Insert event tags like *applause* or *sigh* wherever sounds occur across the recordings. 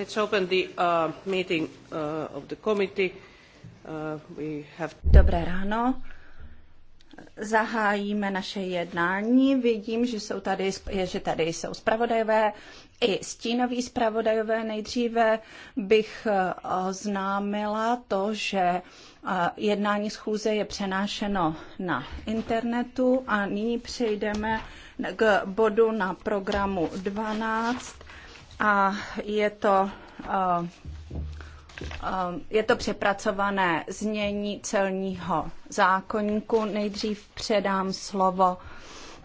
Let's open the uh, meeting uh, of the committee. Uh, we have... Dobré ráno. Zahájíme naše jednání. Vidím, že jsou tady, že tady jsou zpravodajové i stínoví zpravodajové. Nejdříve bych uh, oznámila to, že uh, jednání schůze je přenášeno na internetu a nyní přejdeme k bodu na programu 12 a je to eh, eh, je to přepracované znění celního zákonníku. Nejdřív předám slovo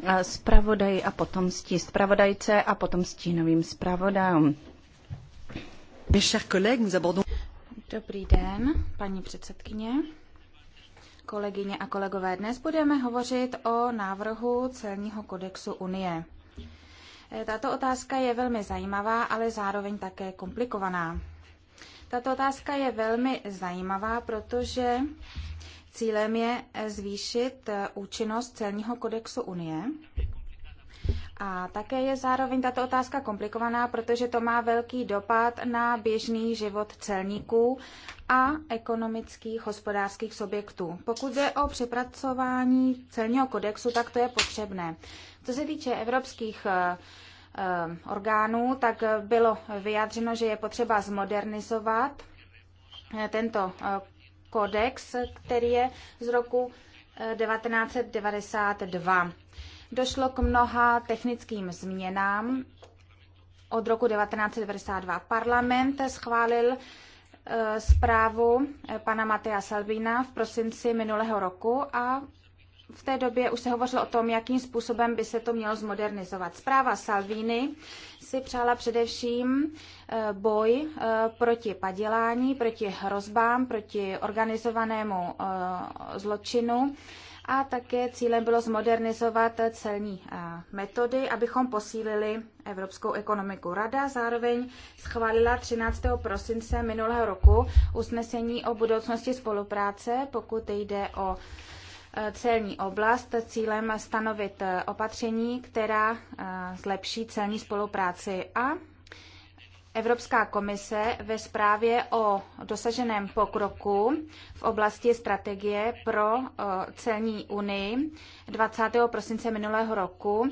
eh, zpravodaji a potom stí zpravodajce a potom stínovým zpravodajům. Dobrý den, paní předsedkyně. Kolegyně a kolegové, dnes budeme hovořit o návrhu celního kodexu Unie. Eh, tato otázka je velmi zajímavá, ale zároveň také komplikovaná. Tato otázka je velmi zajímavá, protože cílem je eh, zvýšit eh, účinnost celního kodexu Unie. A také je zároveň tato otázka komplikovaná, protože to má velký dopad na běžný život celníků a ekonomických hospodářských subjektů. Pokud jde o přepracování celního kodexu, tak to je potřebné. Co se týče evropských eh, eh, orgánů, tak bylo vyjádřeno, že je potřeba zmodernizovat eh, tento kodex, který je z roku 1992. Došlo k mnoha technickým změnám. Od roku 1992 parlament schválil zprávu pana Matea Salvina v prosinci minulého roku a v té době už se hovořilo o tom, jakým způsobem by se to mělo zmodernizovat. Zpráva Salvini si přála především eh, boj eh, proti padělání, proti hrozbám, proti organizovanému eh, zločinu a také cílem bylo zmodernizovat celní metody, abychom posílili evropskou ekonomiku. Rada zároveň schválila 13. prosince minulého roku usnesení o budoucnosti spolupráce, pokud jde o celní oblast cílem stanovit eh, opatření, která eh, zlepší celní spolupráci a Evropská komise ve zprávě o dosaženém pokroku v oblasti strategie pro eh, celní unii 20. prosince minulého roku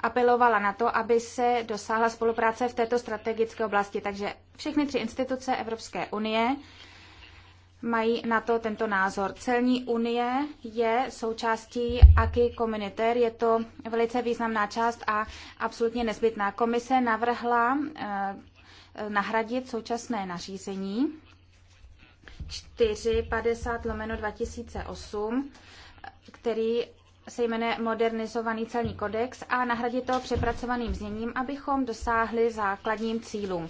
apelovala na to, aby se dosáhla spolupráce v této strategické oblasti. Takže všechny tři instituce Evropské unie mají na to tento názor. Celní unie je součástí AKI Communitaire, je to velice významná část a absolutně nezbytná. Komise navrhla eh, nahradit současné nařízení 450 lomeno 2008, který se jmenuje Modernizovaný celní kodex a nahradit to přepracovaným zněním, abychom dosáhli základním cílům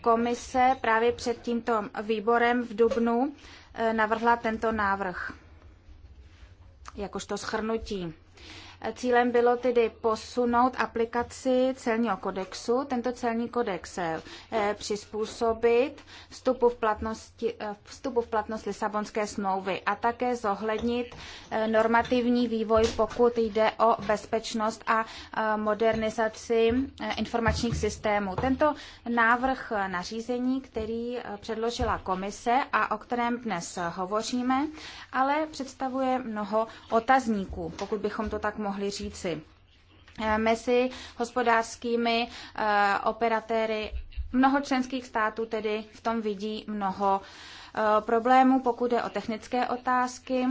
komise právě před tímto výborem v Dubnu eh, navrhla tento návrh jakožto schrnutí. Cílem bylo tedy posunout aplikaci celního kodexu, tento celní kodex eh, eh, přizpůsobit vstupu v, platnosti, eh, vstupu v platnost Lisabonské smlouvy a také zohlednit normativní vývoj, pokud jde o bezpečnost a modernizaci informačních systémů. Tento návrh nařízení, který předložila komise a o kterém dnes hovoříme, ale představuje mnoho otazníků, pokud bychom to tak mohli mohli říci. Eh, mezi hospodářskými eh, operatéry mnoho členských států tedy v tom vidí mnoho eh, problémů, pokud je o technické otázky.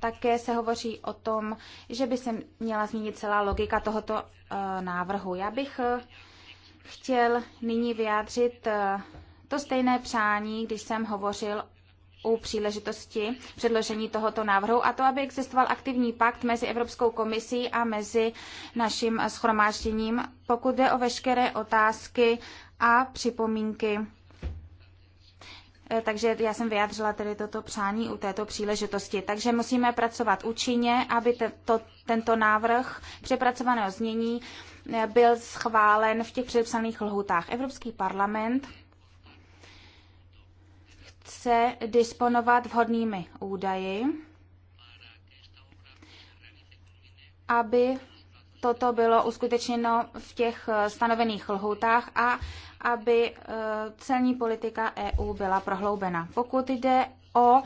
Také se hovoří o tom, že by se měla změnit celá logika tohoto návrhu. Já bych chtěl nyní vyjádřit to stejné přání, když jsem hovořil u příležitosti předložení tohoto návrhu a to, aby existoval aktivní pakt mezi Evropskou komisí a mezi naším schromážděním, pokud jde o veškeré otázky a připomínky. Eh, takže já jsem vyjádřila tedy toto přání u této příležitosti. Takže musíme pracovat účinně, aby te, to, tento návrh přepracovaného znění eh, byl schválen v těch předepsaných lhutách. Evropský parlament chce disponovat vhodnými údaji, aby toto bylo uskutečněno v těch eh, stanovených lhoutách a aby eh, celní politika EU byla prohloubena. Pokud jde o eh,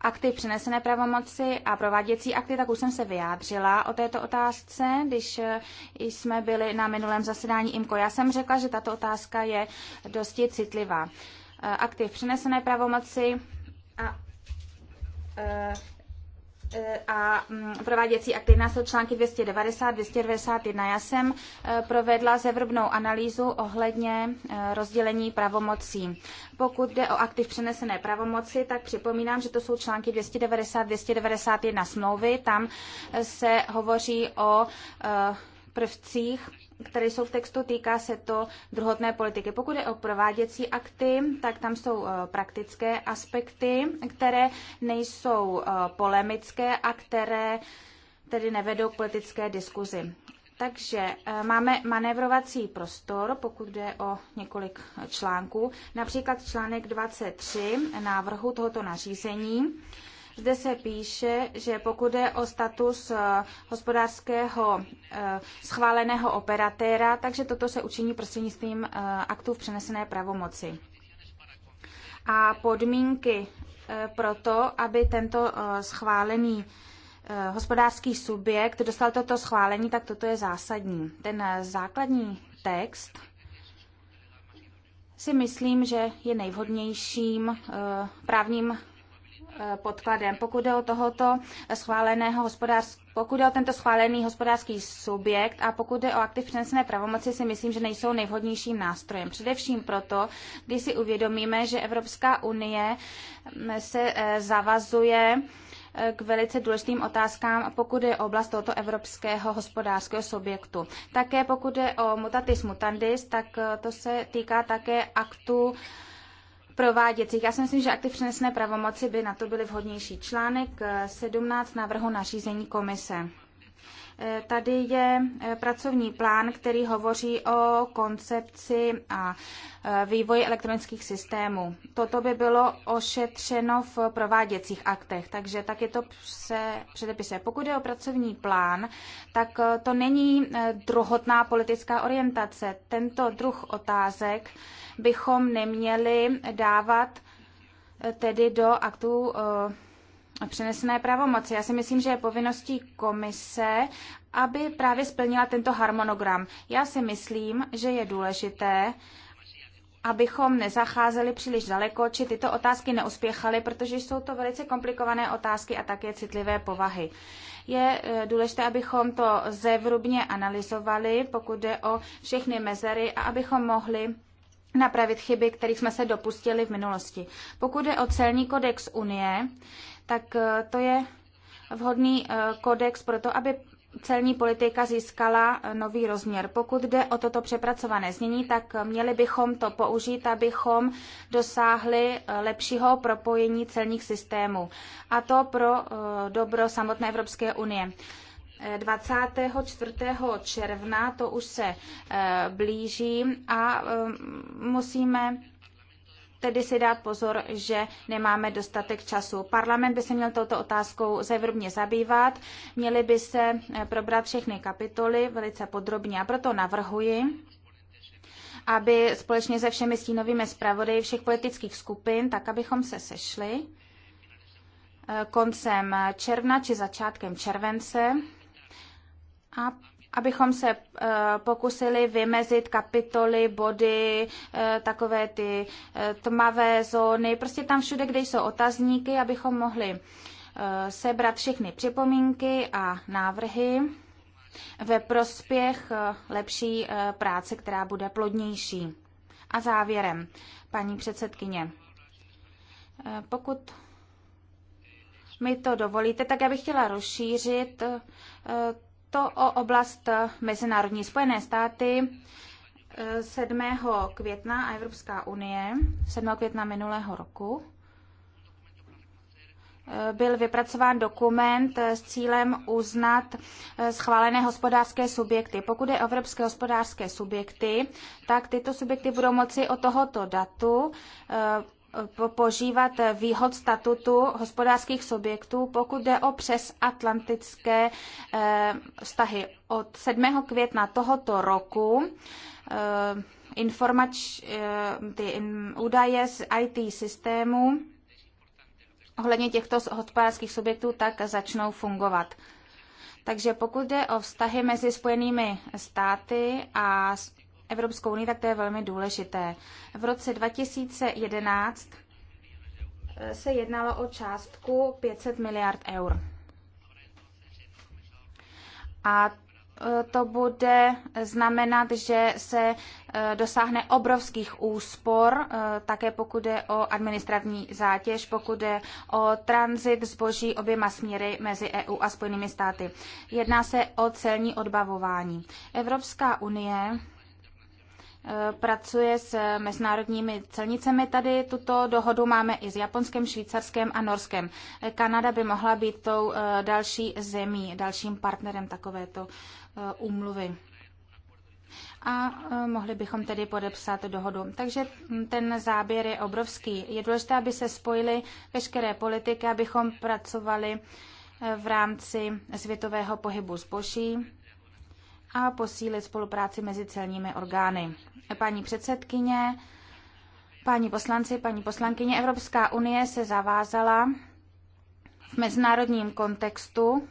akty přenesené pravomoci a prováděcí akty, tak už jsem se vyjádřila o této otázce, když jsme byli na minulém zasedání IMKO. Já jsem řekla, že tato otázka je dosti citlivá. Eh, aktiv přenesené pravomoci a, eh, eh, a mm, prováděcí akty na jsou články 290, 291. Já jsem provedla zevrbnou analýzu ohledně rozdělení pravomocí. Pokud jde o aktiv přenesené pravomoci, tak připomínám, že to jsou články 290, 291 smlouvy. Tam se hovoří o prvcích které jsou v textu, týká se to druhotné politiky. Pokud je o prováděcí akty, tak tam jsou e, praktické aspekty, které nejsou e, polemické a které tedy nevedou k politické diskuzi. Takže e, máme manévrovací prostor, pokud jde o několik článků. Například článek 23 návrhu tohoto nařízení zde se píše, že pokud je o status eh, hospodářského eh, schváleného operatéra, takže toto se učiní prostřednictvím eh, aktů v přenesené pravomoci. A podmínky pro to, aby tento schválený hospodářský subjekt dostal toto schválení, tak toto je zásadní. Ten základní text si myslím, že je nejvhodnějším právním Eh, podkladem. Pokud je o tohoto schváleného hospodářského pokud je o tento schválený hospodářský subjekt a pokud je o aktiv přenesené pravomoci, si myslím, že nejsou nejvhodnějším nástrojem. Především proto, když si uvědomíme, že Evropská unie mm, se eh, zavazuje eh, k velice důležitým otázkám, pokud je oblast tohoto evropského hospodářského subjektu. Také pokud je o mutatis mutandis, tak to se týká také aktu prováděcích. Já si myslím, že akty přenesné pravomoci by na to byly vhodnější. Článek 17 eh, návrhu nařízení komise. Tady je eh, pracovní plán, který hovoří o koncepci a eh, vývoji elektronických systémů. Toto by bylo ošetřeno v prováděcích aktech, takže je to se předepise. Pokud je o pracovní plán, tak eh, to není druhotná politická orientace. Tento druh otázek bychom neměli dávat tedy do aktů přenesené pravomoci. Já si myslím, že je povinností komise, aby právě splnila tento harmonogram. Já si myslím, že je důležité, abychom nezacházeli příliš daleko, či tyto otázky neuspěchaly, protože jsou to velice komplikované otázky a také citlivé povahy. Je e, důležité, abychom to zevrubně analyzovali, pokud jde o všechny mezery a abychom mohli napravit chyby, kterých jsme se dopustili v minulosti. Pokud jde o celní kodex Unie, tak eh, to je vhodný eh, kodex pro to, aby celní politika získala eh, nový rozměr. Pokud jde o toto přepracované znění, tak měli bychom to použít, abychom dosáhli lepšího propojení celních systémů. A to pro dobro samotné Evropské unie. 24. června to už se blíží a musíme tedy si dát pozor, že nemáme dostatek času. Parlament by se měl touto otázkou zevrubně zabývat, měly by se eh, probrat všechny kapitoly velice podrobně a proto navrhuji, aby společně se všemi stínovými zpravodaji všech politických skupin, tak abychom se sešli eh, koncem června či začátkem července a abychom se eh, pokusili vymezit kapitoly, body, eh, takové ty eh, tmavé zóny, prostě tam všude, kde jsou otazníky, abychom mohli sebrat všechny připomínky a návrhy ve prospěch lepší práce, která bude plodnější. A závěrem, paní předsedkyně, pokud mi to dovolíte, tak já bych chtěla rozšířit to o oblast eh, mezinárodní Spojené státy 7. Eh, května a Evropská unie 7. května minulého roku eh, byl vypracován dokument s cílem uznat schválené hospodářské subjekty. Pokud je evropské hospodářské subjekty, tak tyto subjekty budou moci od tohoto datu požívat výhod statutu hospodářských subjektů, pokud jde o přesatlantické eh, vztahy. Od 7. května tohoto roku eh, informač, eh, ty údaje z IT systému ohledně těchto hospodářských subjektů tak začnou fungovat. Takže pokud jde o vztahy mezi Spojenými státy a Evropskou unii, tak to je velmi důležité. V roce 2011 eh, se jednalo o částku 500 miliard eur. A eh, to bude znamenat, že se eh, dosáhne obrovských úspor, také pokud je o administrativní zátěž, pokud je o tranzit zboží oběma směry mezi EU a Spojenými státy. Jedná se o celní odbavování. Evropská unie pracuje s mezinárodními celnicemi tady. Tuto dohodu máme i s Japonskem, Švýcarskem a Norskem. Kanada by mohla být tou eh, další zemí, dalším partnerem takovéto eh, úmluvy. A eh, mohli bychom tedy podepsat dohodu. Takže hm, ten záběr je obrovský. Je důležité, aby se spojily veškeré politiky, abychom pracovali v rámci světového pohybu zboží, a posílit spolupráci mezi celními orgány. Paní předsedkyně, paní poslanci, paní poslankyně, Evropská unie se zavázala v mezinárodním kontextu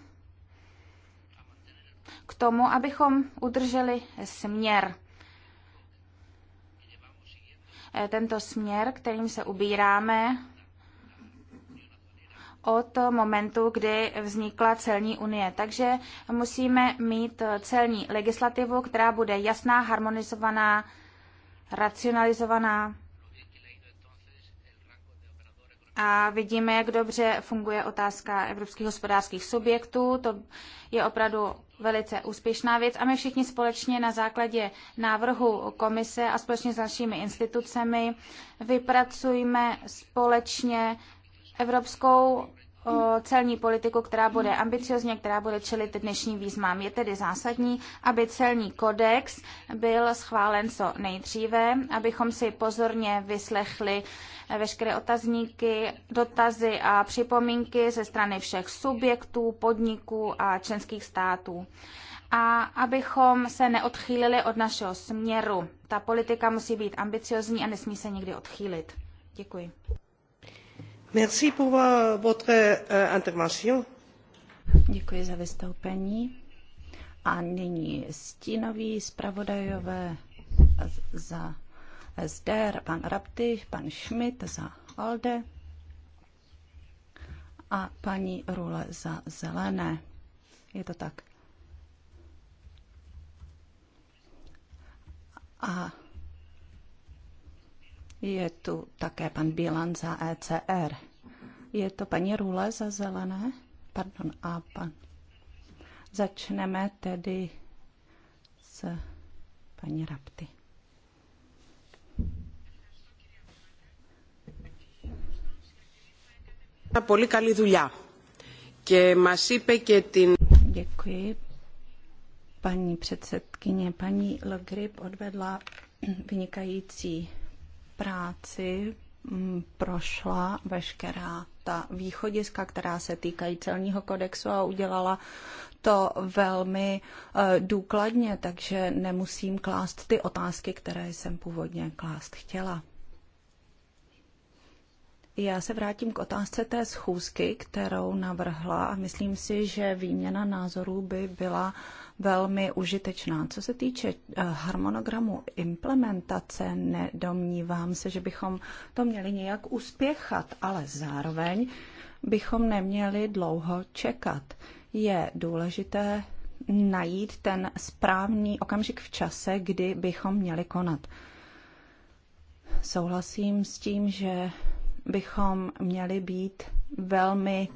k tomu, abychom udrželi směr. E, tento směr, kterým se ubíráme, od momentu, kdy vznikla celní unie. Takže musíme mít celní legislativu, která bude jasná, harmonizovaná, racionalizovaná. A vidíme, jak dobře funguje otázka evropských hospodářských subjektů. To je opravdu velice úspěšná věc a my všichni společně na základě návrhu komise a společně s našimi institucemi vypracujeme společně evropskou o celní politiku, která bude ambiciozně, která bude čelit dnešním výzvám. Je tedy zásadní, aby celní kodex byl schválen co nejdříve, abychom si pozorně vyslechli veškeré otazníky, dotazy a připomínky ze strany všech subjektů, podniků a členských států. A abychom se neodchýlili od našeho směru. Ta politika musí být ambiciozní a nesmí se nikdy odchýlit. Děkuji. Merci pour euh, euh, Děkuji za vystoupení. A nyní stínoví zpravodajové za SD, pan rapti pan Schmidt za ALDE a paní Rule za Zelené. Je to tak. A je tu také pan Bílan za ECR. Je to paní Rule za zelené? Pardon, a pan. Začneme tedy s paní Rapty. Πολύ καλή δουλειά και μας είπε και την... Děkuji. Paní předsedkyně, paní Logrib odvedla vynikající práci mm, prošla veškerá ta východiska, která se týkají celního kodexu a udělala to velmi eh, důkladně, takže nemusím klást ty otázky, které jsem původně klást chtěla. Já se vrátím k otázce té schůzky, kterou navrhla a myslím si, že výměna názorů by byla velmi užitečná. Co se týče eh, harmonogramu implementace, nedomnívám se, že bychom to měli nějak uspěchat, ale zároveň bychom neměli dlouho čekat. Je důležité najít ten správný okamžik v čase, kdy bychom měli konat. Souhlasím s tím, že bychom měli být velmi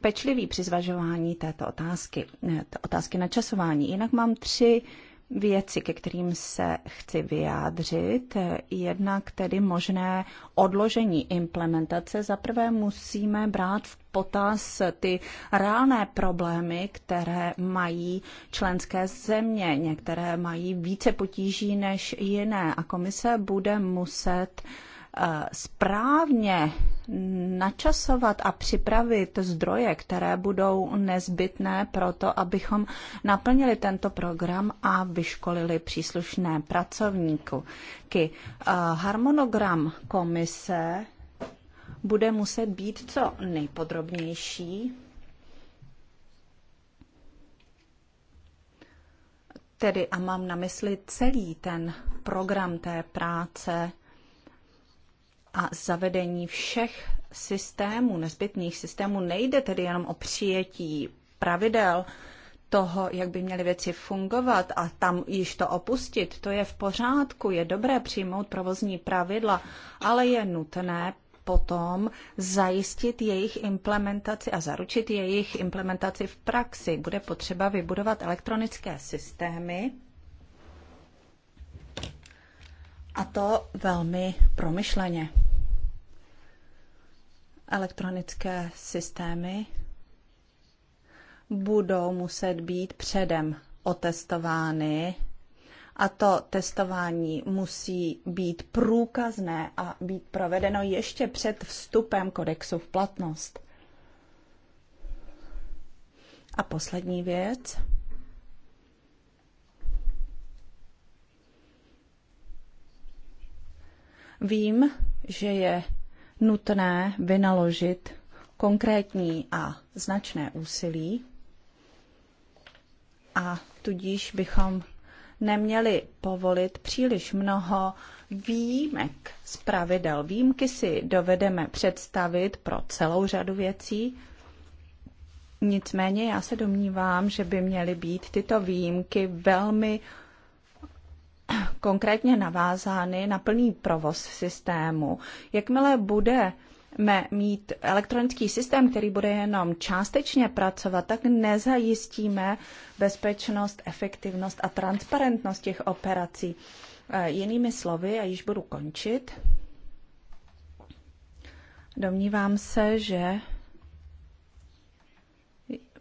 pečliví při zvažování této otázky, eh, otázky na časování. Jinak mám tři věci, ke kterým se chci vyjádřit. Jednak tedy možné odložení implementace. Zaprvé musíme brát v potaz ty reálné problémy, které mají členské země. Některé mají více potíží než jiné a komise bude muset uh, Eh, správně načasovat a připravit zdroje, které budou nezbytné pro to, abychom naplnili tento program a vyškolili příslušné pracovníky. Eh, harmonogram komise bude muset být co nejpodrobnější, tedy a mám na mysli celý ten program té práce, a zavedení všech systémů, nezbytných systémů. Nejde tedy jenom o přijetí pravidel toho, jak by měly věci fungovat a tam již to opustit. To je v pořádku, je dobré přijmout provozní pravidla, ale je nutné potom zajistit jejich implementaci a zaručit jejich implementaci v praxi. Bude potřeba vybudovat elektronické systémy, a to velmi promyšleně. Elektronické systémy budou muset být předem otestovány a to testování musí být průkazné a být provedeno ještě před vstupem kodexu v platnost. A poslední věc. Vím, že je nutné vynaložit konkrétní a značné úsilí a tudíž bychom neměli povolit příliš mnoho výjimek z pravidel. Výjimky si dovedeme představit pro celou řadu věcí, nicméně já se domnívám, že by měly být tyto výjimky velmi konkrétně navázány na plný provoz systému. Jakmile bude mít elektronický systém, který bude jenom částečně pracovat, tak nezajistíme bezpečnost, efektivnost a transparentnost těch operací. Eh, jinými slovy, a již budu končit, domnívám se, že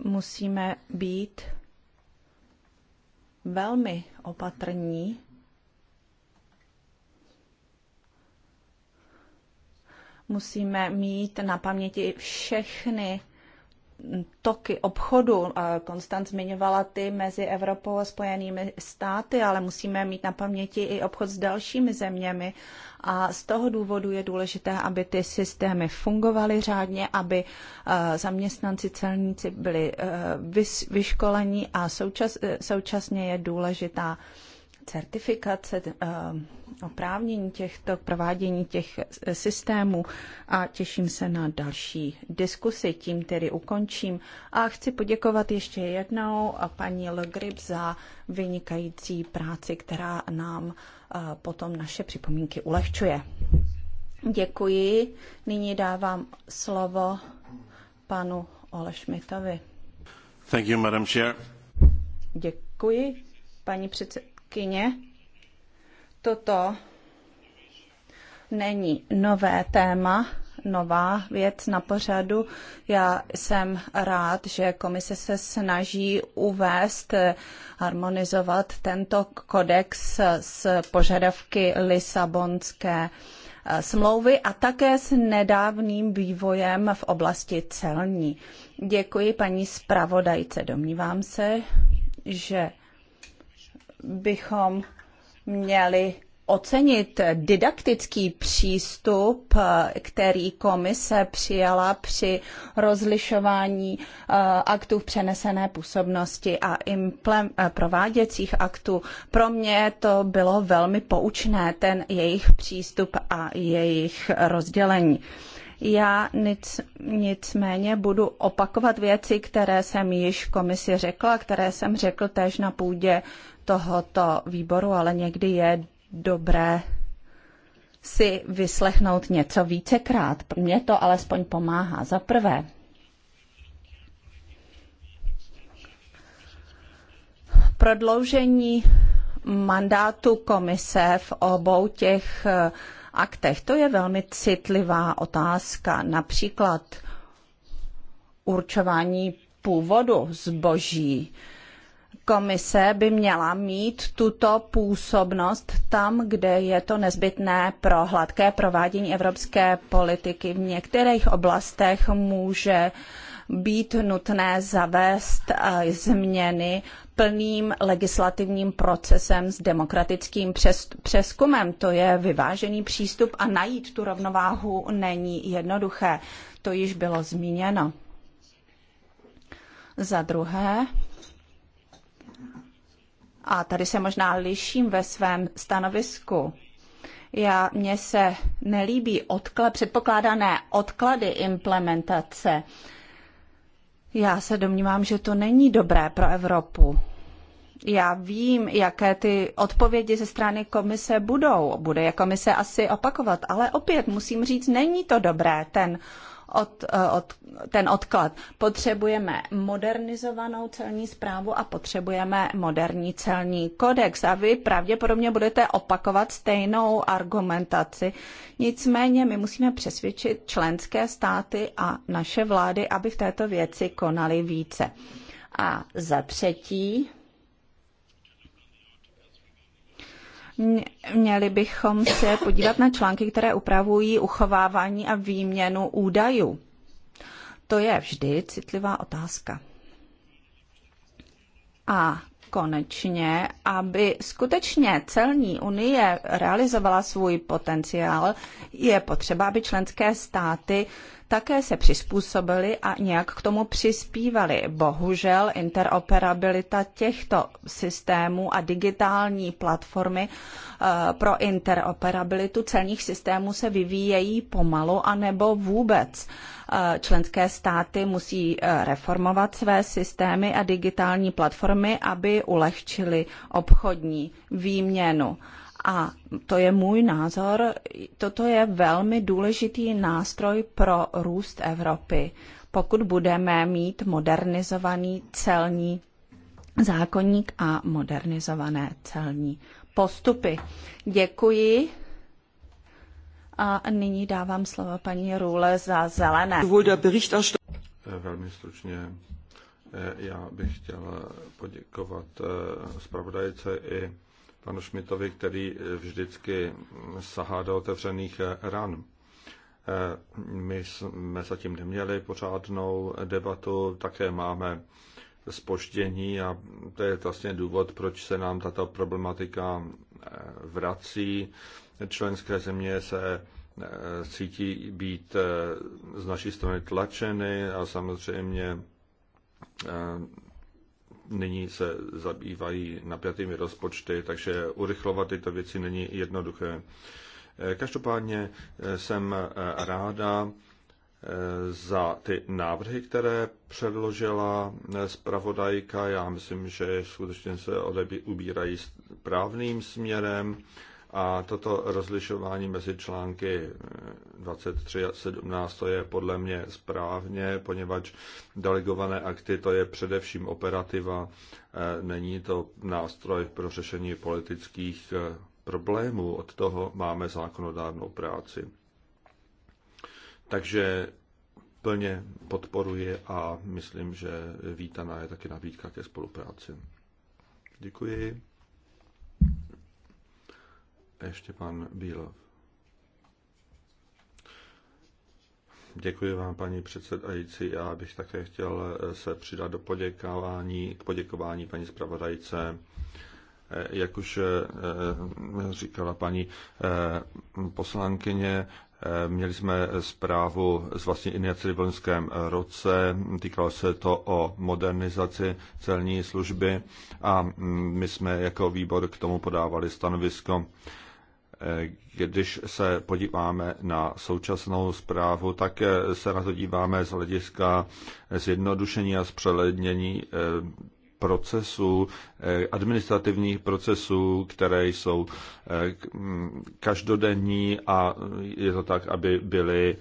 musíme být velmi opatrní Musíme mít na paměti všechny toky obchodu. Konstant zmiňovala ty mezi Evropou a Spojenými státy, ale musíme mít na paměti i obchod s dalšími zeměmi. A z toho důvodu je důležité, aby ty systémy fungovaly řádně, aby eh, zaměstnanci celníci byli eh, vyškolení a součas, eh, současně je důležitá certifikace, eh, oprávnění těchto, provádění těch eh, systémů a těším se na další diskusy. Tím tedy ukončím a chci poděkovat ještě jednou paní Legrip za vynikající práci, která nám eh, potom naše připomínky ulehčuje. Děkuji. Nyní dávám slovo panu Ole Thank you, Madam Chair. Děkuji, paní předsed kyně. Toto není nové téma, nová věc na pořadu. Já jsem rád, že komise se snaží uvést, harmonizovat tento kodex s požadavky Lisabonské eh, smlouvy a také s nedávným vývojem v oblasti celní. Děkuji paní zpravodajce. Domnívám se, že bychom měli ocenit didaktický přístup, eh, který komise přijala při rozlišování eh, aktů v přenesené působnosti a eh, prováděcích aktů. Pro mě to bylo velmi poučné, ten jejich přístup a jejich rozdělení. Já nic, nicméně budu opakovat věci, které jsem již komisi řekla, které jsem řekl též na půdě tohoto výboru, ale někdy je dobré si vyslechnout něco vícekrát. Mně to alespoň pomáhá. Za prvé, prodloužení mandátu komise v obou těch uh, aktech. To je velmi citlivá otázka. Například určování původu zboží. Komise by měla mít tuto působnost tam, kde je to nezbytné pro hladké provádění evropské politiky. V některých oblastech může být nutné zavést eh, změny plným legislativním procesem s demokratickým přes, přeskumem. To je vyvážený přístup a najít tu rovnováhu není jednoduché. To již bylo zmíněno. Za druhé, a tady se možná liším ve svém stanovisku, já, mně se nelíbí odklad, předpokládané odklady implementace. Já se domnívám, že to není dobré pro Evropu. Já vím, jaké ty odpovědi ze strany komise budou. Bude je komise asi opakovat, ale opět musím říct, není to dobré ten od, eh, od, ten odklad. Potřebujeme modernizovanou celní zprávu a potřebujeme moderní celní kodex. A vy pravděpodobně budete opakovat stejnou argumentaci. Nicméně my musíme přesvědčit členské státy a naše vlády, aby v této věci konali více. A za třetí, Měli bychom se podívat na články, které upravují uchovávání a výměnu údajů. To je vždy citlivá otázka. A konečně, aby skutečně celní unie realizovala svůj potenciál, je potřeba, aby členské státy také se přizpůsobili a nějak k tomu přispívali. Bohužel interoperabilita těchto systémů a digitální platformy eh, pro interoperabilitu celních systémů se vyvíjejí pomalu a nebo vůbec. Členské státy musí e, reformovat své systémy a digitální platformy, aby ulehčili obchodní výměnu. A to je můj názor, toto je velmi důležitý nástroj pro růst Evropy. Pokud budeme mít modernizovaný celní zákonník a modernizované celní postupy. Děkuji. A nyní dávám slovo paní Růle za zelené. Velmi stručně. E, já bych chtěl poděkovat e, zpravodajce i panu Šmitovi, který e, vždycky sahá do otevřených ran. My jsme zatím neměli pořádnou debatu, také máme spoždění a to je vlastně důvod, proč se nám tato problematika vrací členské země se e, cítí být e, z naší strany tlačeny a samozřejmě e, nyní se zabývají napjatými rozpočty, takže urychlovat tyto věci není jednoduché. Každopádně jsem ráda za ty návrhy, které předložila zpravodajka. Já myslím, že skutečně se odebí, ubírají správným směrem a toto rozlišování mezi články 23 eh, a 17 to je podle mě správně, poněvadž delegované akty to je především operativa, eh, není to nástroj pro řešení politických eh, problémů, od toho máme zákonodárnou práci. Takže plně podporuji a myslím, že vítaná je taky nabídka ke spolupráci. Děkuji ještě pan Bílov. Děkuji vám, paní předsedající. Já bych také chtěl eh, se přidat do poděkování, k poděkování paní zpravodajce. Eh, jak už eh, říkala paní poslankyně, Měli jsme zprávu z vlastní iniciativy v loňském roce, týkalo se to o modernizaci celní služby a mm, my jsme jako výbor k tomu podávali stanovisko. Eh, když se podíváme na současnou zprávu, tak eh, se na to díváme z hlediska zjednodušení a zpřelednění eh, procesů, administrativních procesů, které jsou mm, každodenní a je to tak, aby byly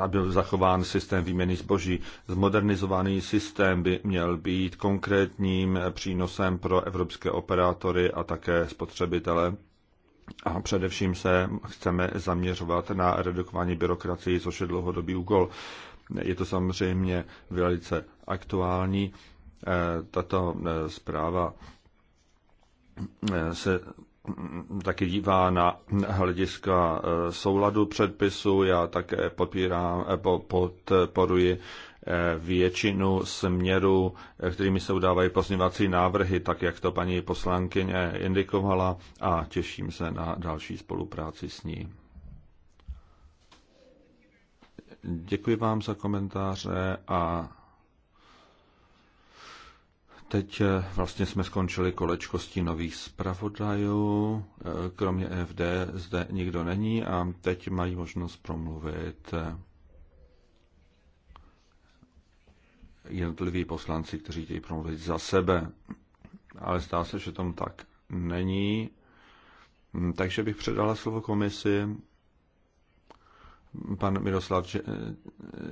a byl zachován systém výměny zboží. Zmodernizovaný systém by měl být konkrétním přínosem pro evropské operátory a také spotřebitele a především se chceme zaměřovat na redukování byrokracie, což je dlouhodobý úkol. Je to samozřejmě velice aktuální. E, tato e, zpráva e, se mm, taky dívá na hlediska souladu předpisu. Já také podpírám, podporuji většinu směru, kterými se udávají pozměvací návrhy, tak jak to paní poslankyně indikovala a těším se na další spolupráci s ní. Děkuji vám za komentáře a teď eh, vlastně jsme skončili kolečko nových zpravodajů. Eh, kromě FD zde nikdo není a teď mají možnost promluvit eh, jednotliví poslanci, kteří chtějí promluvit za sebe. Ale zdá se, že tomu tak není. Takže bych předala slovo komisi. Pan Miroslav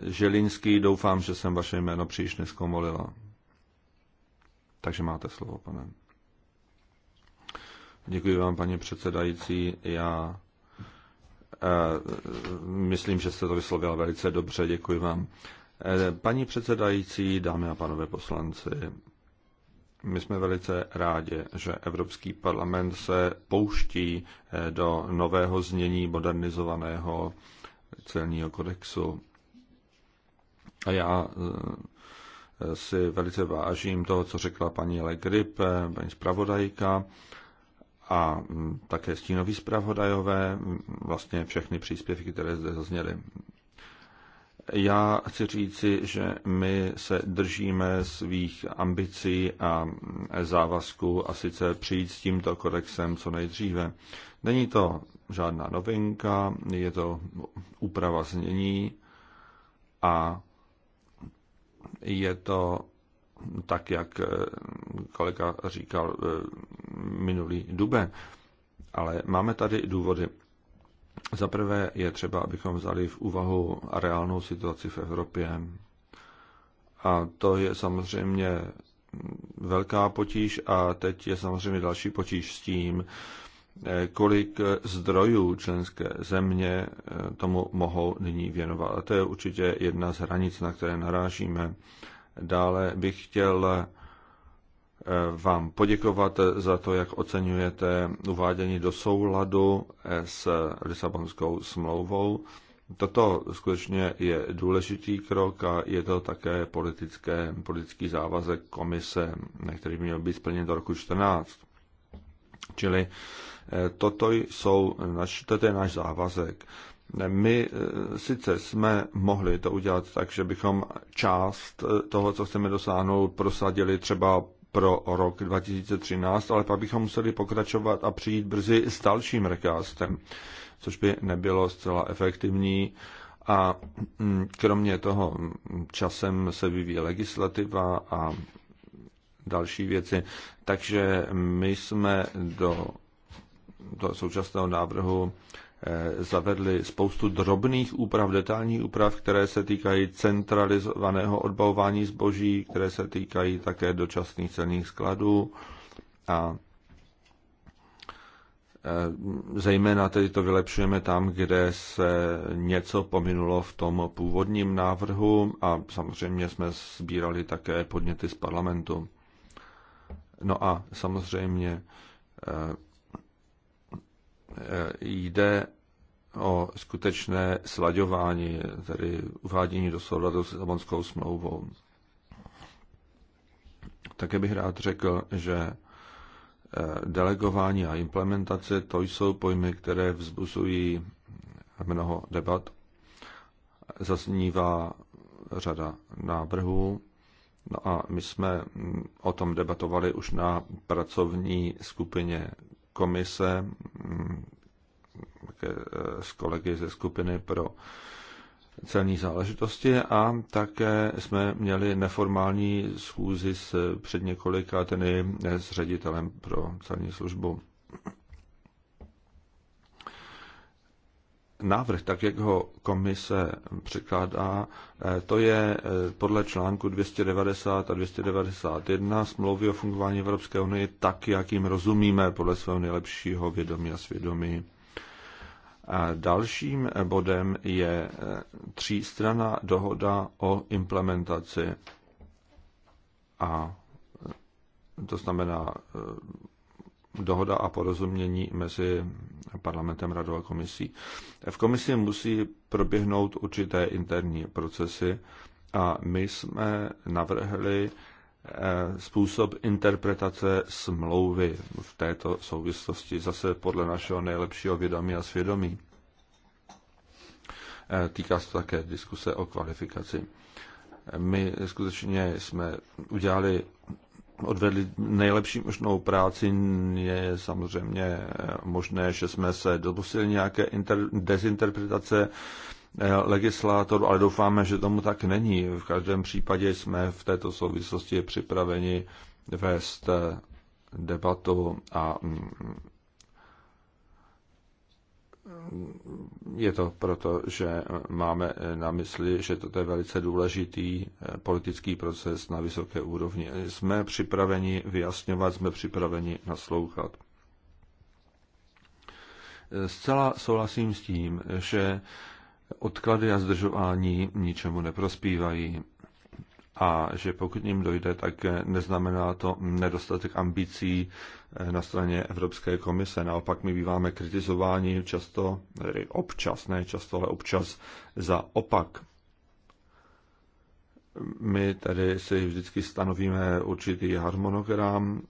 Želinský, doufám, že jsem vaše jméno příliš neskomolila. Takže máte slovo, pane. Děkuji vám, paní předsedající. Já eh, myslím, že jste to vyslovila velice dobře. Děkuji vám. Eh, paní předsedající, dámy a pánové poslanci, my jsme velice rádi, že Evropský parlament se pouští eh, do nového znění modernizovaného celního kodexu. A já eh, si velice vážím toho, co řekla paní Legrip, paní zpravodajka a mm, také stínoví zpravodajové, mm, vlastně všechny příspěvky, které zde zazněly. Já chci říci, že my se držíme svých ambicí a závazků a sice přijít s tímto kodexem co nejdříve. Není to žádná novinka, je to úprava znění a je to tak, jak kolega říkal eh, minulý duben. Ale máme tady důvody. Za prvé je třeba, abychom vzali v úvahu reálnou situaci v Evropě. A to je samozřejmě velká potíž a teď je samozřejmě další potíž s tím, kolik zdrojů členské země eh, tomu mohou nyní věnovat. A to je určitě jedna z hranic, na které narážíme. Dále bych chtěl vám poděkovat za to, jak oceňujete uvádění do souladu s Lisabonskou smlouvou. Toto skutečně je důležitý krok a je to také politické, politický závazek komise, který měl být splněn do roku 2014. Čili eh, toto, jsou, toto je náš závazek. My eh, sice jsme mohli to udělat tak, že bychom část eh, toho, co chceme dosáhnout, prosadili třeba pro rok 2013, ale pak bychom museli pokračovat a přijít brzy s dalším recastem, což by nebylo zcela efektivní. A mm, kromě toho mm, časem se vyvíjí legislativa a další věci. Takže my jsme do, do současného návrhu Eh, zavedli spoustu drobných úprav, detailních úprav, které se týkají centralizovaného odbavování zboží, které se týkají také dočasných celních skladů a eh, Zejména tedy to vylepšujeme tam, kde se něco pominulo v tom původním návrhu a samozřejmě jsme sbírali také podněty z parlamentu. No a samozřejmě eh, Eh, jde o skutečné slaďování, tedy uvádění do souladu s Lisabonskou smlouvou. Také bych rád řekl, že eh, delegování a implementace, to jsou pojmy, které vzbuzují mnoho debat. Zaznívá řada návrhů. No a my jsme hm, o tom debatovali už na pracovní skupině komise mm, eh, s kolegy ze skupiny pro celní záležitosti a také jsme měli neformální schůzi s, před několika dny s ředitelem pro celní službu. návrh, tak jak ho komise překládá, eh, to je eh, podle článku 290 a 291 smlouvy o fungování Evropské unie tak, jak jim rozumíme podle svého nejlepšího vědomí a svědomí. A dalším eh, bodem je třístrana dohoda o implementaci a to znamená dohoda a porozumění mezi parlamentem, radou a komisí. V komisi musí proběhnout určité interní procesy a my jsme navrhli eh, způsob interpretace smlouvy v této souvislosti, zase podle našeho nejlepšího vědomí a svědomí. Eh, týká se také diskuse o kvalifikaci. My skutečně jsme udělali odvedli nejlepší možnou práci. Je samozřejmě možné, že jsme se dopustili nějaké inter- dezinterpretace eh, legislátorů, ale doufáme, že tomu tak není. V každém případě jsme v této souvislosti připraveni vést eh, debatu a mm, je to proto, že máme na mysli, že toto je velice důležitý eh, politický proces na vysoké úrovni. Jsme připraveni vyjasňovat, jsme připraveni naslouchat. Zcela souhlasím s tím, že odklady a zdržování ničemu neprospívají a že pokud ním dojde, tak neznamená to nedostatek ambicí eh, na straně Evropské komise. Naopak my býváme kritizováni často, tedy občas, ne často, ale občas za opak. My tady si vždycky stanovíme určitý harmonogram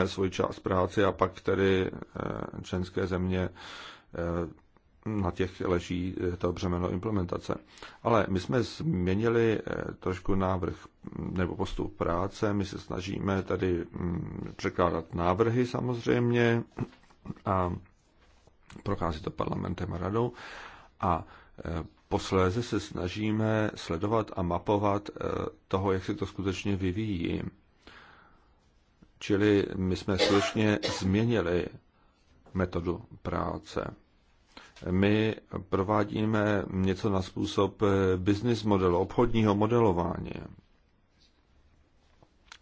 a svůj čas práce a pak tedy eh, členské země eh, na těch leží eh, to břemeno implementace. Ale my jsme změnili eh, trošku návrh mm, nebo postup práce. My se snažíme tady mm, překládat návrhy samozřejmě a prochází to parlamentem a radou a eh, posléze se snažíme sledovat a mapovat toho, jak se to skutečně vyvíjí. Čili my jsme skutečně změnili metodu práce. My provádíme něco na způsob business modelu, obchodního modelování.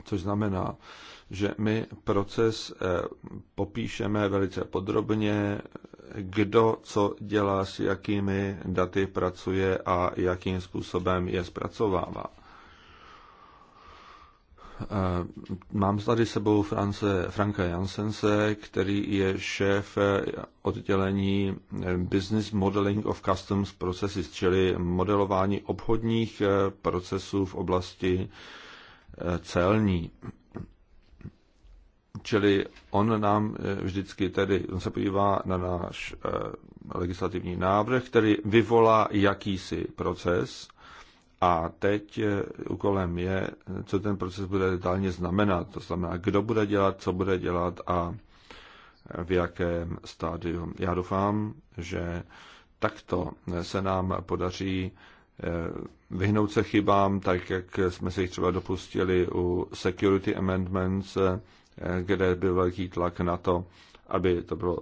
Což znamená, že my proces eh, popíšeme velice podrobně, kdo co dělá, s jakými daty pracuje a jakým způsobem je zpracovává. Mám tady sebou France, Franka Jansense, který je šéf oddělení Business Modeling of Customs Processes, čili modelování obchodních eh, procesů v oblasti eh, celní. Čili on nám eh, vždycky tedy, on se podívá na náš legislativní návrh, který vyvolá jakýsi proces, a teď eh, úkolem je, co ten proces bude detailně znamenat. To znamená, kdo bude dělat, co bude dělat a v jakém stádiu. Já doufám, že takto se nám podaří eh, vyhnout se chybám, tak jak jsme se jich třeba dopustili u Security Amendments, eh, kde byl velký tlak na to, aby to bylo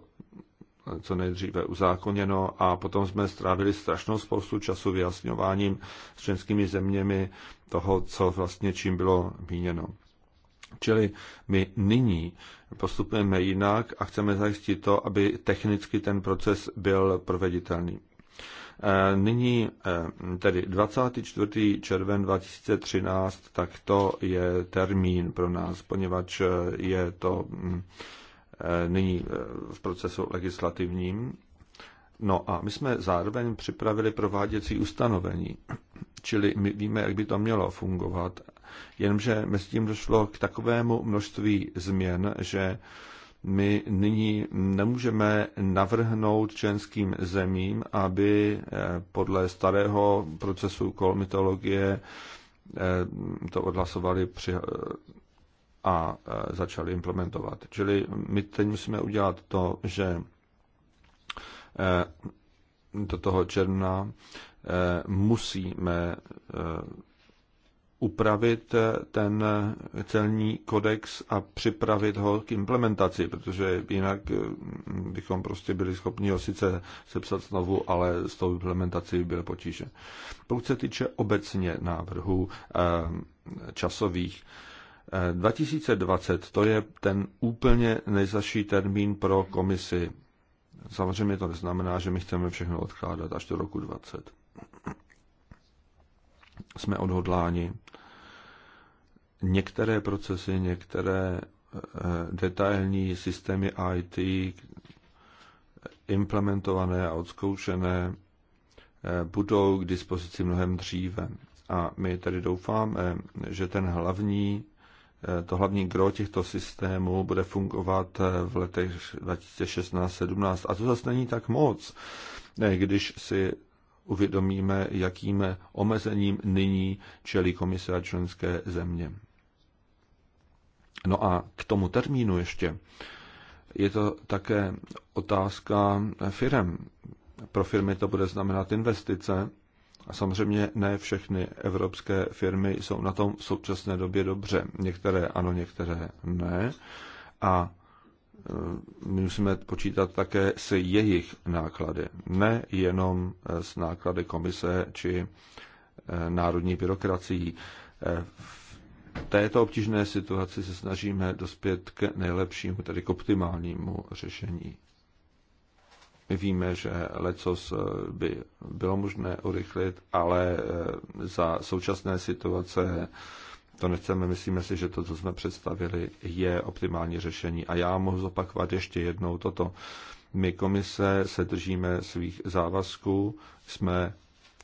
co nejdříve uzákoněno a potom jsme strávili strašnou spoustu času vyjasňováním s členskými zeměmi toho, co vlastně čím bylo míněno. Čili my nyní postupujeme jinak a chceme zajistit to, aby technicky ten proces byl proveditelný. E, nyní e, tedy 24. červen 2013, tak to je termín pro nás, poněvadž e, je to mm, Eh, nyní eh, v procesu legislativním. No a my jsme zároveň připravili prováděcí ustanovení, *clears throat* čili my víme, jak by to mělo fungovat, jenomže mezi tím došlo k takovému množství změn, že my nyní nemůžeme navrhnout členským zemím, aby eh, podle starého procesu kolmitologie to odhlasovali při a e, začali implementovat. Čili my teď musíme udělat to, že e, do toho června e, musíme upravit ten celní kodex a připravit ho k implementaci, protože jinak bychom prostě byli schopni ho sice sepsat znovu, ale s tou implementací by byly potíže. Pokud se týče obecně návrhů časových, 2020 to je ten úplně nejzaší termín pro komisi. Samozřejmě to neznamená, že my chceme všechno odkládat až do roku 20. Jsme odhodláni některé procesy, některé eh, detailní systémy IT implementované a odzkoušené eh, budou k dispozici mnohem dříve. A my tedy doufáme, že ten hlavní Eh, to hlavní gro těchto systémů bude fungovat eh, v letech 2016 2017 A to zase není tak moc, eh, když si uvědomíme, jakým omezením nyní čelí komise a členské země. No a k tomu termínu ještě. Je to také otázka firem. Pro firmy to bude znamenat investice a samozřejmě ne všechny evropské firmy jsou na tom v současné době dobře. Některé ano, některé ne. A e, my musíme počítat také se jejich náklady. Ne jenom e, s náklady komise či e, národní byrokracií. V této obtížné situaci se snažíme dospět k nejlepšímu, tedy k optimálnímu řešení. Víme, že lecos eh, by bylo možné urychlit, ale eh, za současné situace to nechceme. Myslíme si, že to, co jsme představili, je optimální řešení. A já mohu zopakovat ještě jednou toto. My komise se držíme svých závazků, jsme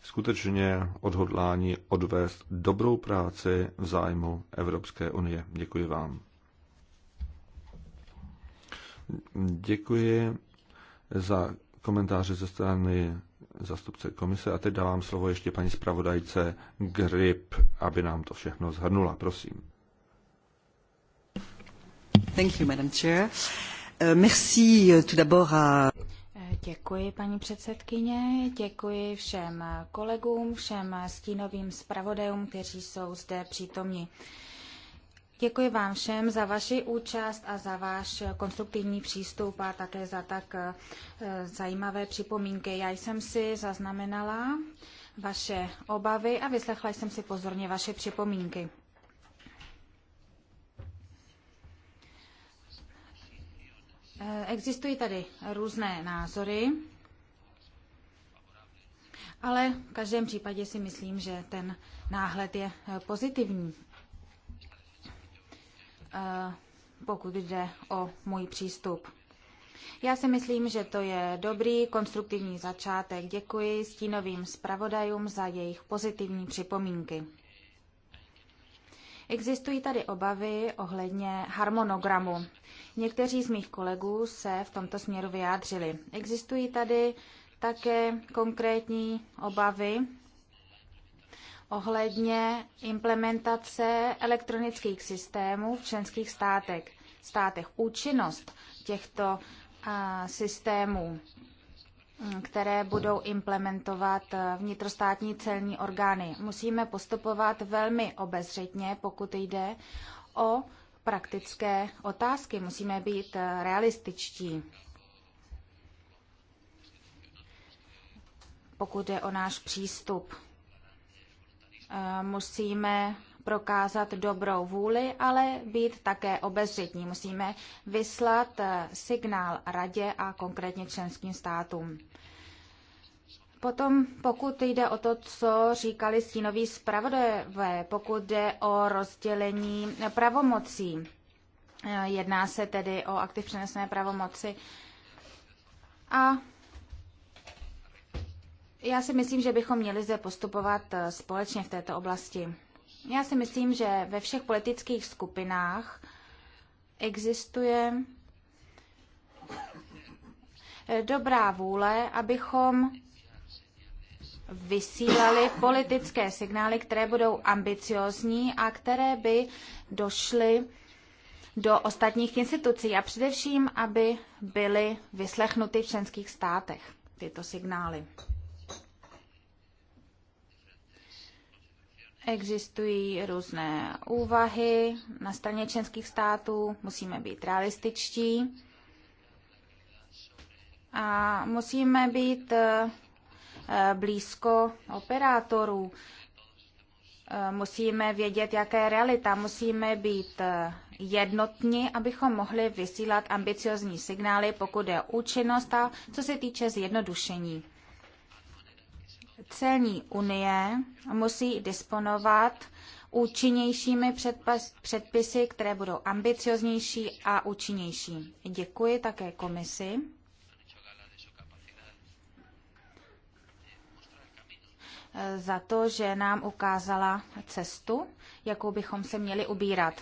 skutečně odhodláni odvést dobrou práci v zájmu Evropské unie. Děkuji vám. Děkuji za komentáře ze strany zastupce komise. A teď dávám slovo ještě paní zpravodajce Grip, aby nám to všechno zhrnula. Prosím. Thank you, Madam Chair. Uh, merci uh, tout d'abord à... Uh, děkuji, paní předsedkyně, děkuji všem kolegům, všem stínovým zpravodajům, kteří jsou zde přítomni. Děkuji vám všem za vaši účast a za váš konstruktivní přístup a také za tak eh, zajímavé připomínky. Já jsem si zaznamenala vaše obavy a vyslechla jsem si pozorně vaše připomínky. Eh, existují tady různé názory, ale v každém případě si myslím, že ten náhled je eh, pozitivní pokud jde o můj přístup. Já si myslím, že to je dobrý konstruktivní začátek. Děkuji stínovým zpravodajům za jejich pozitivní připomínky. Existují tady obavy ohledně harmonogramu. Někteří z mých kolegů se v tomto směru vyjádřili. Existují tady také konkrétní obavy ohledně implementace elektronických systémů v členských státech, státech účinnost těchto systémů, které budou implementovat e, vnitrostátní celní orgány. Musíme postupovat velmi obezřetně, pokud jde o praktické otázky. Musíme být e, realističtí. pokud je o náš přístup. Eh, musíme prokázat dobrou vůli, ale být také obezřetní. Musíme vyslat eh, signál radě a konkrétně členským státům. Potom, pokud jde o to, co říkali stínoví zpravodajové, pokud jde o rozdělení pravomocí, eh, jedná se tedy o aktiv přenesené pravomoci a já si myslím, že bychom měli zde postupovat eh, společně v této oblasti. Já si myslím, že ve všech politických skupinách existuje eh, dobrá vůle, abychom vysílali politické signály, které budou ambiciozní a které by došly do ostatních institucí a především, aby byly vyslechnuty v členských státech tyto signály. Existují různé úvahy na straně členských států, musíme být realističtí a musíme být eh, blízko operátorů. Eh, musíme vědět, jaká je realita, musíme být eh, jednotní, abychom mohli vysílat ambiciozní signály, pokud je účinnost a co se týče zjednodušení. Celní unie musí disponovat účinnějšími předpisy, které budou ambicioznější a účinnější. Děkuji také komisi. za to, že nám ukázala cestu, jakou bychom se měli ubírat.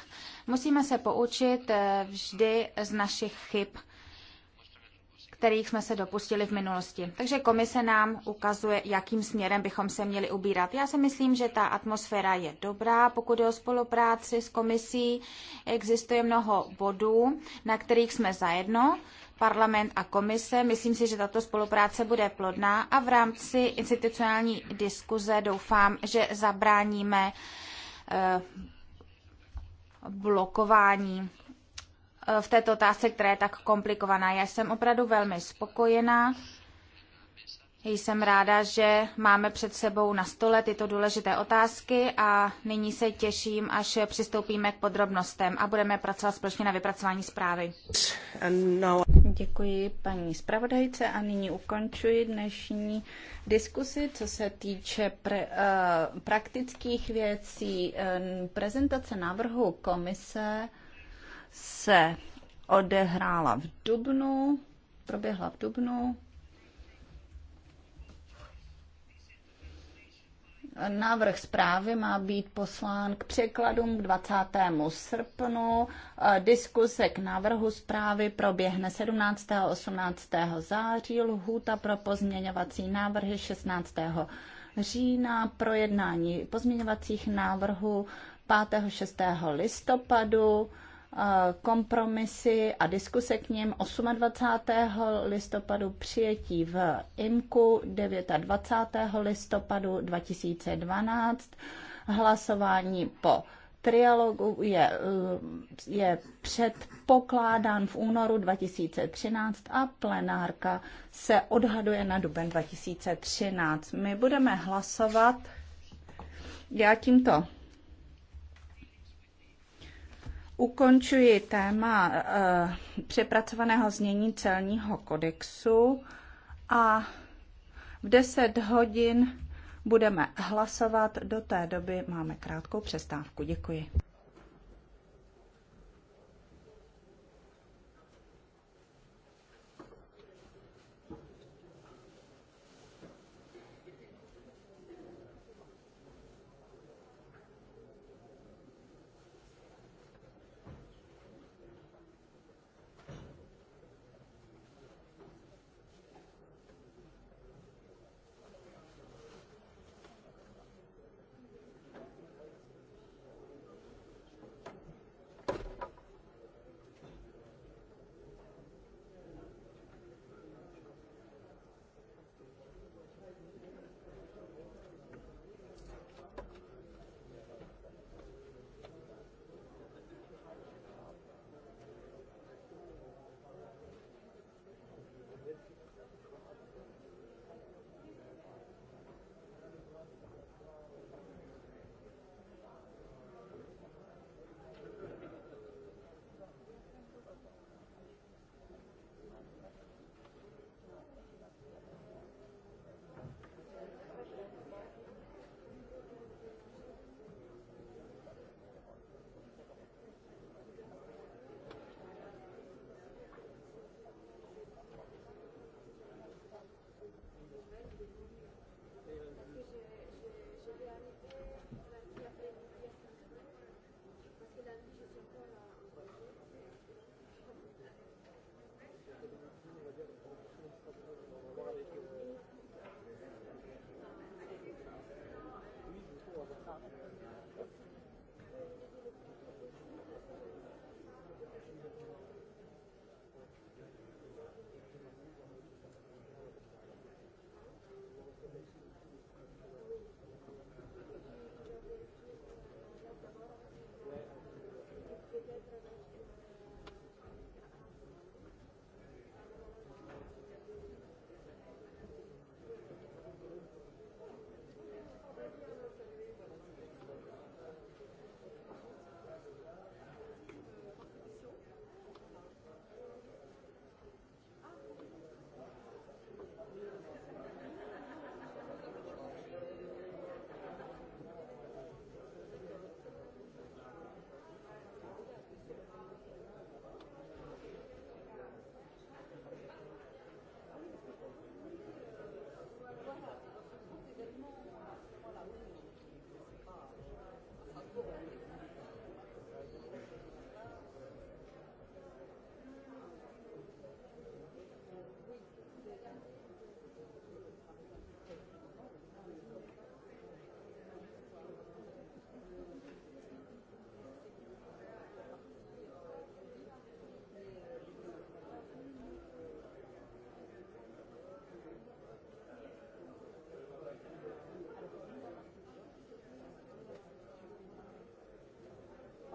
Musíme se poučit eh, vždy z našich chyb kterých jsme se dopustili v minulosti. Takže komise nám ukazuje, jakým směrem bychom se měli ubírat. Já si myslím, že ta atmosféra je dobrá, pokud je o spolupráci s komisí. Existuje mnoho bodů, na kterých jsme zajedno parlament a komise. Myslím si, že tato spolupráce bude plodná a v rámci institucionální diskuze doufám, že zabráníme eh, blokování Eh, v této otázce, která je tak komplikovaná. Já jsem opravdu velmi spokojená. Jsem ráda, že máme před sebou na stole tyto důležité otázky a nyní se těším, až přistoupíme k podrobnostem a budeme pracovat společně na vypracování zprávy. Děkuji paní zpravodajce a nyní ukončuji dnešní diskusi, co se týče pre, uh, praktických věcí, uh, prezentace návrhu komise se odehrála v Dubnu, proběhla v Dubnu. Návrh zprávy má být poslán k překladům k 20. srpnu. Diskuse k návrhu zprávy proběhne 17. a 18. září, lhůta pro pozměňovací návrhy 16. října, projednání pozměňovacích návrhů 5. 6. listopadu Eh, kompromisy a diskuse k ním 28. listopadu přijetí v IMKU 29. listopadu 2012. Hlasování po trialogu je, eh, je předpokládán v únoru 2013 a plenárka se odhaduje na duben 2013. My budeme hlasovat. Já tímto Ukončuji téma eh, přepracovaného znění celního kodexu a v 10 hodin budeme hlasovat. Do té doby máme krátkou přestávku. Děkuji.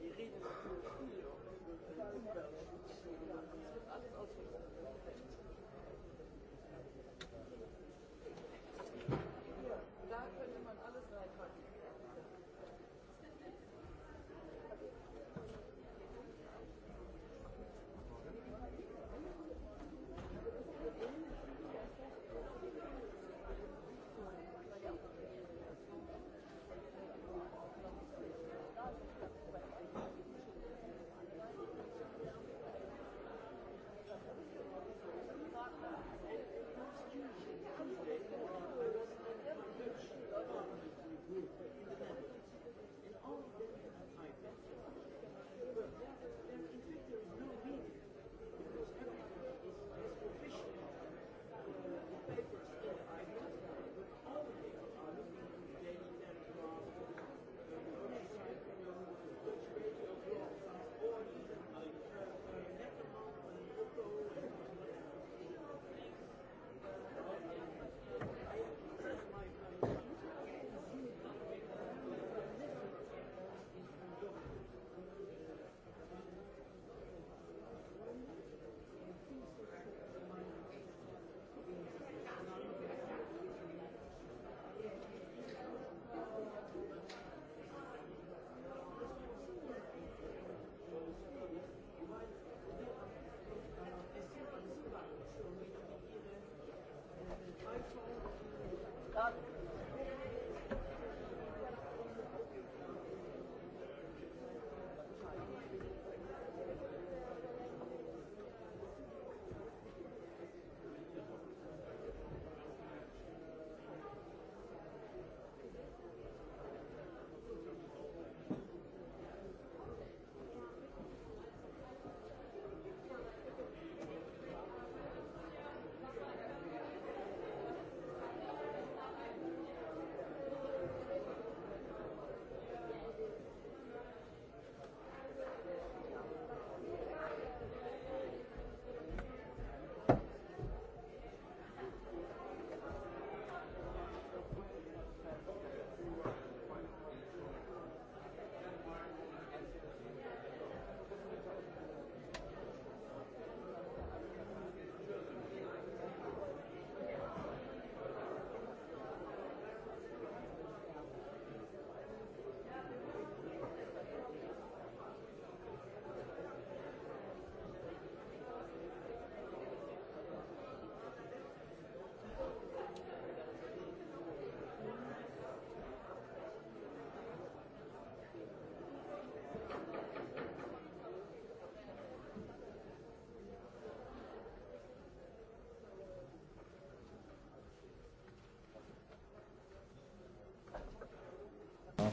Die reden natürlich viel. Alles *laughs* ausgeschlossen.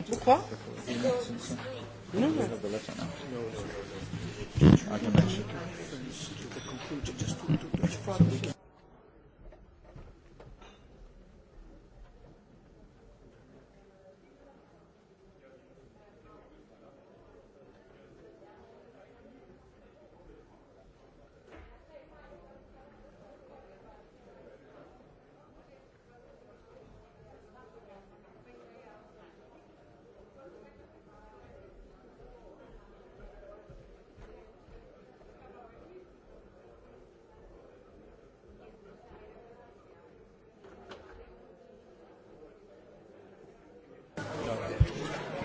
Pourquoi No, no. I can mention.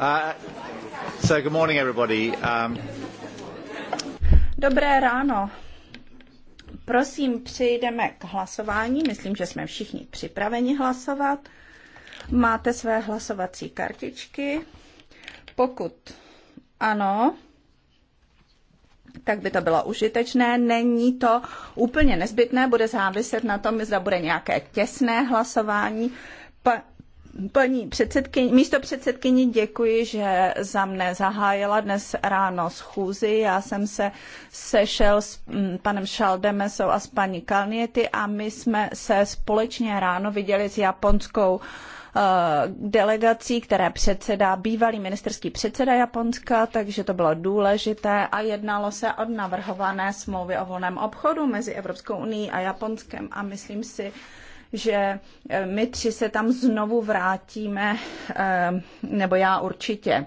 Uh, so good morning everybody. Um... Dobré ráno. Prosím, přejdeme k hlasování. Myslím, že jsme všichni připraveni hlasovat. Máte své hlasovací kartičky. Pokud ano, tak by to bylo užitečné. Není to úplně nezbytné, bude záviset na tom, zda bude nějaké těsné hlasování. Pa, Paní předsedkyni, místo předsedkyni děkuji, že za mne zahájila dnes ráno schůzi. Já jsem se sešel s mm, panem Šaldemesou a s paní Kalniety a my jsme se společně ráno viděli s japonskou eh, delegací, které předsedá bývalý ministerský předseda Japonska, takže to bylo důležité a jednalo se o navrhované smlouvy o volném obchodu mezi Evropskou unií a Japonskem a myslím si, že eh, my tři se tam znovu vrátíme, eh, nebo já určitě.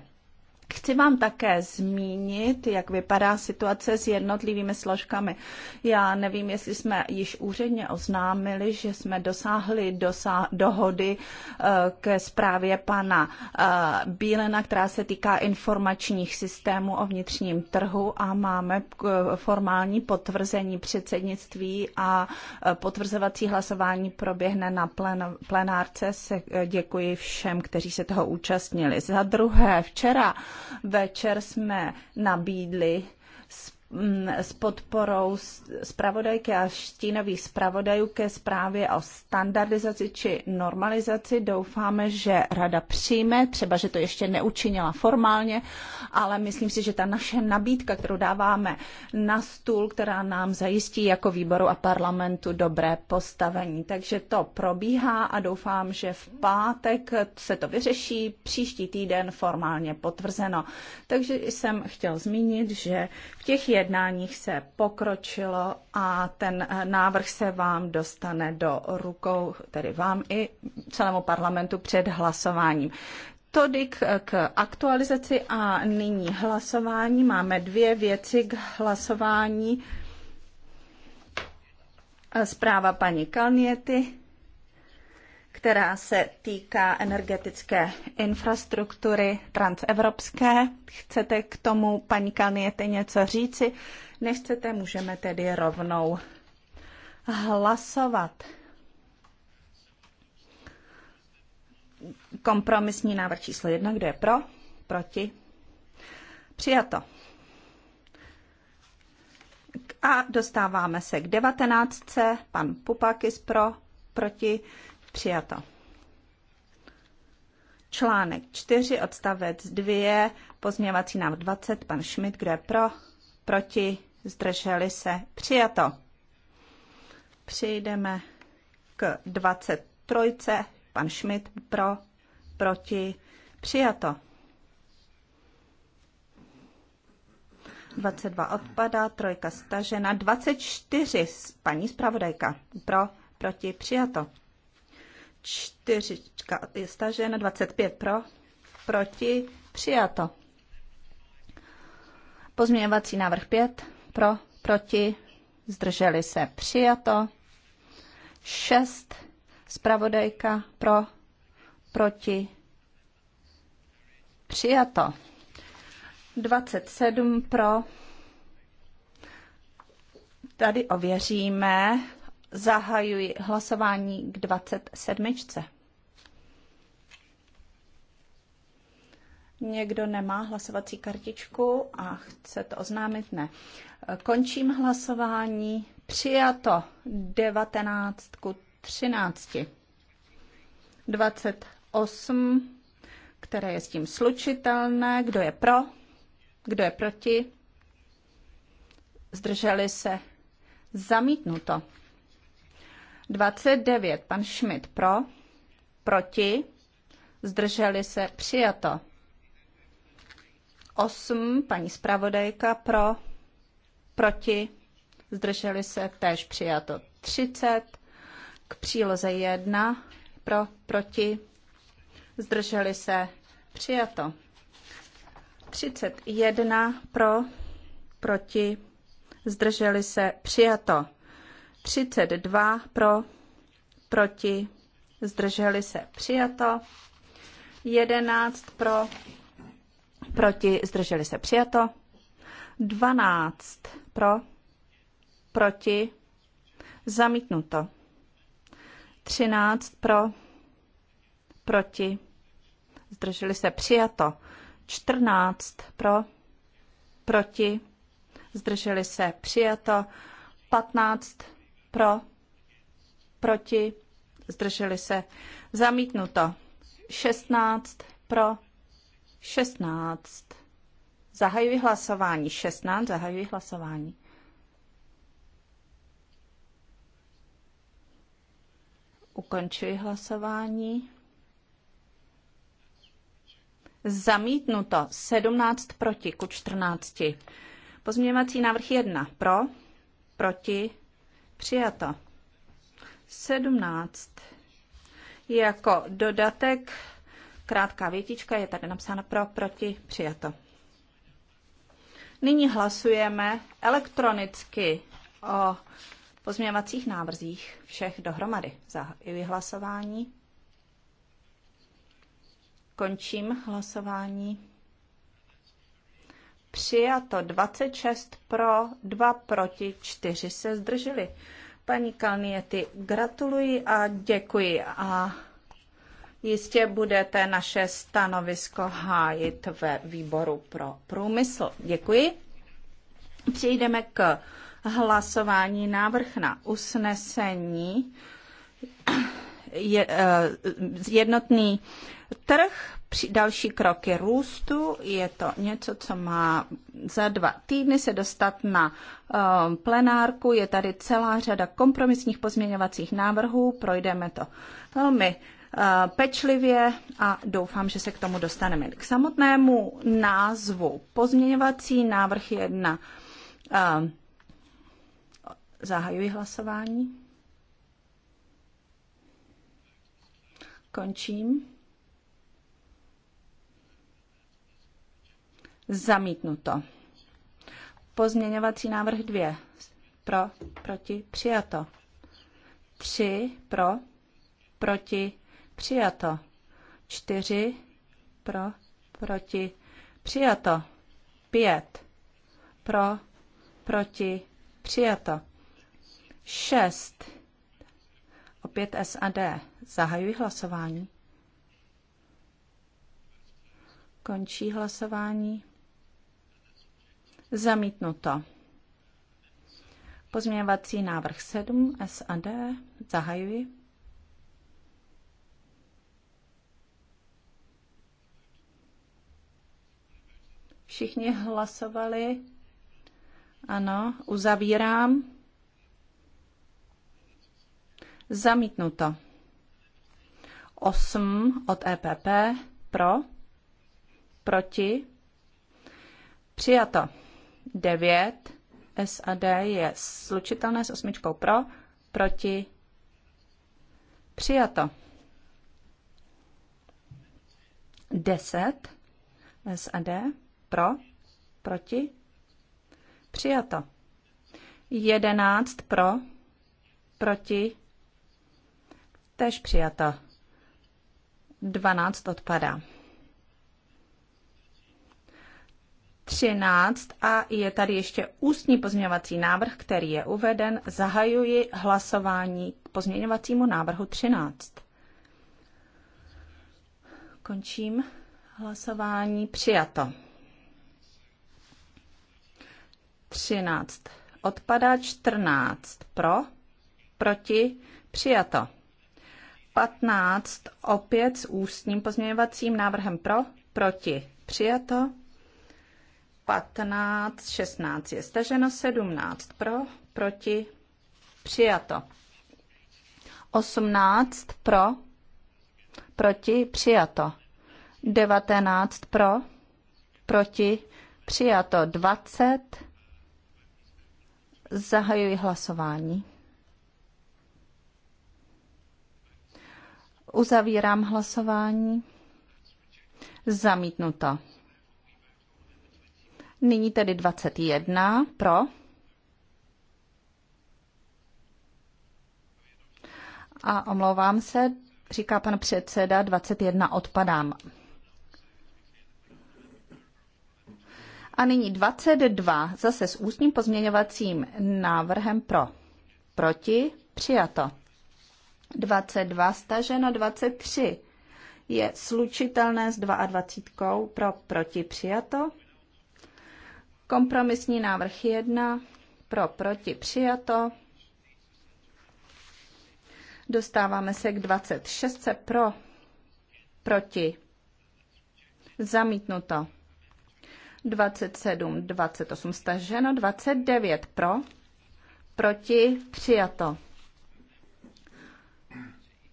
Chci vám také zmínit, jak vypadá situace s jednotlivými složkami. Já nevím, jestli jsme již úředně oznámili, že jsme dosáhli dosa- dohody eh, ke zprávě pana eh, Bílena, která se týká informačních systémů o vnitřním trhu a máme formální potvrzení předsednictví a eh, potvrzovací hlasování proběhne na plen- plenárce. Se děkuji všem, kteří se toho účastnili. Za druhé, včera večer jsme nabídli Mm, s podporou zpravodajky a štínových zpravodajů ke zprávě o standardizaci či normalizaci. Doufáme, že rada přijme, třeba, že to ještě neučinila formálně, ale myslím si, že ta naše nabídka, kterou dáváme na stůl, která nám zajistí jako výboru a parlamentu dobré postavení. Takže to probíhá a doufám, že v pátek se to vyřeší, příští týden formálně potvrzeno. Takže jsem chtěl zmínit, že v těch je jednáních se pokročilo a ten eh, návrh se vám dostane do rukou, tedy vám i celému parlamentu před hlasováním. Todik eh, k aktualizaci a nyní hlasování. Máme dvě věci k hlasování. Eh, Zpráva paní Kalniety která se týká energetické infrastruktury transevropské. Chcete k tomu, paní Kalniete, něco říci? Nechcete, můžeme tedy rovnou hlasovat. Kompromisní návrh číslo jedna, kdo je pro? Proti? Přijato. A dostáváme se k devatenáctce. Pan Pupakis pro, proti Přijato. Článek 4, odstavec 2, pozměňovací návrh 20, pan Schmidt, kdo je pro, proti, zdrželi se, přijato. Přejdeme k 23, pan Schmidt, pro, proti, přijato. 22 odpadá, trojka stažena, 24 paní zpravodajka pro, proti, přijato. 4 je stažen, 25 pro, proti, přijato. Pozměňovací návrh 5 pro, proti, zdrželi se, přijato. 6 zpravodajka pro, proti, přijato. 27 pro, tady ověříme Zahajuji hlasování k 27. Někdo nemá hlasovací kartičku a chce to oznámit? Ne. Končím hlasování. Přijato 19 ku 13. 28, které je s tím slučitelné. Kdo je pro? Kdo je proti? Zdrželi se? Zamítnuto. 29. Pan Schmidt pro, proti, zdrželi se, přijato. 8. Paní zpravodajka pro, proti, zdrželi se, též přijato. 30. K příloze 1 pro, proti, zdrželi se, přijato. 31 pro, proti, zdrželi se, přijato. 32 pro, proti, zdrželi se přijato, 11 pro, proti, zdrželi se přijato, 12 pro, proti, zamítnuto, 13 pro, proti, zdrželi se přijato, 14 pro, proti, zdrželi se přijato, 15 pro, proti, zdrželi se, zamítnuto. 16 pro, 16. Zahajuji hlasování. 16, zahajuji hlasování. Ukončuji hlasování. Zamítnuto 17 proti ku 14. Pozměňovací návrh 1 pro, proti, Přijato. 17. Jako dodatek krátká větička je tady napsána pro, proti, přijato. Nyní hlasujeme elektronicky o pozměňovacích návrzích všech dohromady. za vyhlasování. Končím hlasování přijato 26 pro, 2 proti, 4 se zdrželi. Paní Kalniety, gratuluji a děkuji a jistě budete naše stanovisko hájit ve výboru pro průmysl. Děkuji. Přejdeme k hlasování návrh na usnesení. Je, eh, jednotný trh, další kroky růstu, je to něco, co má za dva týdny se dostat na eh, plenárku. Je tady celá řada kompromisních pozměňovacích návrhů, projdeme to velmi eh, pečlivě a doufám, že se k tomu dostaneme. K samotnému názvu pozměňovací návrh 1. Eh, zahajuji hlasování. Končím. Zamítnuto. Pozměňovací návrh 2. Pro, proti, přijato. 3. Pro, proti, přijato. 4. Pro, proti, přijato. 5. Pro, proti, přijato. 6. Opět S a D. Zahajuji hlasování. Končí hlasování. Zamítnuto. Pozměňovací návrh 7 SAD. Zahajuji. Všichni hlasovali. Ano, uzavírám. Zamítnuto. 8 od EPP pro, proti, přijato. 9 SAD je slučitelné s osmičkou pro, proti přijato. 10 SAD pro, proti přijato. 11 pro, proti tež přijato. 12 odpadá. 13 a je tady ještě ústní pozměňovací návrh, který je uveden. Zahajuji hlasování k pozměňovacímu návrhu 13. Končím hlasování. Přijato. 13. Odpadá 14. Pro. Proti. Přijato. 15. Opět s ústním pozměňovacím návrhem pro. Proti. Přijato. 15, 16 je staženo, 17 pro, proti, přijato. 18 pro, proti, přijato. 19 pro, proti, přijato. 20, zahajuji hlasování. Uzavírám hlasování. Zamítnuto. Nyní tedy 21 pro. A omlouvám se, říká pan předseda, 21 odpadám. A nyní 22, zase s ústním pozměňovacím návrhem pro. Proti, přijato. 22 staženo, 23 je slučitelné s 22 pro, proti, přijato. Kompromisní návrh 1 pro proti přijato. Dostáváme se k 26 pro proti zamítnuto. 27, 28 staženo, 29 pro, proti přijato.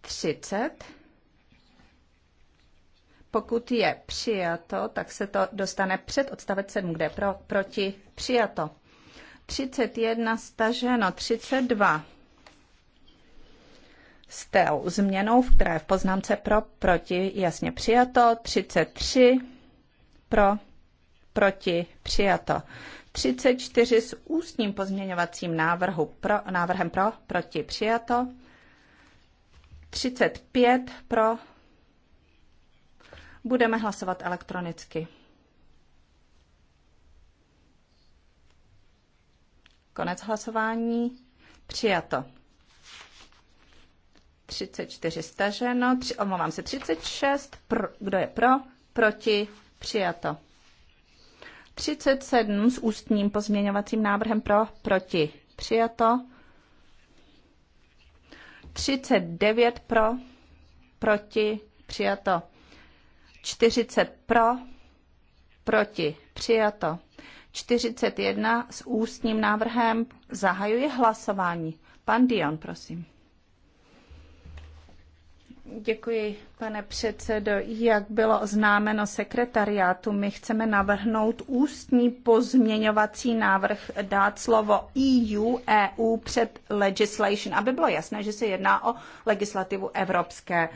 30 pokud je přijato, tak se to dostane před odstavec 7, kde pro, proti přijato. 31 staženo, 32 s tou změnou, v které v poznámce pro, proti, jasně přijato, 33 pro, proti, přijato. 34 s ústním pozměňovacím návrhu pro, návrhem pro, proti, přijato. 35 pro, Budeme hlasovat elektronicky. Konec hlasování. Přijato. 34 staženo, tři, omlouvám se, 36, pro, kdo je pro, proti, přijato. 37 s ústním pozměňovacím návrhem pro, proti, přijato. 39 pro, proti, přijato. 40 pro, proti, přijato. 41 s ústním návrhem zahajuje hlasování. Pan Dion, prosím. Děkuji, pane předsedo. Jak bylo oznámeno sekretariátu, my chceme navrhnout ústní pozměňovací návrh dát slovo EU, EU před legislation, aby bylo jasné, že se jedná o legislativu evropské.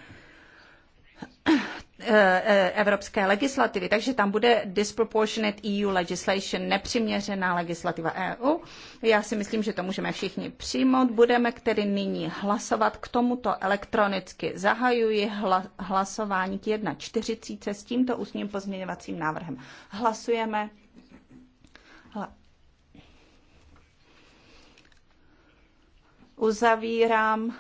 Eh, eh, evropské legislativy, takže tam bude disproportionate EU legislation, nepřiměřená legislativa EU. Já si myslím, že to můžeme všichni přijmout. Budeme tedy nyní hlasovat k tomuto elektronicky. Zahajuji hla, hlasování k 1.40 s tímto ústním pozměňovacím návrhem. Hlasujeme. Hla. Uzavírám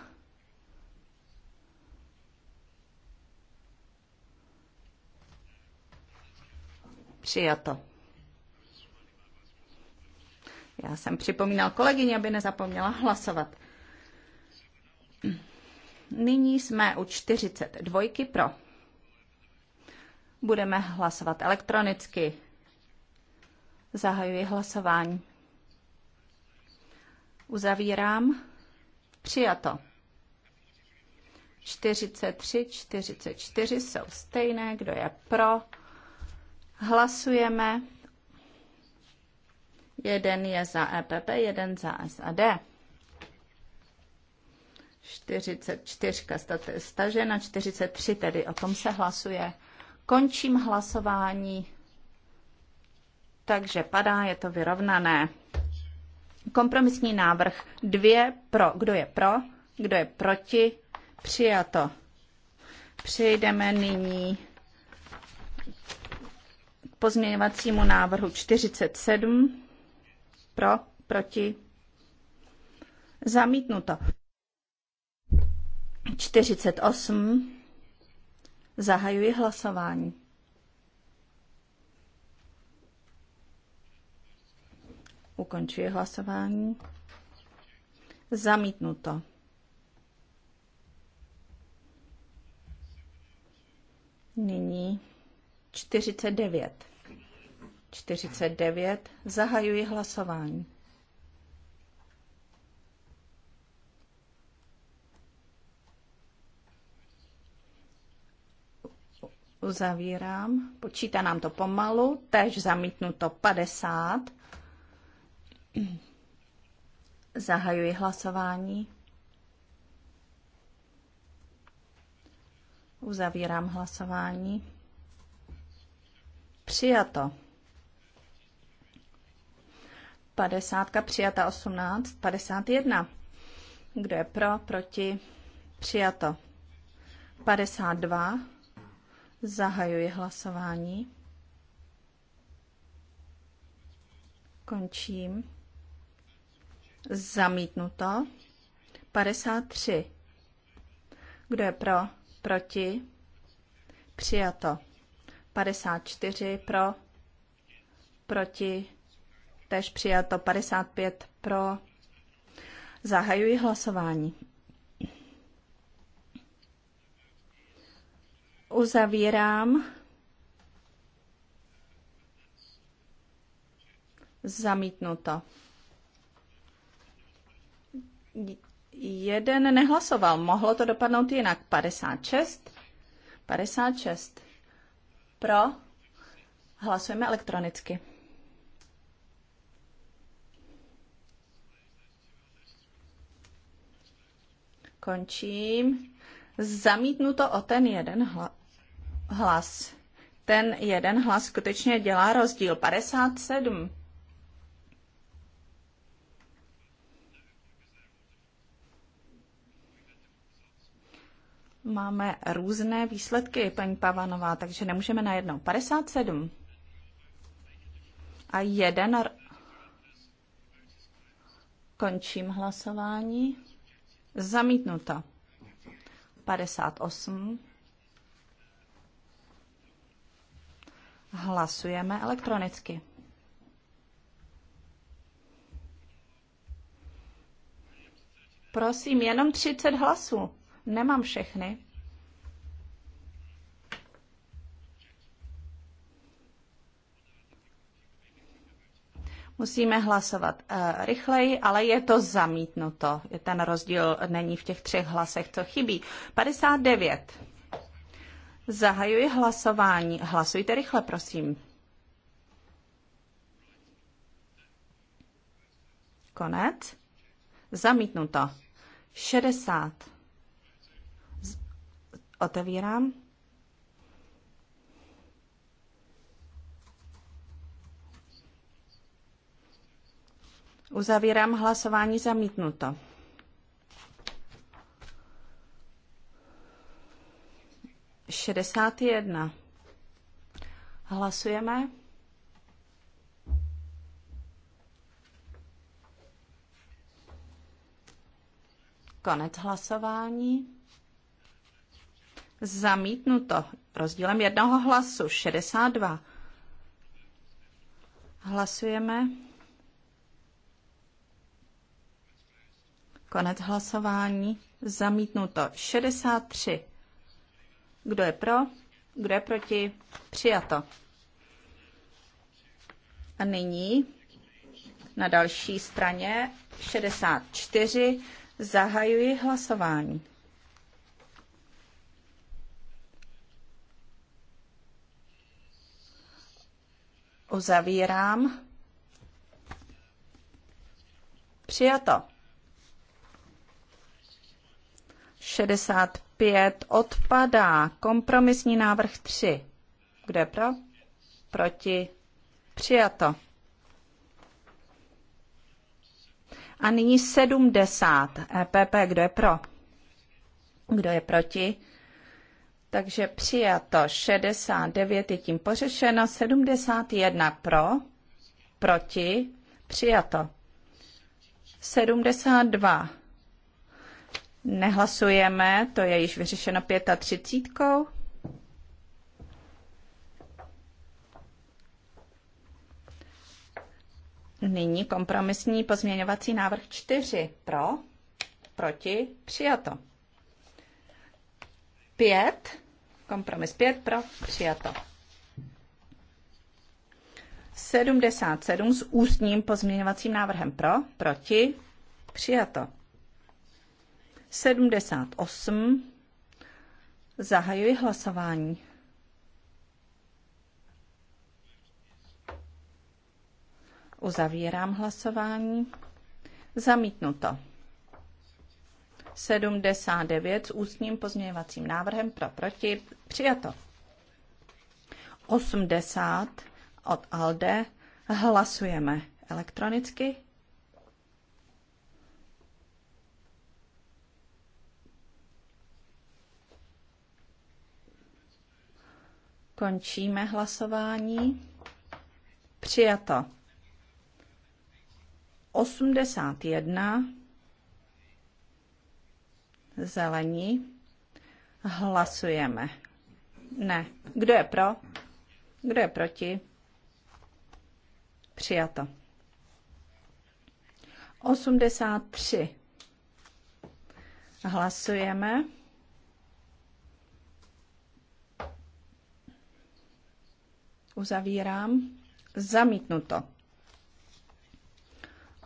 Přijato. Já jsem připomínal kolegyně, aby nezapomněla hlasovat. Nyní jsme u 42 pro. Budeme hlasovat elektronicky. Zahajuji hlasování. Uzavírám. Přijato. 43, 44 jsou stejné. Kdo je pro? Hlasujeme. Jeden je za EPP, jeden za SAD. 44 stažena, 43 tedy o tom se hlasuje. Končím hlasování, takže padá, je to vyrovnané. Kompromisní návrh 2 pro. Kdo je pro? Kdo je proti? Přijato. Přejdeme nyní pozměňovacímu návrhu 47. Pro, proti, zamítnuto. 48. Zahajuji hlasování. Ukončuji hlasování. Zamítnuto. Nyní 49. 49. Zahajuji hlasování. Uzavírám. Počítá nám to pomalu. Tež zamítnuto 50. Zahajuji hlasování. Uzavírám hlasování. Přijato. 50 přijata 18, 51. Kdo je pro, proti, přijato 52. Zahajuji hlasování. Končím. Zamítnuto. 53. Kdo je pro? Proti? Přijato. 54 pro, proti, Tež přijato 55 pro. Zahajuji hlasování. Uzavírám. Zamítnuto. Jeden nehlasoval. Mohlo to dopadnout jinak. 56. 56. Pro. Hlasujeme elektronicky. Končím. Zamítnuto o ten jeden hlas. Ten jeden hlas skutečně dělá rozdíl. 57. Máme různé výsledky, paní Pavanová, takže nemůžeme najednou. 57 a jeden končím hlasování. Zamítnuta. 58. Hlasujeme elektronicky. Prosím, jenom 30 hlasů. Nemám všechny. Musíme hlasovat eh, rychleji, ale je to zamítnuto. Ten rozdíl není v těch třech hlasech, co chybí. 59. Zahajuji hlasování. Hlasujte rychle, prosím. Konec. Zamítnuto. 60. Otevírám. Uzavírám hlasování zamítnuto. Šedesát jedna. Hlasujeme. Konec hlasování. Zamítnuto rozdílem jednoho hlasu 62. Hlasujeme. Konec hlasování. Zamítnuto 63. Kdo je pro? Kdo je proti? Přijato. A nyní na další straně 64 zahajuji hlasování. Uzavírám. Přijato. 65 odpadá. Kompromisní návrh 3. Kde pro? Proti. Přijato. A nyní 70. EPP, kdo je pro? Kdo je proti? Takže přijato 69 je tím pořešeno, 71 pro, proti, přijato. 72 Nehlasujeme, to je již vyřešeno 35. Nyní kompromisní pozměňovací návrh 4. Pro, proti, přijato. 5. Kompromis 5 pro, přijato. 77 s ústním pozměňovacím návrhem pro, proti, přijato. 78. Zahajuji hlasování. Uzavírám hlasování. Zamítnuto. 79 s ústním pozměňovacím návrhem pro proti. Přijato. 80 od ALDE. Hlasujeme elektronicky. Končíme hlasování. Přijato. 81 zelení. Hlasujeme. Ne. Kdo je pro? Kdo je proti? Přijato. 83. Hlasujeme. Uzavírám. Zamítnuto.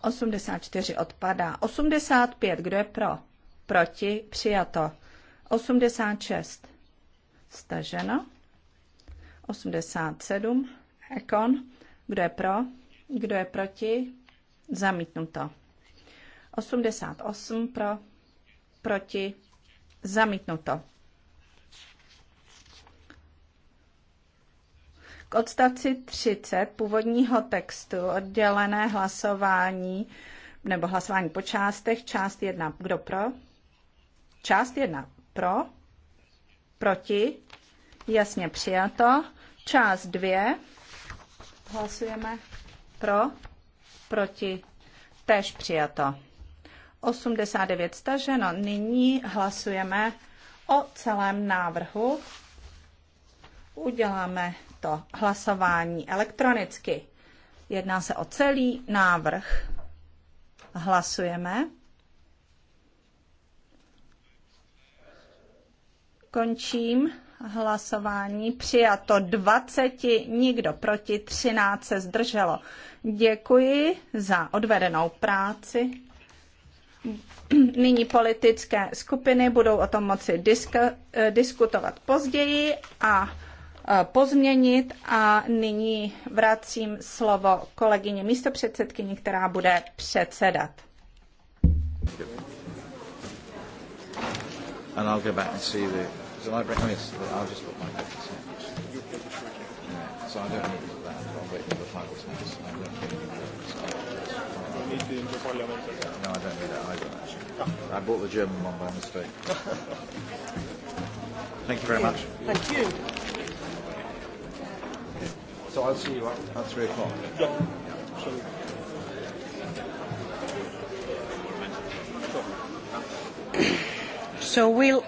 84 odpadá. 85, kdo je pro? Proti, přijato. 86, staženo. 87, ekon. Kdo je pro? Kdo je proti? Zamítnuto. 88 pro, proti, zamítnuto. K odstavci 30 původního textu oddělené hlasování nebo hlasování po částech, část 1, kdo pro? Část 1 pro, proti, jasně přijato. Část 2, hlasujeme pro, proti, tež přijato. 89 staženo. Nyní hlasujeme o celém návrhu. Uděláme to hlasování elektronicky. Jedná se o celý návrh. Hlasujeme. Končím hlasování. Přijato 20, nikdo proti, 13 se zdrželo. Děkuji za odvedenou práci. Nyní politické skupiny budou o tom moci disk, eh, diskutovat později a Eh, pozměnit a nyní vracím slovo kolegyně místopředsedkyni, která bude předsedat. Oh, no, Thank you very much. Thank you. So I'll see you at, at 3 o'clock. Yeah. yeah. So we'll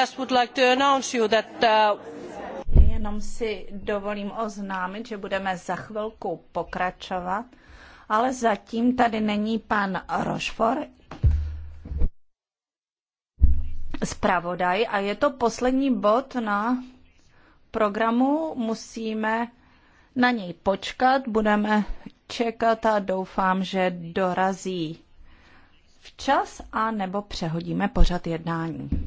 just would like to announce you that uh... Jenom si dovolím oznámit, že budeme za chvilku pokračovat, ale zatím tady není pan Rošfor, zpravodaj a je to poslední bod na programu. Musíme na něj počkat, budeme čekat a doufám, že dorazí včas a nebo přehodíme pořad jednání.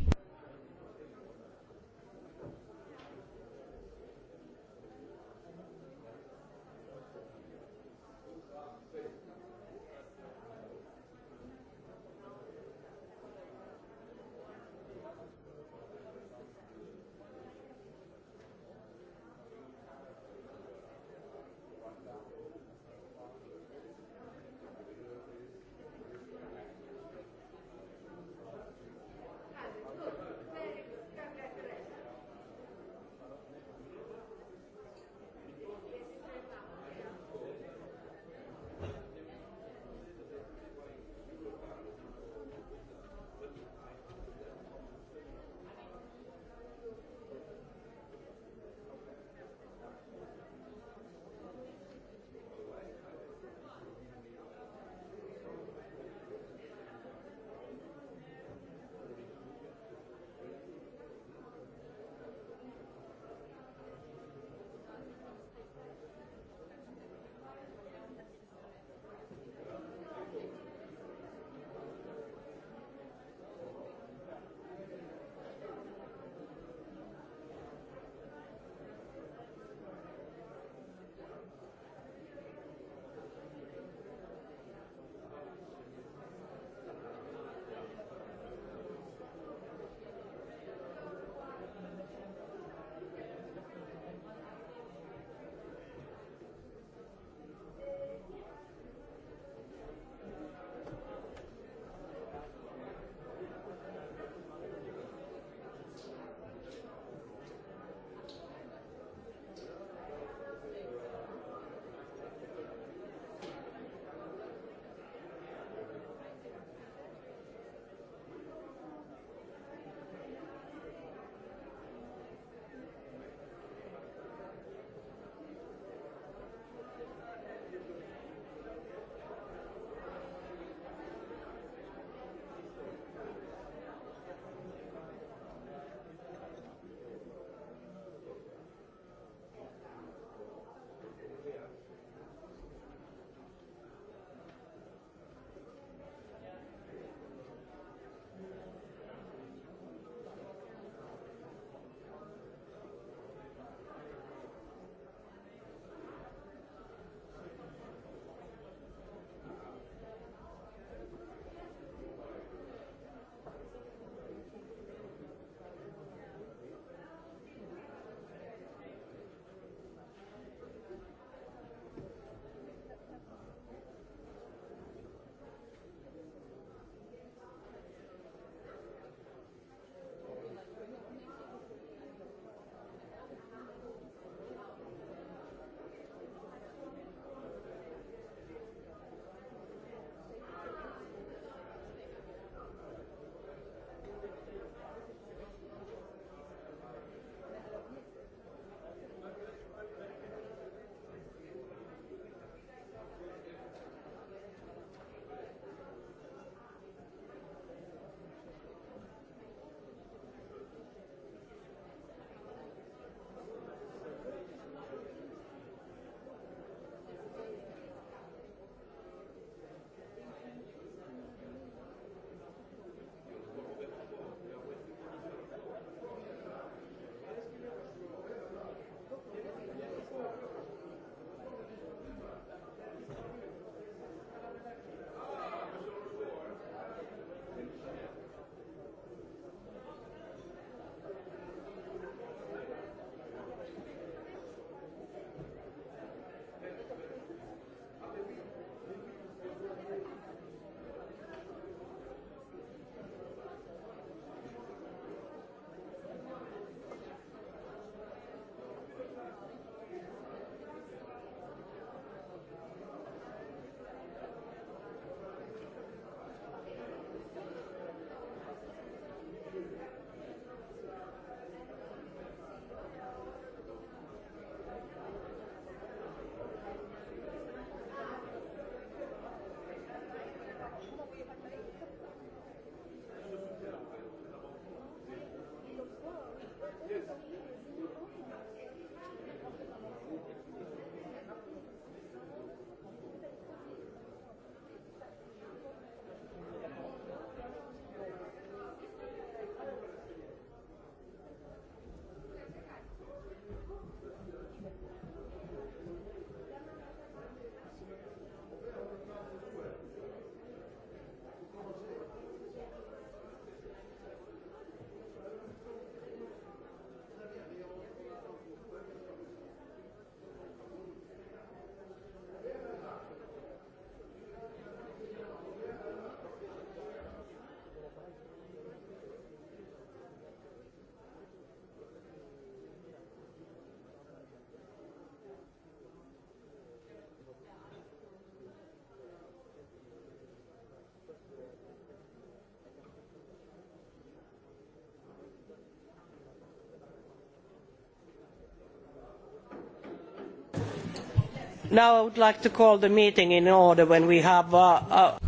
Now I would like to call the meeting in order when we have uh, uh,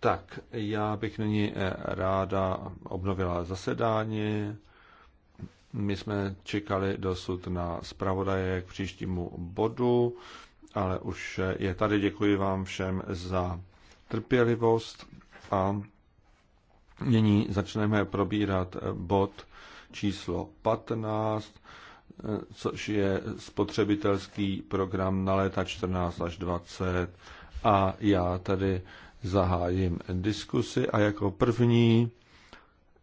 Tak, já bych nyní eh, ráda obnovila zasedání. My jsme čekali dosud na zpravodaje k příštímu bodu, ale už eh, je tady. Děkuji vám všem za trpělivost a nyní začneme probírat eh, bod číslo 15 Eh, což je spotřebitelský program na léta 14 až 20. A já tady zahájím diskusy a jako první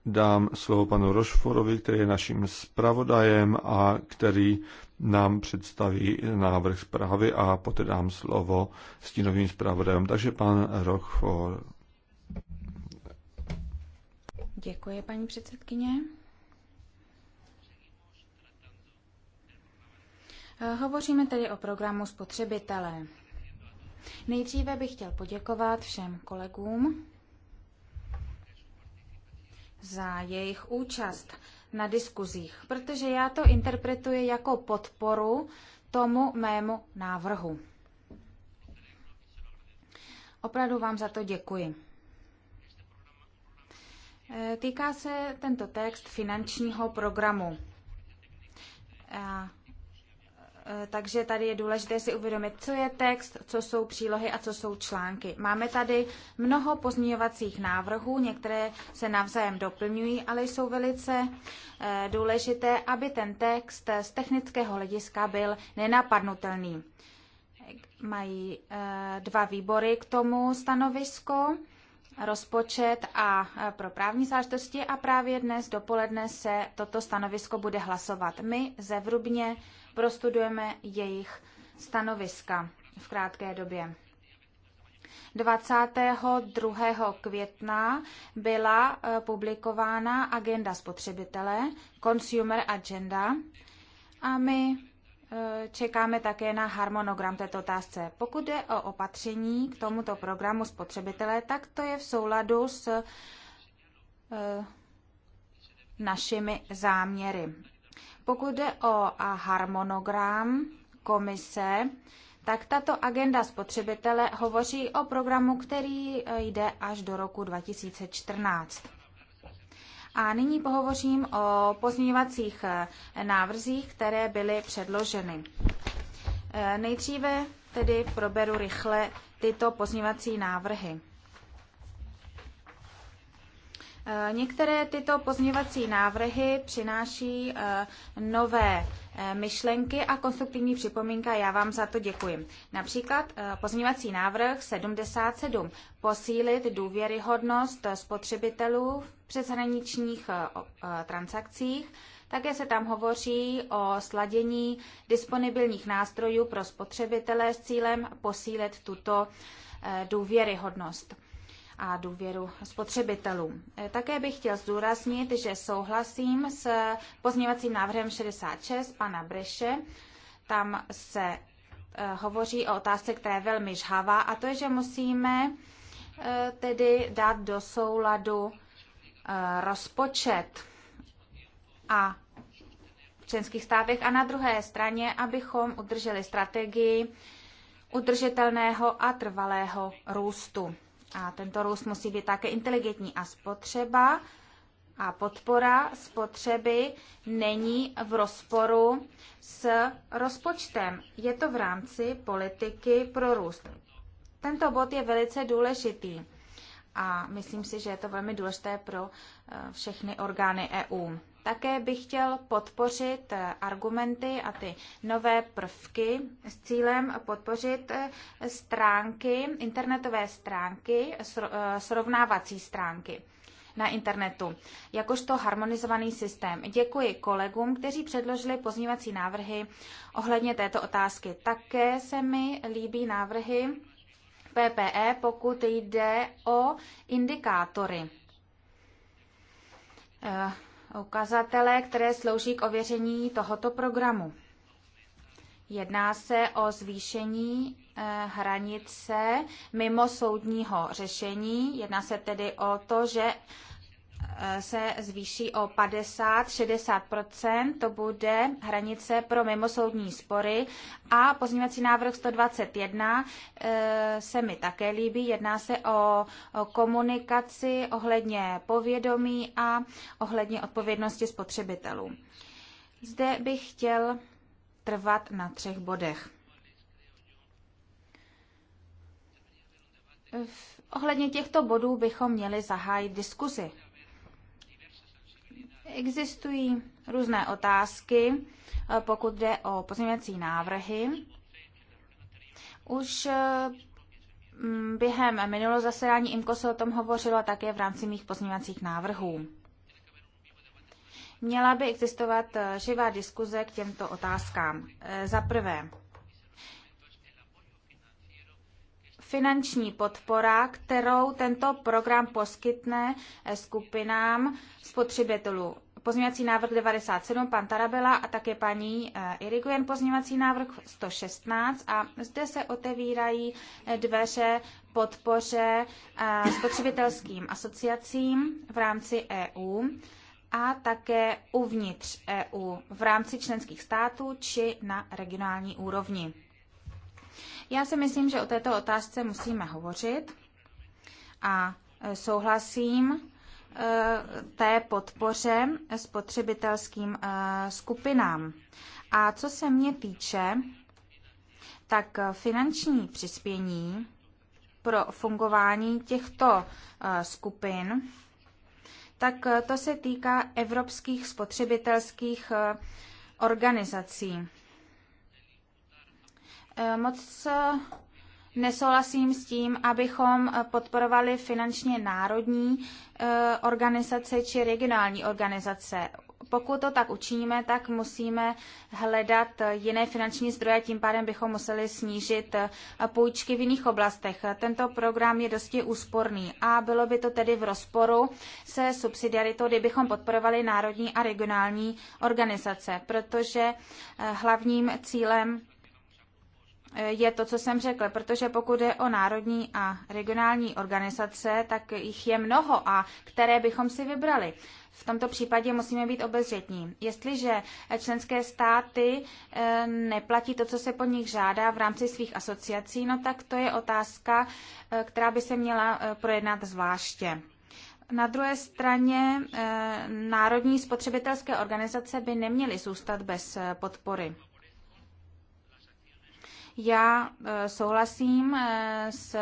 dám slovo panu Rošforovi, který je naším zpravodajem a který nám představí návrh zprávy a poté dám slovo stínovým zpravodajům. Takže pan Rošfor. Děkuji, paní předsedkyně. Eh, hovoříme tedy o programu spotřebitelé. Nejdříve bych chtěl poděkovat všem kolegům za jejich účast na diskuzích, protože já to interpretuji jako podporu tomu mému návrhu. Opravdu vám za to děkuji. Eh, týká se tento text finančního programu. Eh, takže tady je důležité si uvědomit, co je text, co jsou přílohy a co jsou články. Máme tady mnoho pozměňovacích návrhů, některé se navzájem doplňují, ale jsou velice eh, důležité, aby ten text eh, z technického hlediska byl nenapadnutelný. Mají dva výbory k tomu stanovisko rozpočet a pro právní záležitosti a právě dnes dopoledne se toto stanovisko bude hlasovat. My zevrubně prostudujeme jejich stanoviska v krátké době. 22. května byla eh, publikována agenda spotřebitele, Consumer Agenda, a my eh, čekáme také na harmonogram této otázce. Pokud je o opatření k tomuto programu spotřebitele, tak to je v souladu s eh, našimi záměry. Pokud jde o harmonogram komise, tak tato agenda spotřebitele hovoří o programu, který e, jde až do roku 2014. A nyní pohovořím o pozměňovacích e, návrzích, které byly předloženy. E, nejdříve tedy proberu rychle tyto pozměňovací návrhy. Eh, některé tyto pozměňovací návrhy přináší eh, nové eh, myšlenky a konstruktivní připomínka. Já vám za to děkuji. Například pozměňovací návrh 77. Posílit důvěryhodnost spotřebitelů v přeshraničních transakcích. Také se tam hovoří o sladění disponibilních nástrojů pro spotřebitele s cílem posílit tuto důvěryhodnost a důvěru spotřebitelů. E, také bych chtěl zdůraznit, že souhlasím s pozměňovacím návrhem 66 pana Breše. Tam se e, hovoří o otázce, která je velmi žhavá, a to je, že musíme e, tedy dát do souladu rozpočet a v členských státech a na druhé straně, abychom udrželi strategii udržitelného a trvalého růstu. A tento růst musí být také inteligentní a spotřeba a podpora spotřeby není v rozporu s rozpočtem. Je to v rámci politiky pro růst. Tento bod je velice důležitý a myslím si, že je to velmi důležité pro eh, všechny orgány EU. Také bych chtěl podpořit eh, argumenty a ty nové prvky s cílem podpořit eh, stránky, internetové stránky, eh, srovnávací stránky na internetu, jakožto harmonizovaný systém. Děkuji kolegům, kteří předložili pozměňovací návrhy ohledně této otázky. Také se mi líbí návrhy PPE, pokud jde o indikátory ukazatele, které slouží k ověření tohoto programu. Jedná se o zvýšení eh, hranice mimo soudního řešení. Jedná se tedy o to, že se zvýší o 50-60%, to bude hranice pro mimosoudní spory. A pozměňovací návrh 121 eh, se mi také líbí. Jedná se o komunikaci ohledně povědomí a ohledně odpovědnosti spotřebitelů. Zde bych chtěl trvat na třech bodech. V ohledně těchto bodů bychom měli zahájit diskuzi. Existují různé otázky, eh, pokud jde o pozměňovací návrhy. Už eh, během minulého zasedání IMKO se o tom hovořilo také v rámci mých pozměňovacích návrhů. Měla by existovat eh, živá diskuze k těmto otázkám. Za prvé, finanční podpora, kterou tento program poskytne eh, skupinám spotřebitelů. Pozměňovací návrh 97, pan Tarabela a také paní eh, Irigujen pozměňovací návrh 116 a zde se otevírají eh, dveře podpoře spotřebitelským asociacím v rámci EU a také uvnitř EU v rámci členských států či na regionální úrovni. Já si myslím, že o této otázce musíme hovořit a e, souhlasím e, té podpoře spotřebitelským e, skupinám. A co se mě týče, tak finanční přispění pro fungování těchto skupin, tak to se týká evropských spotřebitelských organizací moc nesouhlasím s tím, abychom podporovali finančně národní eh, organizace či regionální organizace. Pokud to tak učiníme, tak musíme hledat jiné finanční zdroje, tím pádem bychom museli snížit eh, půjčky v jiných oblastech. Tento program je dosti úsporný a bylo by to tedy v rozporu se subsidiaritou, kdybychom podporovali národní a regionální organizace, protože eh, hlavním cílem je to, co jsem řekl, protože pokud je o národní a regionální organizace, tak jich je mnoho a které bychom si vybrali. V tomto případě musíme být obezřetní. Jestliže členské státy eh, neplatí to, co se po nich žádá v rámci svých asociací, no tak to je otázka, eh, která by se měla eh, projednat zvláště. Na druhé straně národní spotřebitelské organizace by neměly zůstat bez podpory. Já e, souhlasím e, s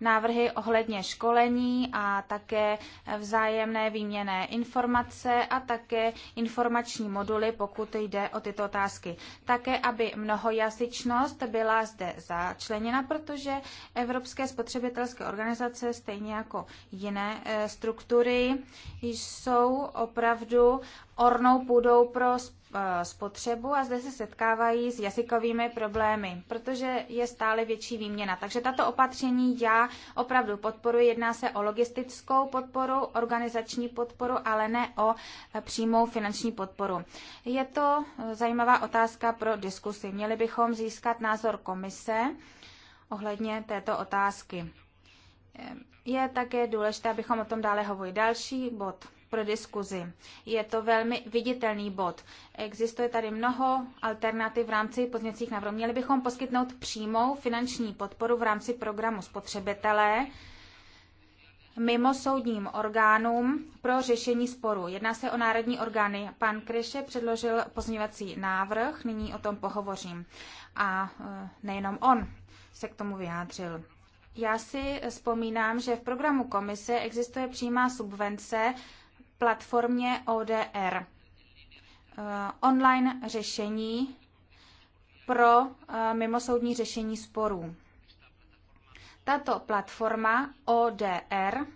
návrhy ohledně školení a také vzájemné výměné informace a také informační moduly, pokud jde o tyto otázky. Také, aby mnohojazyčnost byla zde začleněna, protože evropské spotřebitelské organizace, stejně jako jiné e, struktury, jsou opravdu ornou půdou pro spotřebitelské Eh, spotřebu a zde se setkávají s jazykovými problémy, protože je stále větší výměna. Takže tato opatření já opravdu podporuji. Jedná se o logistickou podporu, organizační podporu, ale ne o eh, přímou finanční podporu. Je to eh, zajímavá otázka pro diskusi. Měli bychom získat názor komise ohledně této otázky. Je také důležité, abychom o tom dále hovořili. Další bod pro diskuzi. Je to velmi viditelný bod. Existuje tady mnoho alternativ v rámci pozměcích návrhů. Měli bychom poskytnout přímou finanční podporu v rámci programu spotřebitelé mimo soudním orgánům pro řešení sporu. Jedná se o národní orgány. Pan Kryše předložil pozněvací návrh, nyní o tom pohovořím. A e, nejenom on se k tomu vyjádřil. Já si vzpomínám, že v programu komise existuje přímá subvence platformě ODR. Eh, online řešení pro eh, mimosoudní řešení sporů. Tato platforma ODR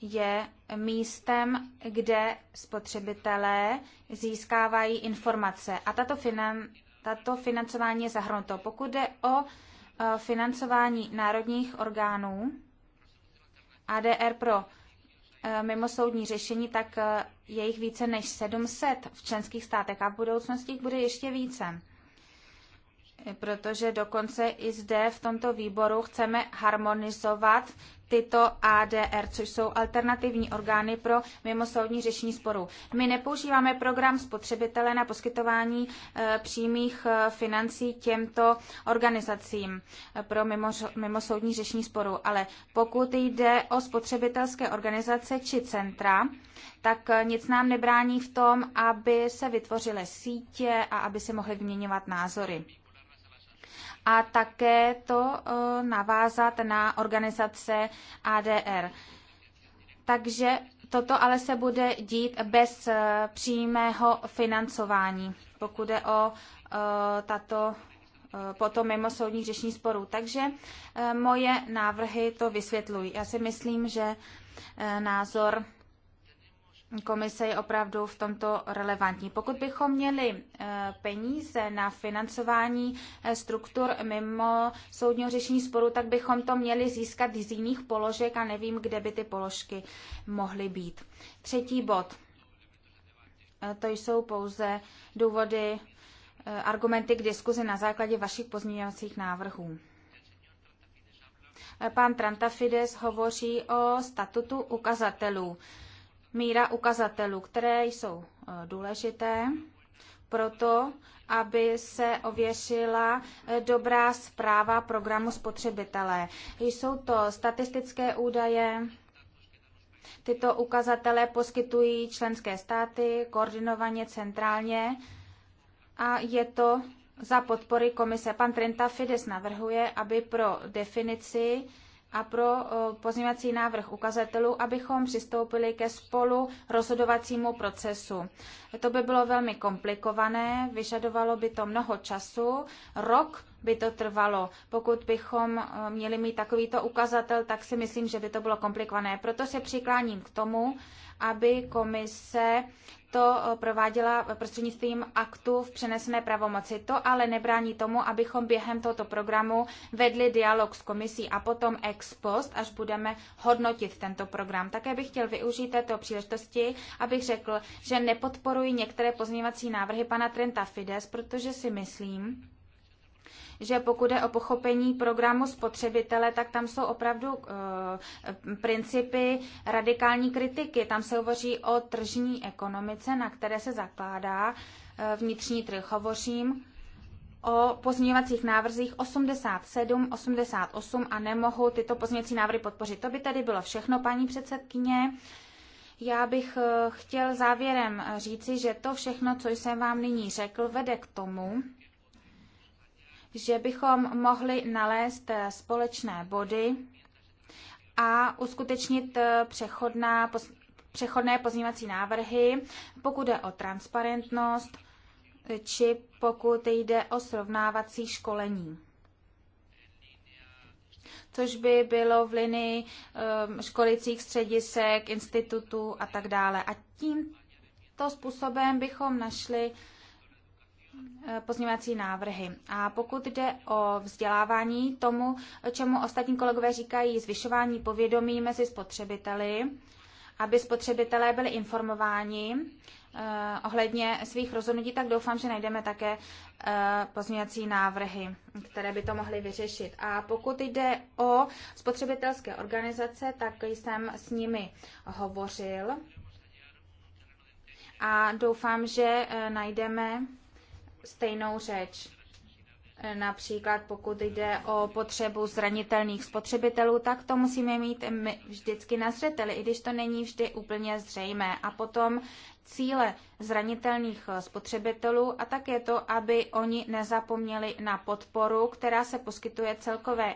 je místem, kde spotřebitelé získávají informace a tato, finan, tato financování je zahrnuto. Pokud jde o eh, financování národních orgánů, ADR pro Eh, mimosoudní řešení, tak eh, je jich více než 700 v členských státech a v budoucnosti jich bude ještě více protože dokonce i zde v tomto výboru chceme harmonizovat tyto ADR, což jsou alternativní orgány pro mimosoudní řešení sporů. My nepoužíváme program spotřebitele na poskytování e, přímých e, financí těmto organizacím e, pro mimosoudní řešení sporů, ale pokud jde o spotřebitelské organizace či centra, tak nic nám nebrání v tom, aby se vytvořily sítě a aby se mohly vyměňovat názory a také to e, navázat na organizace ADR. Takže toto ale se bude dít bez e, přímého financování, pokud je o e, tato potom mimo soudní řešení sporů. Takže moje návrhy to vysvětlují. Já si myslím, že názor komise je opravdu v tomto relevantní. Pokud bychom měli eh, peníze na financování eh, struktur mimo soudního řešení sporu, tak bychom to měli získat z jiných položek a nevím, kde by ty položky mohly být. Třetí bod. Eh, to jsou pouze důvody, argumenty k diskuzi na základě vašich pozměňovacích návrhů. Pan Trantafides hovoří o statutu ukazatelů míra ukazatelů, které jsou eh, důležité proto, aby se ověřila eh, dobrá zpráva programu spotřebitelé. Jsou to statistické údaje, tyto ukazatele poskytují členské státy koordinovaně centrálně a je to za podpory komise. Pan Trenta Fides navrhuje, aby pro definici a pro pozměňovací návrh ukazatelů, abychom přistoupili ke spolu rozhodovacímu procesu. To by bylo velmi komplikované, vyžadovalo by to mnoho času, rok by to trvalo. Pokud bychom měli mít takovýto ukazatel, tak si myslím, že by to bylo komplikované. Proto se přikláním k tomu, aby komise to eh, prováděla prostřednictvím aktu v přenesené pravomoci. To ale nebrání tomu, abychom během tohoto programu vedli dialog s komisí a potom ex post, až budeme hodnotit tento program. Také bych chtěl využít této příležitosti, abych řekl, že nepodporuji některé pozměňovací návrhy pana Trenta Fides, protože si myslím, že pokud je o pochopení programu spotřebitele, tak tam jsou opravdu uh, principy radikální kritiky. Tam se hovoří o tržní ekonomice, na které se zakládá uh, vnitřní trh. Hovořím o pozměňovacích návrzích 87, 88 a nemohu tyto pozměňovací návrhy podpořit. To by tedy bylo všechno, paní předsedkyně. Já bych eh, chtěl závěrem říci, že to všechno, co jsem vám nyní řekl, vede k tomu, že bychom mohli nalézt eh, společné body a uskutečnit eh, přechodná, přechodné pozměňovací návrhy, pokud jde o transparentnost eh, či pokud jde o srovnávací školení což by bylo v linii ehm, školicích středisek, institutů a tak dále. A tímto způsobem bychom našli pozměňovací návrhy. A pokud jde o vzdělávání tomu, čemu ostatní kolegové říkají zvyšování povědomí mezi spotřebiteli, aby spotřebitelé byli informováni eh, ohledně svých rozhodnutí, tak doufám, že najdeme také eh, pozměňovací návrhy, které by to mohly vyřešit. A pokud jde o spotřebitelské organizace, tak jsem s nimi hovořil a doufám, že eh, najdeme stejnou řeč. Například pokud jde o potřebu zranitelných spotřebitelů, tak to musíme mít vždycky na zřeteli, i když to není vždy úplně zřejmé. A potom cíle zranitelných eh, spotřebitelů a také to, aby oni nezapomněli na podporu, která se poskytuje celkové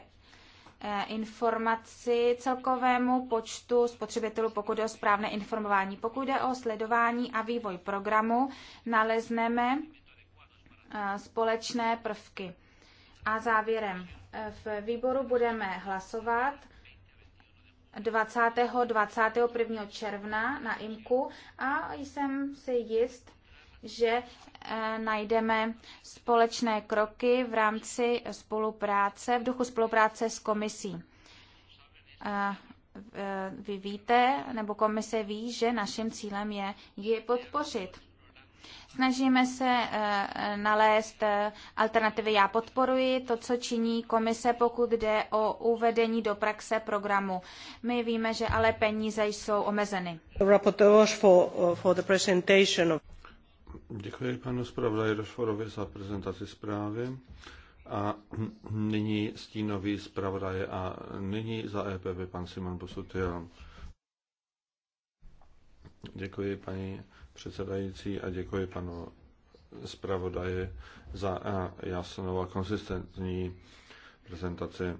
eh, informaci celkovému počtu spotřebitelů, pokud jde o správné informování. Pokud jde o sledování a vývoj programu, nalezneme společné prvky. A závěrem, e, v výboru budeme hlasovat 20. 21. června na IMKU a jsem si jist, že e, najdeme společné kroky v rámci spolupráce, v duchu spolupráce s komisí. E, vy víte, nebo komise ví, že naším cílem je ji podpořit. Snažíme se eh, nalézt eh, alternativy. Já podporuji to, co činí komise, pokud jde o uvedení do praxe programu. My víme, že ale peníze jsou omezeny. Eh, Děkuji panu zpravodaji Rošforovi za prezentaci zprávy. A nyní stínový zpravodaj a nyní za EPB pan Simon Posutil. Děkuji paní předsedající a děkuji panu zpravodaji za eh, jasnou a konsistentní prezentaci.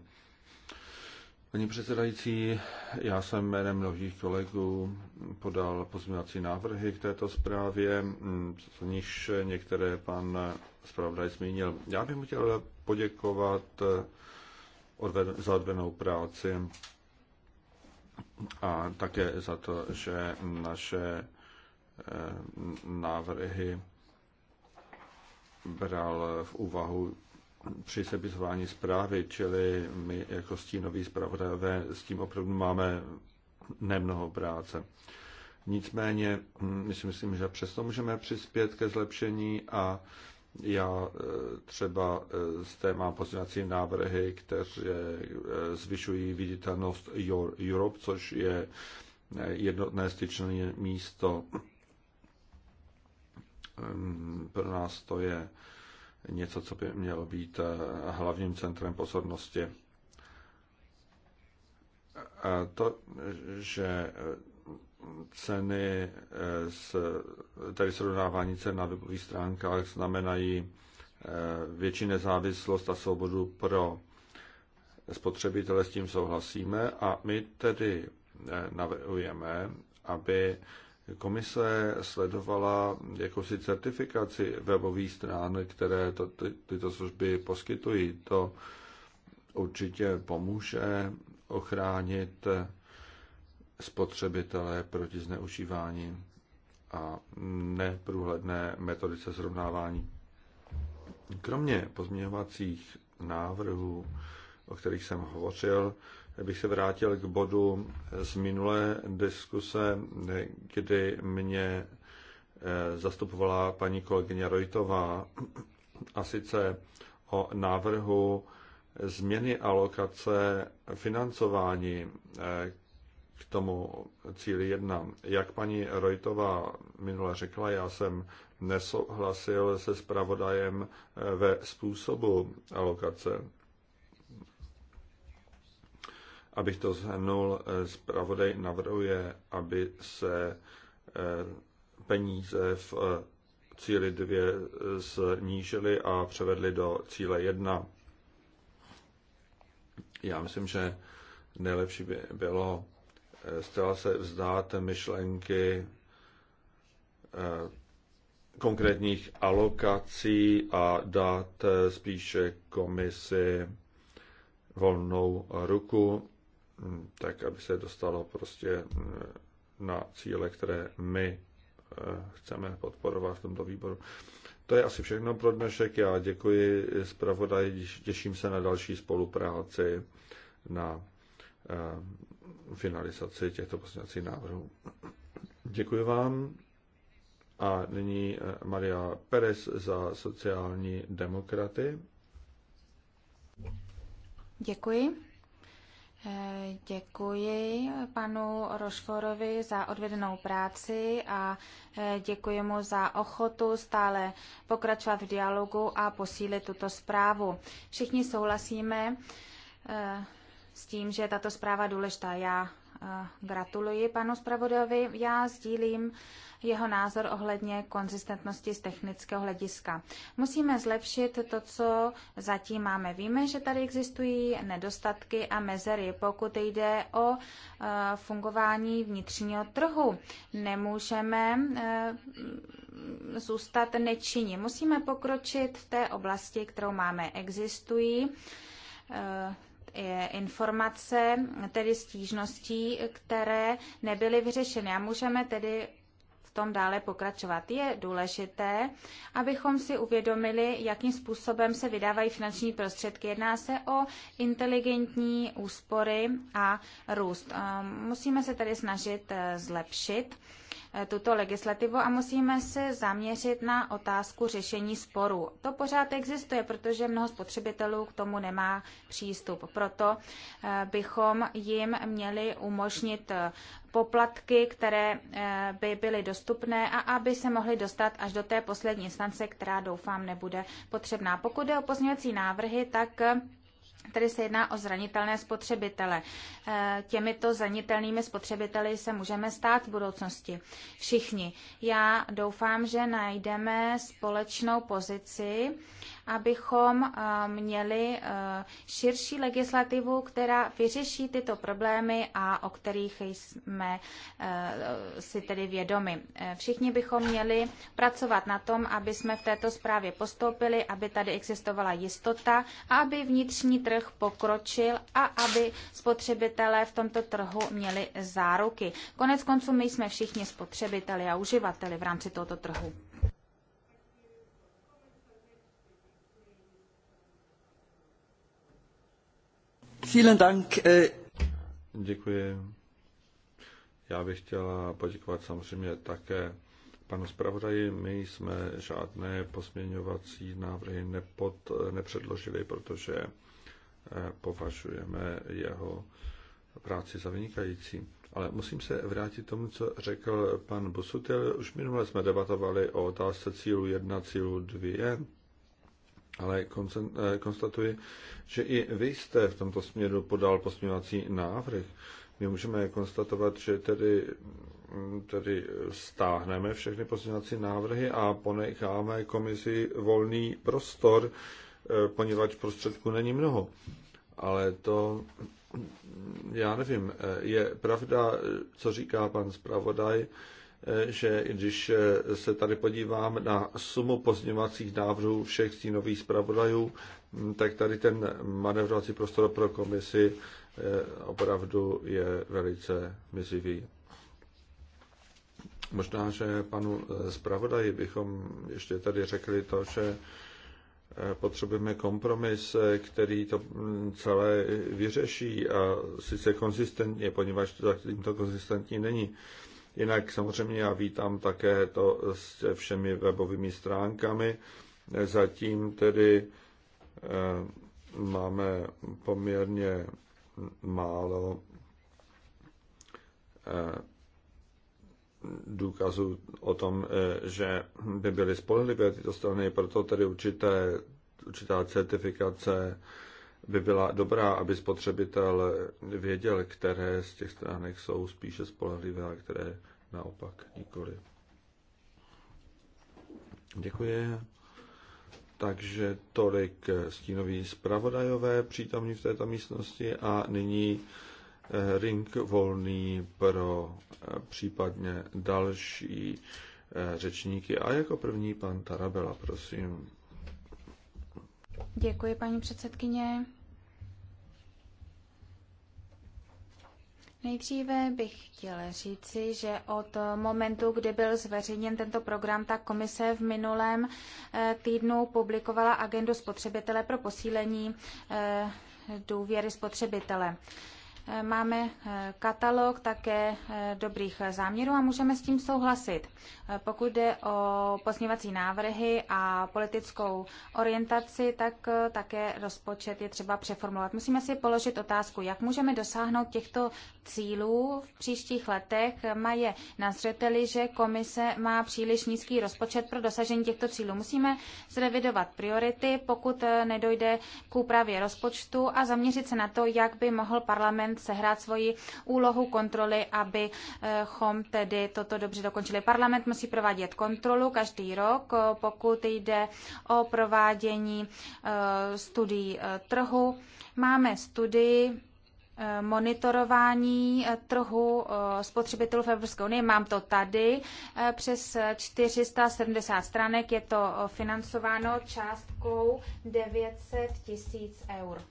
Paní předsedající, já jsem jménem mnohých kolegů podal pozměňovací návrhy k této zprávě, z níž některé pan zpravodaj zmínil. Já bych mu chtěl poděkovat eh, za odvenou práci a také za to, že naše Eh, návrhy bral v úvahu při sepisování zprávy, čili my jako stínoví zpravodajové s tím opravdu máme nemnoho práce. Nicméně, hm, my si myslím, že přesto můžeme přispět ke zlepšení a já eh, třeba eh, z té mám pozměňovací návrhy, které zvyšují viditelnost Europe, což je jednotné styčné místo Ehm, pro nás to je něco, co by mělo být eh, hlavním centrem pozornosti. A to, že eh, ceny, eh, s, tedy srovnávání cen na webových stránkách znamenají větší nezávislost a svobodu pro spotřebitele, s tím souhlasíme a my tedy navrhujeme, aby Komise sledovala jakousi certifikaci webových strán, které to, ty, tyto služby poskytují. To určitě pomůže ochránit spotřebitele proti zneužívání a neprůhledné metodice srovnávání. Kromě pozměňovacích návrhů, o kterých jsem hovořil, bych se vrátil k bodu z minulé diskuse, kdy mě eh, zastupovala paní kolegyně Rojtová a sice o návrhu změny alokace financování eh, k tomu cíli 1. Jak paní Rojtová minule řekla, já jsem nesouhlasil se spravodajem eh, ve způsobu alokace Abych to zhrnul, eh, zpravodaj navrhuje, aby se eh, peníze v eh, cíli 2 snížily a převedly do cíle 1. Já myslím, že nejlepší by bylo zcela se vzdát myšlenky konkrétních alokací a dát spíše komisi volnou ruku Mm, tak aby se dostalo prostě mm, na cíle, které my eh, chceme podporovat v tomto výboru. To je asi všechno pro dnešek. Já děkuji zpravodaji, těším se na další spolupráci na eh, finalizaci těchto poslaneckých návrhů. Děkuji vám. A nyní eh, Maria Perez za sociální demokraty. Děkuji. Děkuji panu Rošforovi za odvedenou práci a e, děkuji mu za ochotu stále pokračovat v dialogu a posílit tuto zprávu. Všichni souhlasíme e, s tím, že tato zpráva důležitá. Já gratuluji panu zpravodajovi. Já sdílím jeho názor ohledně konzistentnosti z technického hlediska. Musíme zlepšit to, co zatím máme. Víme, že tady existují nedostatky a mezery, pokud jde o e, fungování vnitřního trhu. Nemůžeme e, zůstat nečinní. Musíme pokročit v té oblasti, kterou máme. Existují e, informace, tedy stížností, které nebyly vyřešeny. A můžeme tedy v tom dále pokračovat. Je důležité, abychom si uvědomili, jakým způsobem se vydávají finanční prostředky. Jedná se o inteligentní úspory a růst. Ehm, musíme se tedy snažit eh, zlepšit Eh, tuto legislativu a musíme se zaměřit na otázku řešení sporů. To pořád existuje, protože mnoho spotřebitelů k tomu nemá přístup. Proto eh, bychom jim měli umožnit eh, poplatky, které by byly dostupné a aby se mohly dostat až do té poslední instance, která doufám nebude potřebná. Pokud je o pozměňovací návrhy, tak Tady se jedná o zranitelné spotřebitele. Eh, těmito zranitelnými spotřebiteli se můžeme stát v budoucnosti. Všichni. Já doufám, že najdeme společnou pozici abychom eh, měli eh, širší legislativu, která vyřeší tyto problémy a o kterých jsme eh, si tedy vědomi. Všichni bychom měli pracovat na tom, aby jsme v této zprávě postoupili, aby tady existovala jistota a aby vnitřní trh pokročil a aby spotřebitelé v tomto trhu měli záruky. Konec konců my jsme všichni spotřebiteli a uživateli v rámci tohoto trhu. Vielen Dank. Äh, Děkuji. Já bych chtěla poděkovat samozřejmě také panu zpravodaji. My jsme žádné posměňovací návrhy nepod, nepředložili, protože eh, považujeme jeho práci za vynikající. Ale musím se vrátit tomu, co řekl pan Busutil. Už minule jsme debatovali o otázce cílu 1, cílu 2 ale eh, konstatuji, že i vy jste v tomto směru podal posměvací návrh. My můžeme konstatovat, že tedy, mm, tedy stáhneme všechny posměvací návrhy a ponecháme komisi volný prostor, eh, poněvadž prostředků není mnoho. Ale to, mm, já nevím, eh, je pravda, co říká pan zpravodaj, Eh, že když eh, se tady podívám na sumu pozněvacích návrhů všech stínových zpravodajů, hm, tak tady ten manevrovací prostor pro komisi eh, opravdu je velice mizivý. Možná, že panu zpravodaji bychom ještě tady řekli to, že potřebujeme kompromis, který to hm, celé vyřeší a sice konzistentně, poněvadž zatím to konzistentní není. Jinak samozřejmě já vítám také to s všemi webovými stránkami. Zatím tedy eh, máme poměrně málo eh, důkazů o tom, eh, že by byly spolehlivé tyto strany, proto tedy určité, určitá certifikace by byla dobrá, aby spotřebitel věděl, které z těch stránek jsou spíše spolehlivé a které naopak nikoli. Děkuji. Takže tolik stínoví zpravodajové přítomní v této místnosti a nyní eh, ring volný pro eh, případně další eh, řečníky. A jako první pan Tarabela, prosím. Děkuji, paní předsedkyně. Nejdříve bych chtěla říci, že od momentu, kdy byl zveřejněn tento program, tak komise v minulém eh, týdnu publikovala agendu spotřebitele pro posílení eh, důvěry spotřebitele máme eh, katalog také eh, dobrých eh, záměrů a můžeme s tím souhlasit. Pokud jde o pozměvací návrhy a politickou orientaci, tak také rozpočet je třeba přeformulovat. Musíme si položit otázku, jak můžeme dosáhnout těchto cílů v příštích letech. Mají na zřeteli, že komise má příliš nízký rozpočet pro dosažení těchto cílů. Musíme zrevidovat priority, pokud nedojde k úpravě rozpočtu a zaměřit se na to, jak by mohl parlament sehrát svoji úlohu kontroly, abychom tedy toto dobře dokončili. Parlament musí provádět kontrolu každý rok, pokud jde o provádění eh, studií eh, trhu. Máme studii eh, monitorování trhu spotřebitelů v Evropské unii. Mám to tady přes 470 stránek. Je to financováno částkou 900 tisíc eur.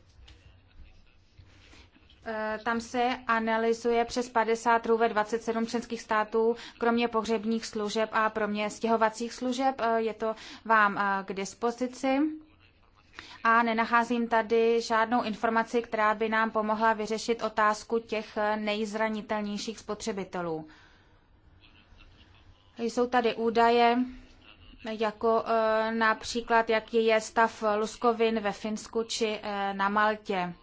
Eh, tam se analyzuje přes 50 trů ve 27 členských států, kromě pohřebních služeb a kromě stěhovacích služeb. Eh, je to vám eh, k dispozici. A nenacházím tady žádnou informaci, která by nám pomohla vyřešit otázku těch nejzranitelnějších spotřebitelů. Jsou tady údaje, jako například, jaký je stav luskovin ve Finsku či na Maltě.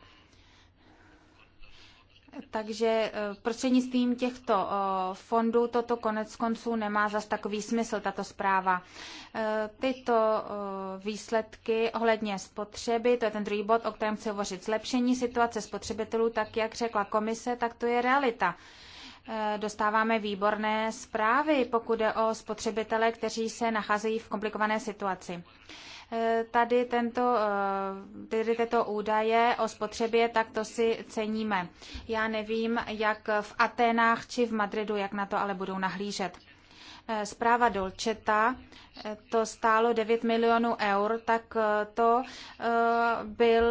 Takže eh, prostřednictvím těchto eh, fondů toto konec konců nemá zas takový smysl, tato zpráva. Eh, tyto výsledky ohledně spotřeby, to je ten druhý bod, o kterém chci hovořit, zlepšení situace spotřebitelů, tak jak řekla komise, tak to je realita dostáváme výborné zprávy, pokud jde o spotřebitele, kteří se nacházejí v komplikované situaci. Eh, tady tento, eh, tedy tyto údaje o spotřebě, tak to si ceníme. Já nevím, jak v Aténách či v Madridu, jak na to ale budou nahlížet eh, zpráva Dolčeta, to stálo 9 milionů eur, tak to byl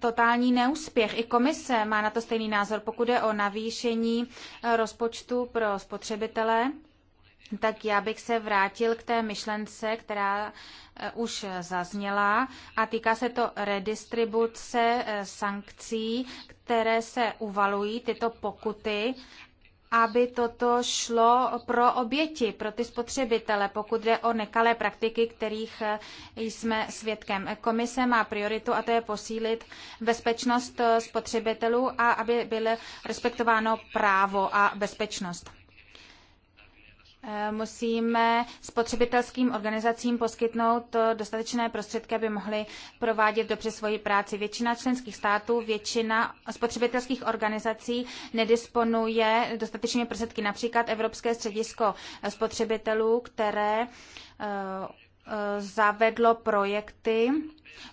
totální neúspěch. I komise má na to stejný názor, pokud je o navýšení rozpočtu pro spotřebitele tak já bych se vrátil k té myšlence, která eh, už zazněla a týká se to redistribuce eh, sankcí, které se uvalují, tyto pokuty, aby toto šlo pro oběti, pro ty spotřebitele, pokud jde o nekalé praktiky, kterých eh, jsme svědkem. Komise má prioritu a to je posílit bezpečnost spotřebitelů a aby bylo respektováno právo a bezpečnost. Eh, musíme spotřebitelským organizacím poskytnout dostatečné prostředky, aby mohly provádět dobře svoji práci. Většina členských států, většina spotřebitelských organizací nedisponuje dostatečnými prostředky, například Evropské středisko spotřebitelů, které eh, eh, zavedlo projekty,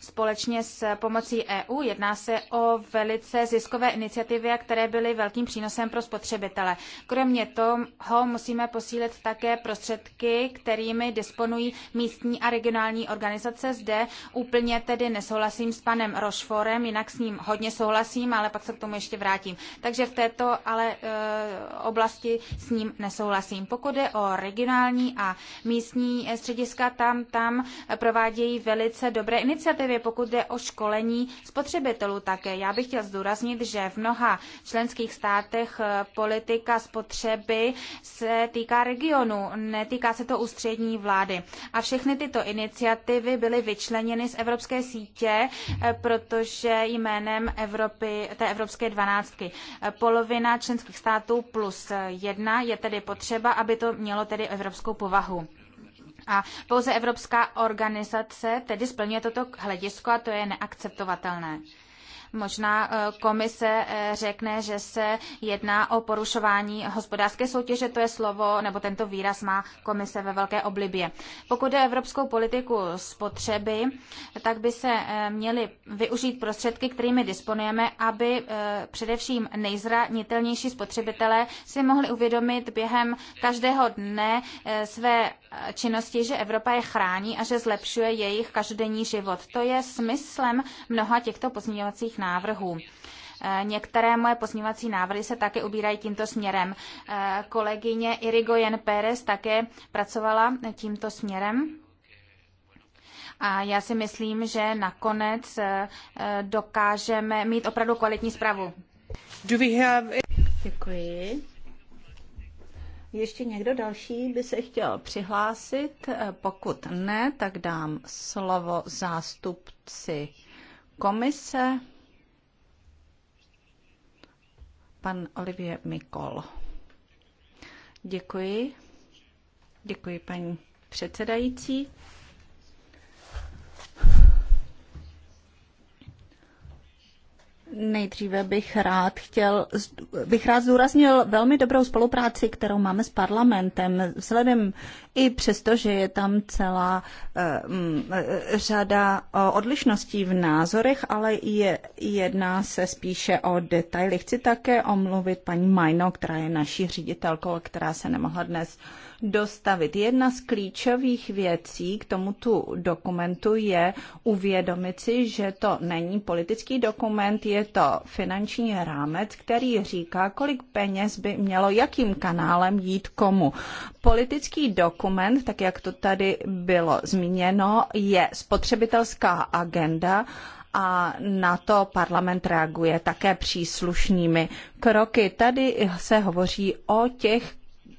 společně s pomocí EU. Jedná se o velice ziskové iniciativy, které byly velkým přínosem pro spotřebitele. Kromě toho musíme posílit také prostředky, kterými disponují místní a regionální organizace. Zde úplně tedy nesouhlasím s panem Rošforem, jinak s ním hodně souhlasím, ale pak se k tomu ještě vrátím. Takže v této ale e, oblasti s ním nesouhlasím. Pokud je o regionální a místní střediska, tam, tam provádějí velice dobré iniciativy iniciativy, pokud jde o školení spotřebitelů také. Já bych chtěl zdůraznit, že v mnoha členských státech eh, politika spotřeby se týká regionu, netýká se to ústřední vlády. A všechny tyto iniciativy byly vyčleněny z Evropské sítě, eh, protože jménem Evropy, té Evropské dvanáctky. Eh, polovina členských států plus jedna je tedy potřeba, aby to mělo tedy evropskou povahu. A pouze Evropská organizace tedy splňuje toto hledisko a to je neakceptovatelné. Možná eh, komise eh, řekne, že se jedná o porušování hospodářské soutěže, to je slovo, nebo tento výraz má komise ve velké oblibě. Pokud je evropskou politiku spotřeby, tak by se eh, měly využít prostředky, kterými disponujeme, aby především nejzranitelnější spotřebitelé si mohli uvědomit během každého dne své činnosti, že Evropa je chrání a že zlepšuje jejich každodenní život. To je smyslem mnoha těchto pozměňovacích návrhů. Eh, některé moje pozměňovací návrhy se také ubírají tímto směrem. Eh, kolegyně Irigoyen Pérez také pracovala tímto směrem. A já si myslím, že nakonec eh, dokážeme mít opravdu kvalitní zprávu. Děkuji. Ještě někdo další by se chtěl přihlásit? Eh, pokud ne, tak dám slovo zástupci komise, pan Olivier Mikol. Děkuji. Děkuji, paní předsedající. Nejdříve bych rád chtěl, bych rád zúraznil velmi dobrou spolupráci, kterou máme s parlamentem, vzhledem i přesto, že je tam celá uh, řada eh, odlišností v názorech, ale je, jedná se spíše o detaily. Chci také omluvit paní Majno, která je naší ředitelkou, která se nemohla dnes uh, dostavit. Jedna z klíčových věcí k tomuto dokumentu je uvědomit si, že to není politický dokument, je to finanční rámec, který říká, kolik peněz by mělo jakým kanálem jít komu. Politický dokument, tak jak to tady bylo zmíněno, je spotřebitelská agenda, a na to parlament reaguje také příslušnými kroky. Tady se hovoří o těch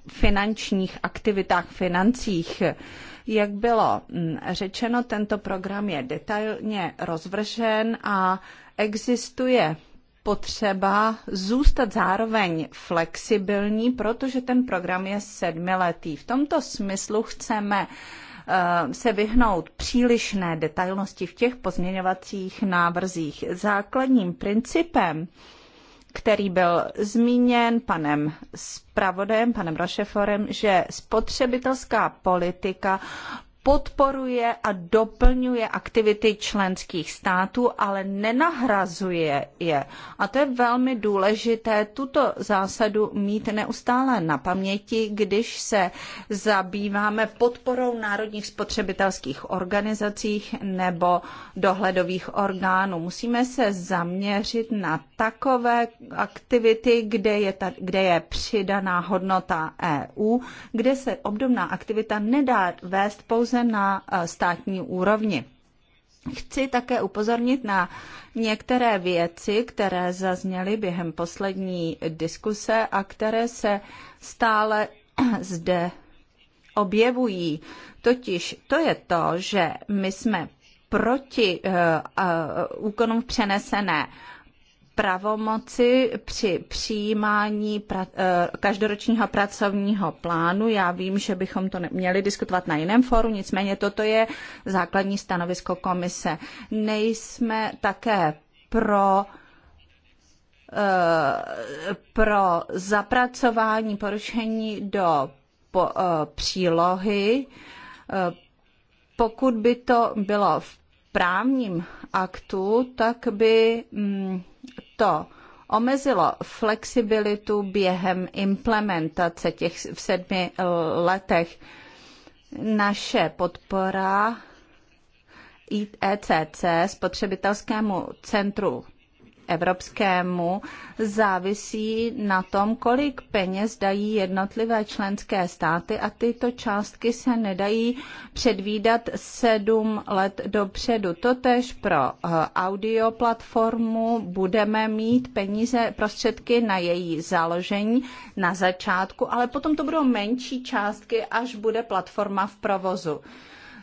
finančních aktivitách, financích. Jak bylo mm, řečeno, tento program je detailně rozvržen a existuje potřeba zůstat zároveň flexibilní, protože ten program je sedmiletý. V tomto smyslu chceme eh, se vyhnout přílišné detailnosti v těch pozměňovacích návrzích. Základním principem který byl zmíněn panem zpravodajem, panem Rošeforem, že spotřebitelská politika podporuje a doplňuje aktivity členských států, ale nenahrazuje je. A to je velmi důležité tuto zásadu mít neustále na paměti, když se zabýváme podporou národních spotřebitelských organizacích nebo dohledových orgánů. Musíme se zaměřit na takové aktivity, kde je, ta, kde je přidaná hodnota EU, kde se obdobná aktivita nedá vést pouze pouze na eh, státní úrovni. Chci také upozornit na některé věci, které zazněly během poslední diskuse a které se stále *clears throat* zde objevují. Totiž to je to, že my jsme proti uh, uh, úkonům přenesené pravomoci při přijímání pra, eh, každoročního pracovního plánu. Já vím, že bychom to měli diskutovat na jiném fóru, nicméně toto je základní stanovisko komise. Nejsme také pro eh, pro zapracování porušení do po, eh, přílohy, pokud by to bylo v právním aktu, tak by mm, to omezilo flexibilitu během implementace těch v sedmi letech. Naše podpora ECC, spotřebitelskému centru evropskému závisí na tom, kolik peněz dají jednotlivé členské státy a tyto částky se nedají předvídat sedm let dopředu. Totež pro eh, audio platformu budeme mít peníze, prostředky na její založení na začátku, ale potom to budou menší částky, až bude platforma v provozu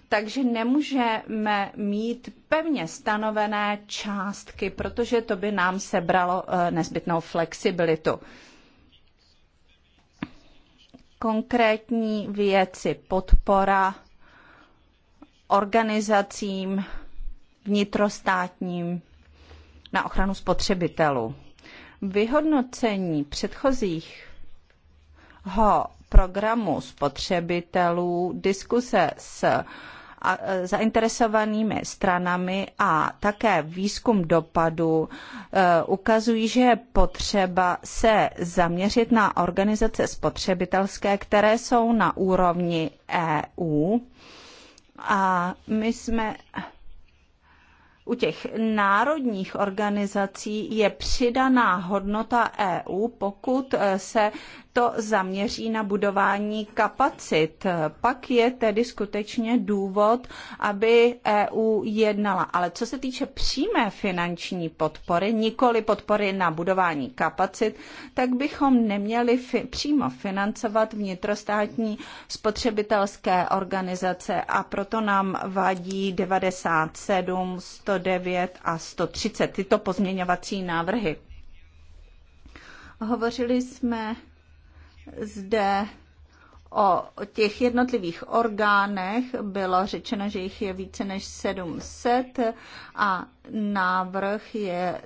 takže nemůžeme mít pevně stanovené částky, protože to by nám sebralo eh, nezbytnou flexibilitu konkrétní věci, podpora organizacím vnitrostátním na ochranu spotřebitelů. Vyhodnocení předchozích ho programu spotřebitelů, diskuse s E, zainteresovanými stranami a také výzkum dopadu e, ukazují, že je potřeba se zaměřit na organizace spotřebitelské, které jsou na úrovni EU. A my jsme u těch národních organizací je přidaná hodnota EU, pokud e, se to zaměří na budování kapacit. Pak je tedy skutečně důvod, aby EU jednala. Ale co se týče přímé finanční podpory, nikoli podpory na budování kapacit, tak bychom neměli fi- přímo financovat vnitrostátní spotřebitelské organizace a proto nám vadí 97, 109 a 130 tyto pozměňovací návrhy. Hovořili jsme zde o těch jednotlivých orgánech bylo řečeno, že jich je více než 700 a návrh je,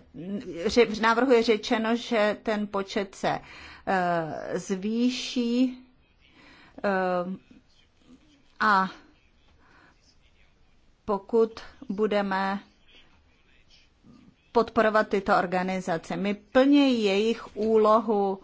v návrhu je řečeno, že ten počet se e, zvýší e, a pokud budeme podporovat tyto organizace, my plně jejich úlohu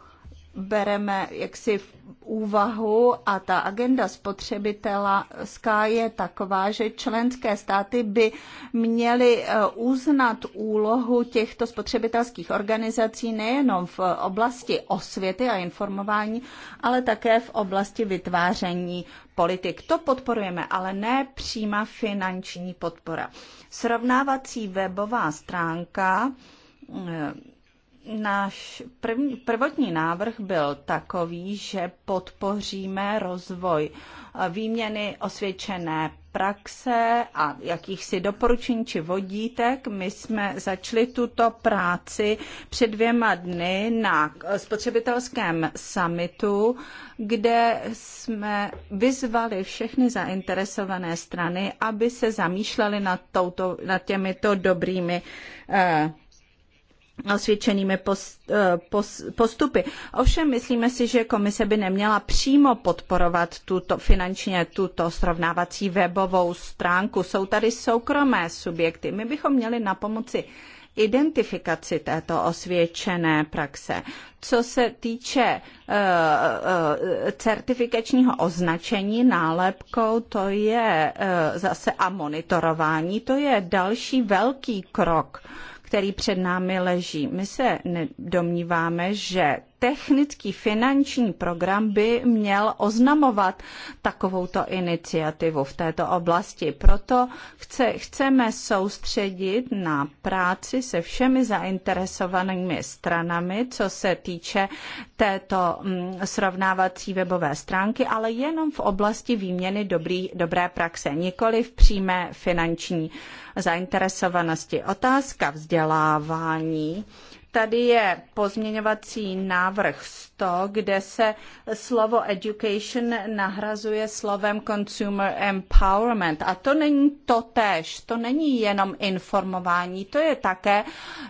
bereme jaksi v úvahu a ta agenda spotřebitelská je taková, že členské státy by měly eh, uznat úlohu těchto spotřebitelských organizací nejenom v oblasti osvěty a informování, ale také v oblasti vytváření politik. To podporujeme, ale ne přímá finanční podpora. Srovnávací webová stránka eh, Náš první, prvotní návrh byl takový, že podpoříme rozvoj výměny osvědčené praxe a jakýchsi doporučení či vodítek. My jsme začali tuto práci před dvěma dny na spotřebitelském summitu, kde jsme vyzvali všechny zainteresované strany, aby se zamýšleli nad, touto, nad těmito dobrými eh, osvědčenými eh, postupy. Ovšem myslíme si, že komise by neměla přímo podporovat tuto finančně tuto srovnávací webovou stránku. Jsou tady soukromé subjekty. My bychom měli na pomoci identifikaci této osvědčené praxe. Co se týče eh, eh, certifikačního označení nálepkou, to je zase a monitorování, to je další velký krok který před námi leží. My se domníváme, že technický finanční program by měl oznamovat takovouto iniciativu v této oblasti. Proto chce, chceme soustředit na práci se všemi zainteresovanými stranami, co se týče této mm, srovnávací webové stránky, ale jenom v oblasti výměny dobrý, dobré praxe, nikoli v přímé finanční zainteresovanosti. Otázka vzdělávání Tady je pozměňovací návrh to, kde se slovo education nahrazuje slovem consumer empowerment. A to není to tež, to není jenom informování, to je také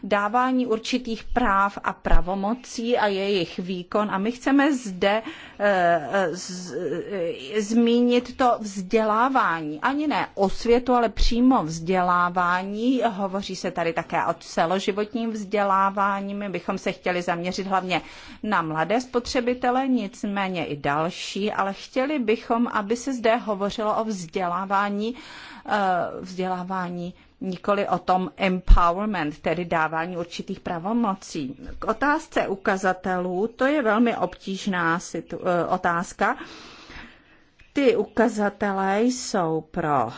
dávání určitých práv a pravomocí a jejich výkon. A my chceme zde eh, eh, zmínit to vzdělávání, ani ne osvětu, ale přímo vzdělávání. Hovoří se tady také o celoživotním vzdělávání. My bychom se chtěli zaměřit hlavně na mladé právě spotřebitele, nicméně i další, ale chtěli bychom, aby se zde hovořilo o vzdělávání, eh, vzdělávání nikoli o tom empowerment, tedy dávání určitých pravomocí. K otázce ukazatelů, to je velmi obtížná eh, otázka. Ty ukazatele jsou pro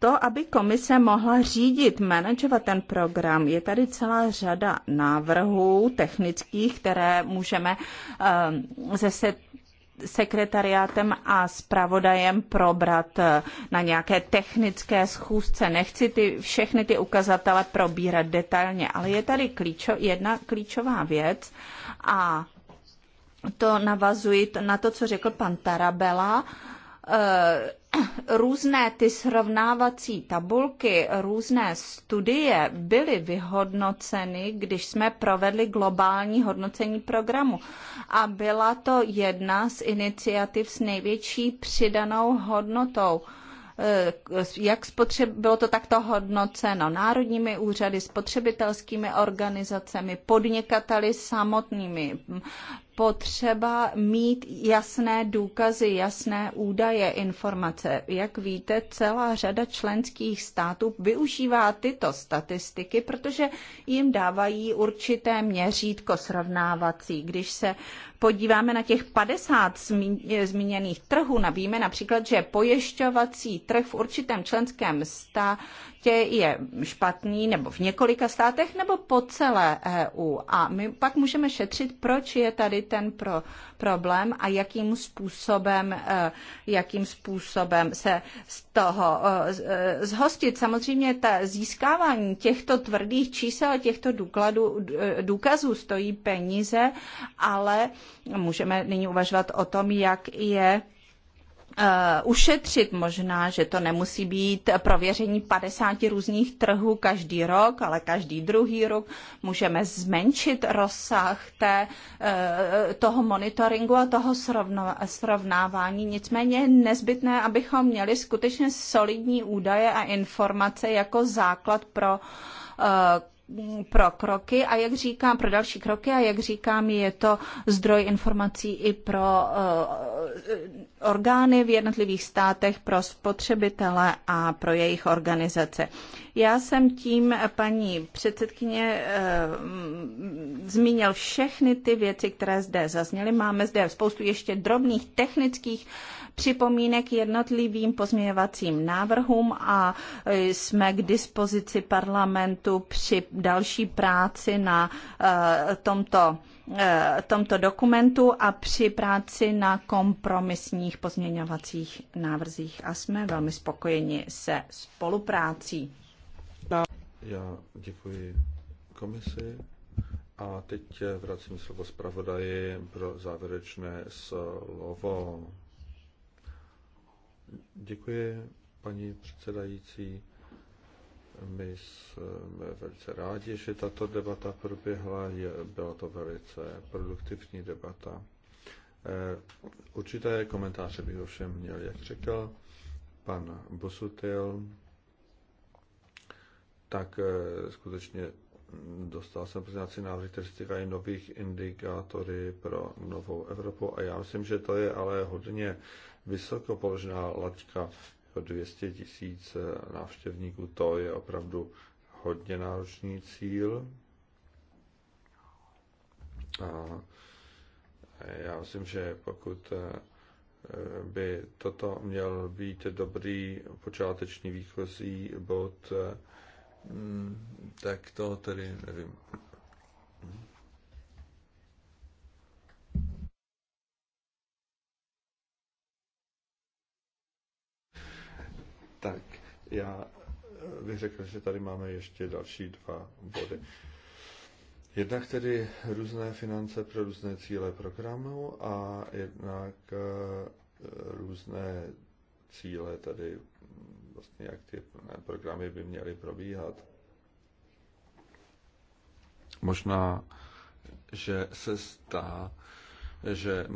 to, aby komise mohla řídit, manažovat ten program, je tady celá řada návrhů technických, které můžeme ze eh, se sekretariátem a zpravodajem probrat eh, na nějaké technické schůzce. Nechci ty, všechny ty ukazatele probírat detailně, ale je tady klíčo, jedna klíčová věc a to navazuji na to, co řekl pan Tarabela eh, různé ty srovnávací tabulky, různé studie byly vyhodnoceny, když jsme provedli globální hodnocení programu. A byla to jedna z iniciativ s největší přidanou hodnotou Eh, jak spotřeb, bylo to takto hodnoceno národními úřady, spotřebitelskými organizacemi, podnikateli samotnými. Potřeba mít jasné důkazy, jasné údaje, informace. Jak víte, celá řada členských států využívá tyto statistiky, protože jim dávají určité měřítko srovnávací. Když se podíváme na těch 50 eh, zmíněných trhů, nabíme například, že pojišťovací trh v určitém členském státě prostě je špatný nebo v několika státech nebo po celé EU. A my pak můžeme šetřit, proč je tady ten pro, problém a jakým způsobem, e, jakým způsobem se z toho e, e, zhostit. Samozřejmě ta získávání těchto tvrdých čísel, těchto důkladů, důkazů stojí peníze, ale můžeme nyní uvažovat o tom, jak je Eh, ušetřit. Možná, že to nemusí být prověření 50 různých trhů každý rok, ale každý druhý rok můžeme zmenšit rozsah té, eh, toho monitoringu a toho srovnávání. Nicméně je nezbytné, abychom měli skutečně solidní údaje a informace jako základ pro eh, pro kroky a jak říkám, pro další kroky a jak říkám, je to zdroj informací i pro uh, orgány v jednotlivých státech, pro spotřebitele a pro jejich organizace. Já jsem tím, paní předsedkyně, uh, zmínil všechny ty věci, které zde zazněly. Máme zde spoustu ještě drobných technických uh, připomínek jednotlivým pozměňovacím návrhům a e, jsme k dispozici parlamentu při další práci na e, tomto e, tomto dokumentu a při práci na kompromisních pozměňovacích návrzích a jsme velmi spokojeni se spoluprácí. Já děkuji komisi a teď vracím slovo zpravodaji pro závěrečné slovo. Děkuji, paní předsedající. My jsme velice rádi, že tato debata proběhla. Je, byla to velice produktivní debata. Eh, určité komentáře bych ovšem měl, jak řekl pan Bosutil, tak eh, skutečně dostal jsem prezentaci návrhy, které se týkají nových indikátory pro novou Evropu a já myslím, že to je ale hodně položená laťka 200 jako tisíc návštěvníků, to je opravdu hodně náročný cíl. A já myslím, že pokud eh, by toto měl být dobrý počáteční výchozí bod, eh, tak to tedy nevím. tak já eh, bych řekl, že tady máme ještě další dva body. Jednak tedy různé finance pro různé cíle programu a jednak eh, různé cíle, tedy mm, vlastně jak ty eh, programy by měly probíhat. Možná, že se stá, že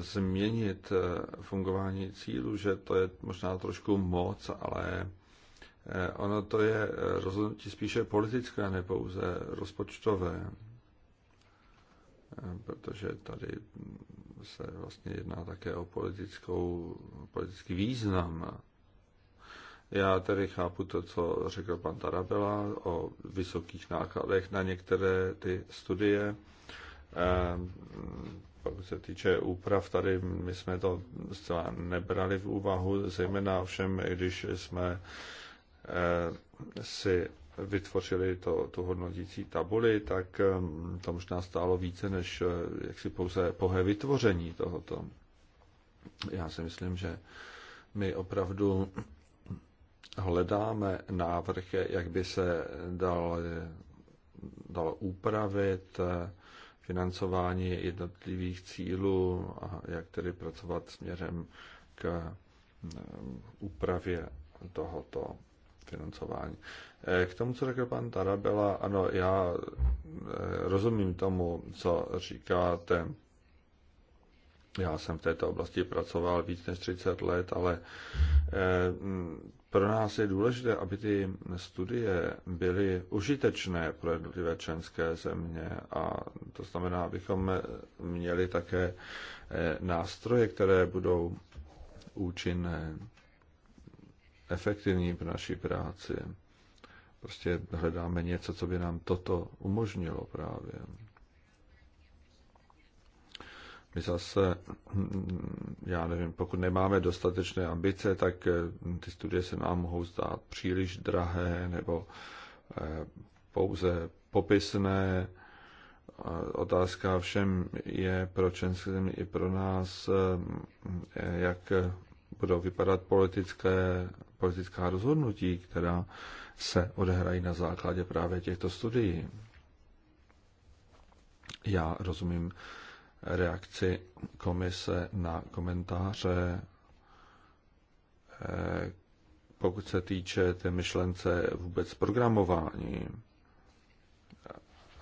změnit eh, fungování cílu, že to je možná trošku moc, ale eh, ono to je eh, rozhodnutí spíše politické, ne pouze rozpočtové. Protože tady se vlastně jedná také o politickou, politický význam. Já tedy chápu to, co řekl pan Tarabela o vysokých nákladech na některé ty studie pokud se týče úprav, tady my jsme to zcela nebrali v úvahu, zejména ovšem, když jsme eh, si vytvořili to, tu hodnotící tabuli, tak mm, to možná stálo více než eh, jaksi pouze pohé vytvoření tohoto. Já si myslím, že my opravdu hledáme návrh, jak by se dal, dalo upravit, eh, financování jednotlivých cílů a jak tedy pracovat směrem k eh, úpravě tohoto financování. Eh, k tomu, co řekl pan Tarabela, ano, já eh, rozumím tomu, co říkáte. Já jsem v této oblasti pracoval víc než 30 let, ale pro nás je důležité, aby ty studie byly užitečné pro jednotlivé členské země a to znamená, abychom měli také eh, nástroje, které budou účinné, efektivní pro naší práci. Prostě hledáme něco, co by nám toto umožnilo právě. My zase, já nevím, pokud nemáme dostatečné ambice, tak eh, ty studie se nám mohou zdát příliš drahé nebo eh, pouze popisné. Eh, otázka všem je pro členské země i pro nás, jak budou vypadat politické, politická rozhodnutí, která se odehrají na základě právě těchto studií. Já rozumím reakci komise na komentáře, eh, pokud se týče té myšlence vůbec programování.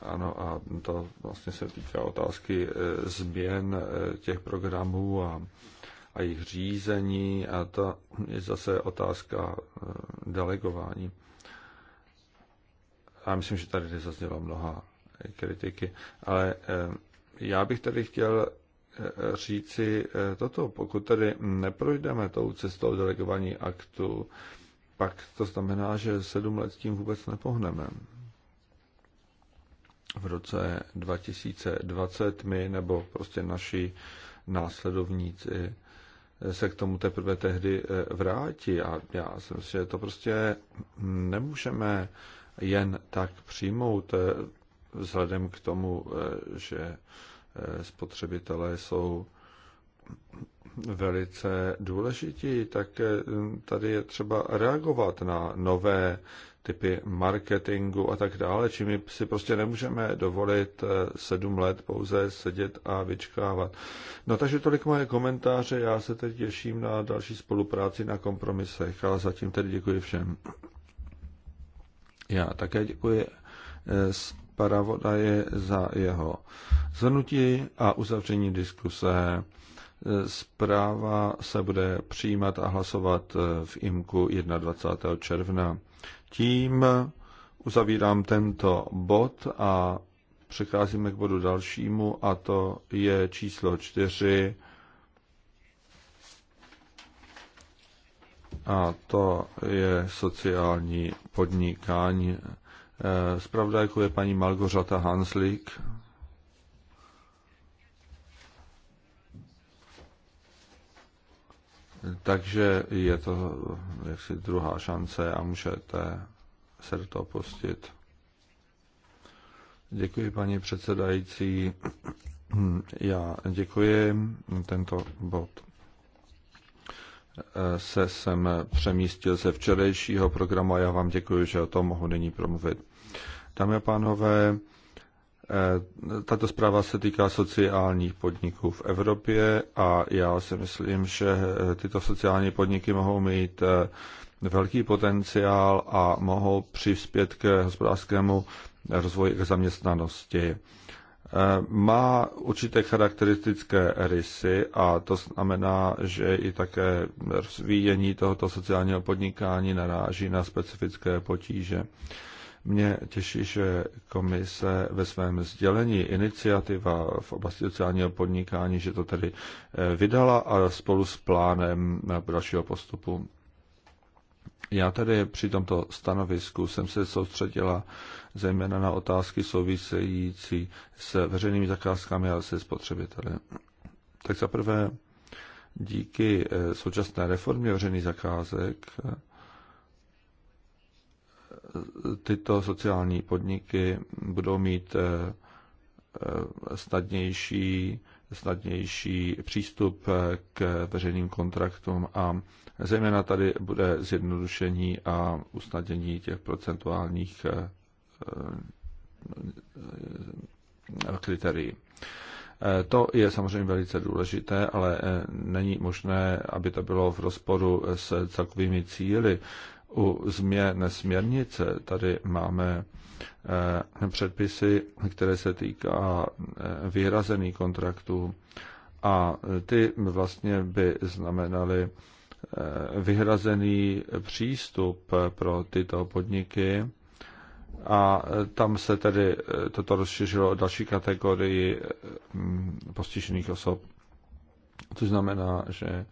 Ano, a to vlastně se týká otázky eh, změn eh, těch programů a, a jejich řízení a to je zase otázka delegování. A myslím, že tady zaznělo mnoha kritiky, ale já bych tady chtěl eh, říci eh, toto, pokud tedy neprojdeme tou cestou delegování aktu, pak to znamená, že sedm let s tím vůbec nepohneme. V roce 2020 my nebo prostě naši následovníci eh, se k tomu teprve tehdy vrátí. A já si myslím, že to prostě nemůžeme jen tak přijmout vzhledem k tomu, že Eh, spotřebitelé jsou velice důležití, tak eh, tady je třeba reagovat na nové typy marketingu a tak dále, my si prostě nemůžeme dovolit eh, sedm let pouze sedět a vyčkávat. No takže tolik moje komentáře, já se teď těším na další spolupráci na kompromisech a zatím tedy děkuji všem. Já také děkuji je za jeho zhrnutí a uzavření diskuse. Zpráva se bude přijímat a hlasovat v IMKU 21. června. Tím uzavírám tento bod a přecházíme k bodu dalšímu a to je číslo 4 a to je sociální podnikání Spravodajkou eh, je paní Malgořata Hanslík. Takže je to eh, jaksi druhá šance a můžete se do toho postit. Děkuji, paní předsedající. *clears throat* Já děkuji. Tento bod eh, se sem přemístil ze včerejšího programu a já vám děkuji, že o tom mohu nyní promluvit. Dámy a pánové, eh, tato zpráva se týká sociálních podniků v Evropě a já si myslím, že tyto sociální podniky mohou mít eh, velký potenciál a mohou přispět k hospodářskému rozvoji k zaměstnanosti. Eh, má určité charakteristické rysy a to znamená, že i také rozvíjení tohoto sociálního podnikání naráží na specifické potíže. Mě těší, že komise ve svém sdělení iniciativa v oblasti sociálního podnikání, že to tedy eh, vydala a spolu s plánem dalšího postupu. Já tedy při tomto stanovisku jsem se soustředila zejména na otázky související s veřejnými zakázkami a se spotřebiteli. Tak za prvé, díky eh, současné reformě veřejných zakázek tyto sociální podniky budou mít eh, eh, snadnější, snadnější přístup eh, k veřejným kontraktům a zejména tady bude zjednodušení a usnadnění těch procentuálních kritérií. To je samozřejmě velice důležité, ale není možné, aby to bylo v rozporu s celkovými cíly u změn směrnice tady máme eh, předpisy, které se týká eh, vyhrazených kontraktů a ty vlastně by znamenaly eh, vyhrazený přístup pro tyto podniky a tam se tedy toto rozšířilo o další kategorii postižených osob. To znamená, že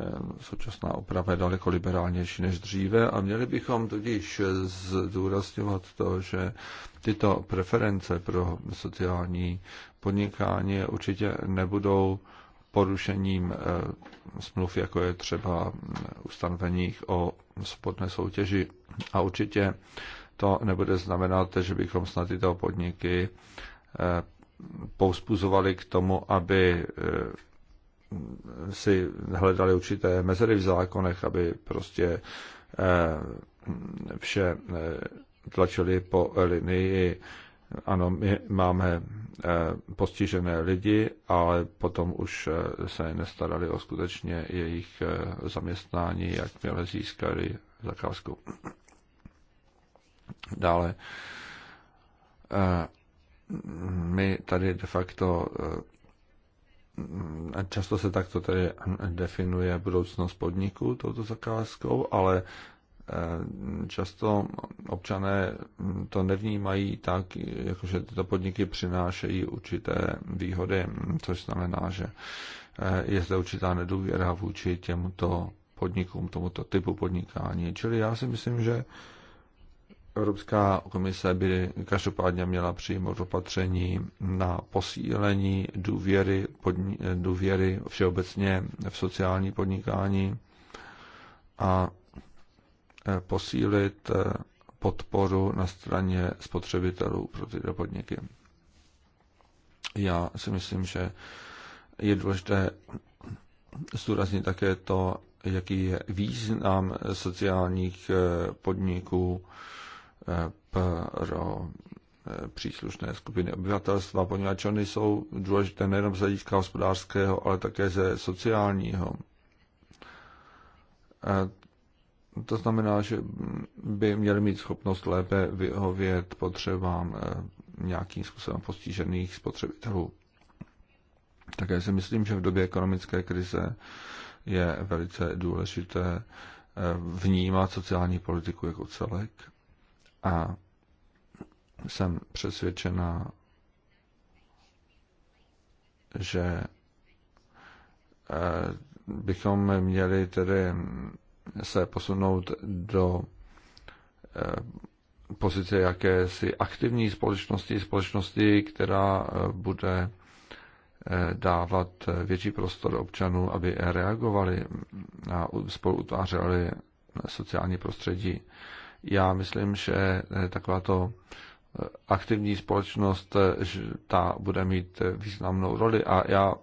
Ehm, současná oprava je daleko liberálnější než dříve a měli bychom tudíž zdůrazňovat to, že tyto preference pro sociální podnikání určitě nebudou porušením ehm, smluv, jako je třeba ehm, ustanoveních o spodné soutěži. A určitě to nebude znamenat, že bychom snad tyto podniky pouspuzovali k tomu, aby si hledali určité mezery v zákonech, aby prostě eh, vše eh, tlačili po linii. Ano, my máme eh, postižené lidi, ale potom už se nestarali o skutečně jejich zaměstnání, jakmile získali zakázku. Dále my tady de facto často se takto tedy definuje budoucnost podniku touto zakázkou, ale eh, často občané to nevnímají tak, jakože tyto podniky přinášejí určité výhody, což znamená, že eh, je zde určitá nedůvěra vůči těmto podnikům, tomuto typu podnikání. Čili já si myslím, že Evropská komise by každopádně měla přijmout opatření na posílení důvěry, podni- důvěry všeobecně v sociální podnikání a e, posílit e, podporu na straně spotřebitelů pro tyto podniky. Já si myslím, že je důležité zdůraznit také to, jaký je význam sociálních e, podniků pro eh, příslušné skupiny obyvatelstva, poněvadž oni jsou důležité nejenom z hlediska hospodářského, ale také ze sociálního. Eh, to znamená, že by měli mít schopnost lépe vyhovět potřebám eh, nějakým způsobem postižených spotřebitelů. Také si myslím, že v době ekonomické krize je velice důležité vnímat sociální politiku jako celek a jsem přesvědčená, že eh, bychom měli tedy se posunout do eh, pozice jakési aktivní společnosti, společnosti, která eh, bude dávat větší prostor občanů, aby reagovali a spolu utvářeli sociální prostředí. Já myslím, že eh, takováto eh, aktivní společnost eh, že ta bude mít významnou roli a já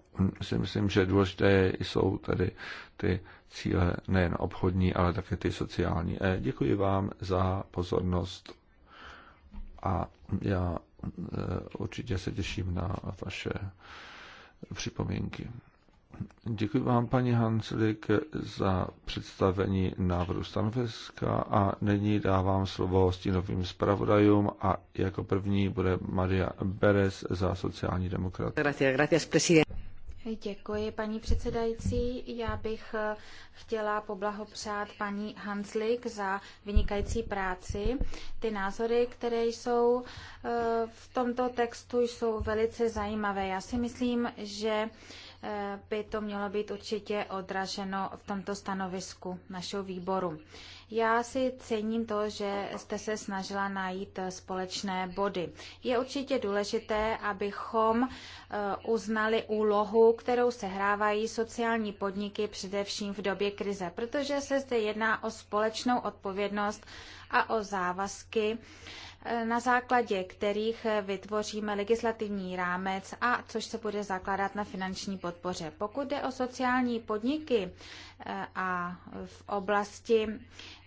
si myslím, že důležité jsou tedy ty cíle nejen obchodní, ale také ty sociální. Děkuji vám za pozornost a já určitě se těším na vaše připomínky. Děkuji vám, paní Hanslik, za představení návrhu stanoviska a nyní dávám slovo stínovým zpravodajům a jako první bude Maria Beres za sociální demokrat. Děkuji, paní předsedající. Já bych eh, chtěla poblahopřát paní Hanslik za vynikající práci. Ty názory, které jsou eh, v tomto textu, jsou velice zajímavé. Já si myslím, že by to mělo být určitě odraženo v tomto stanovisku našeho výboru. Já si cením to, že jste se snažila najít společné body. Je určitě důležité, abychom e, uznali úlohu, kterou sehrávají sociální podniky především v době krize, protože se zde jedná o společnou odpovědnost a o závazky, na základě kterých vytvoříme legislativní rámec a což se bude zakládat na finanční podpoře. Pokud jde o sociální podniky eh, a v oblasti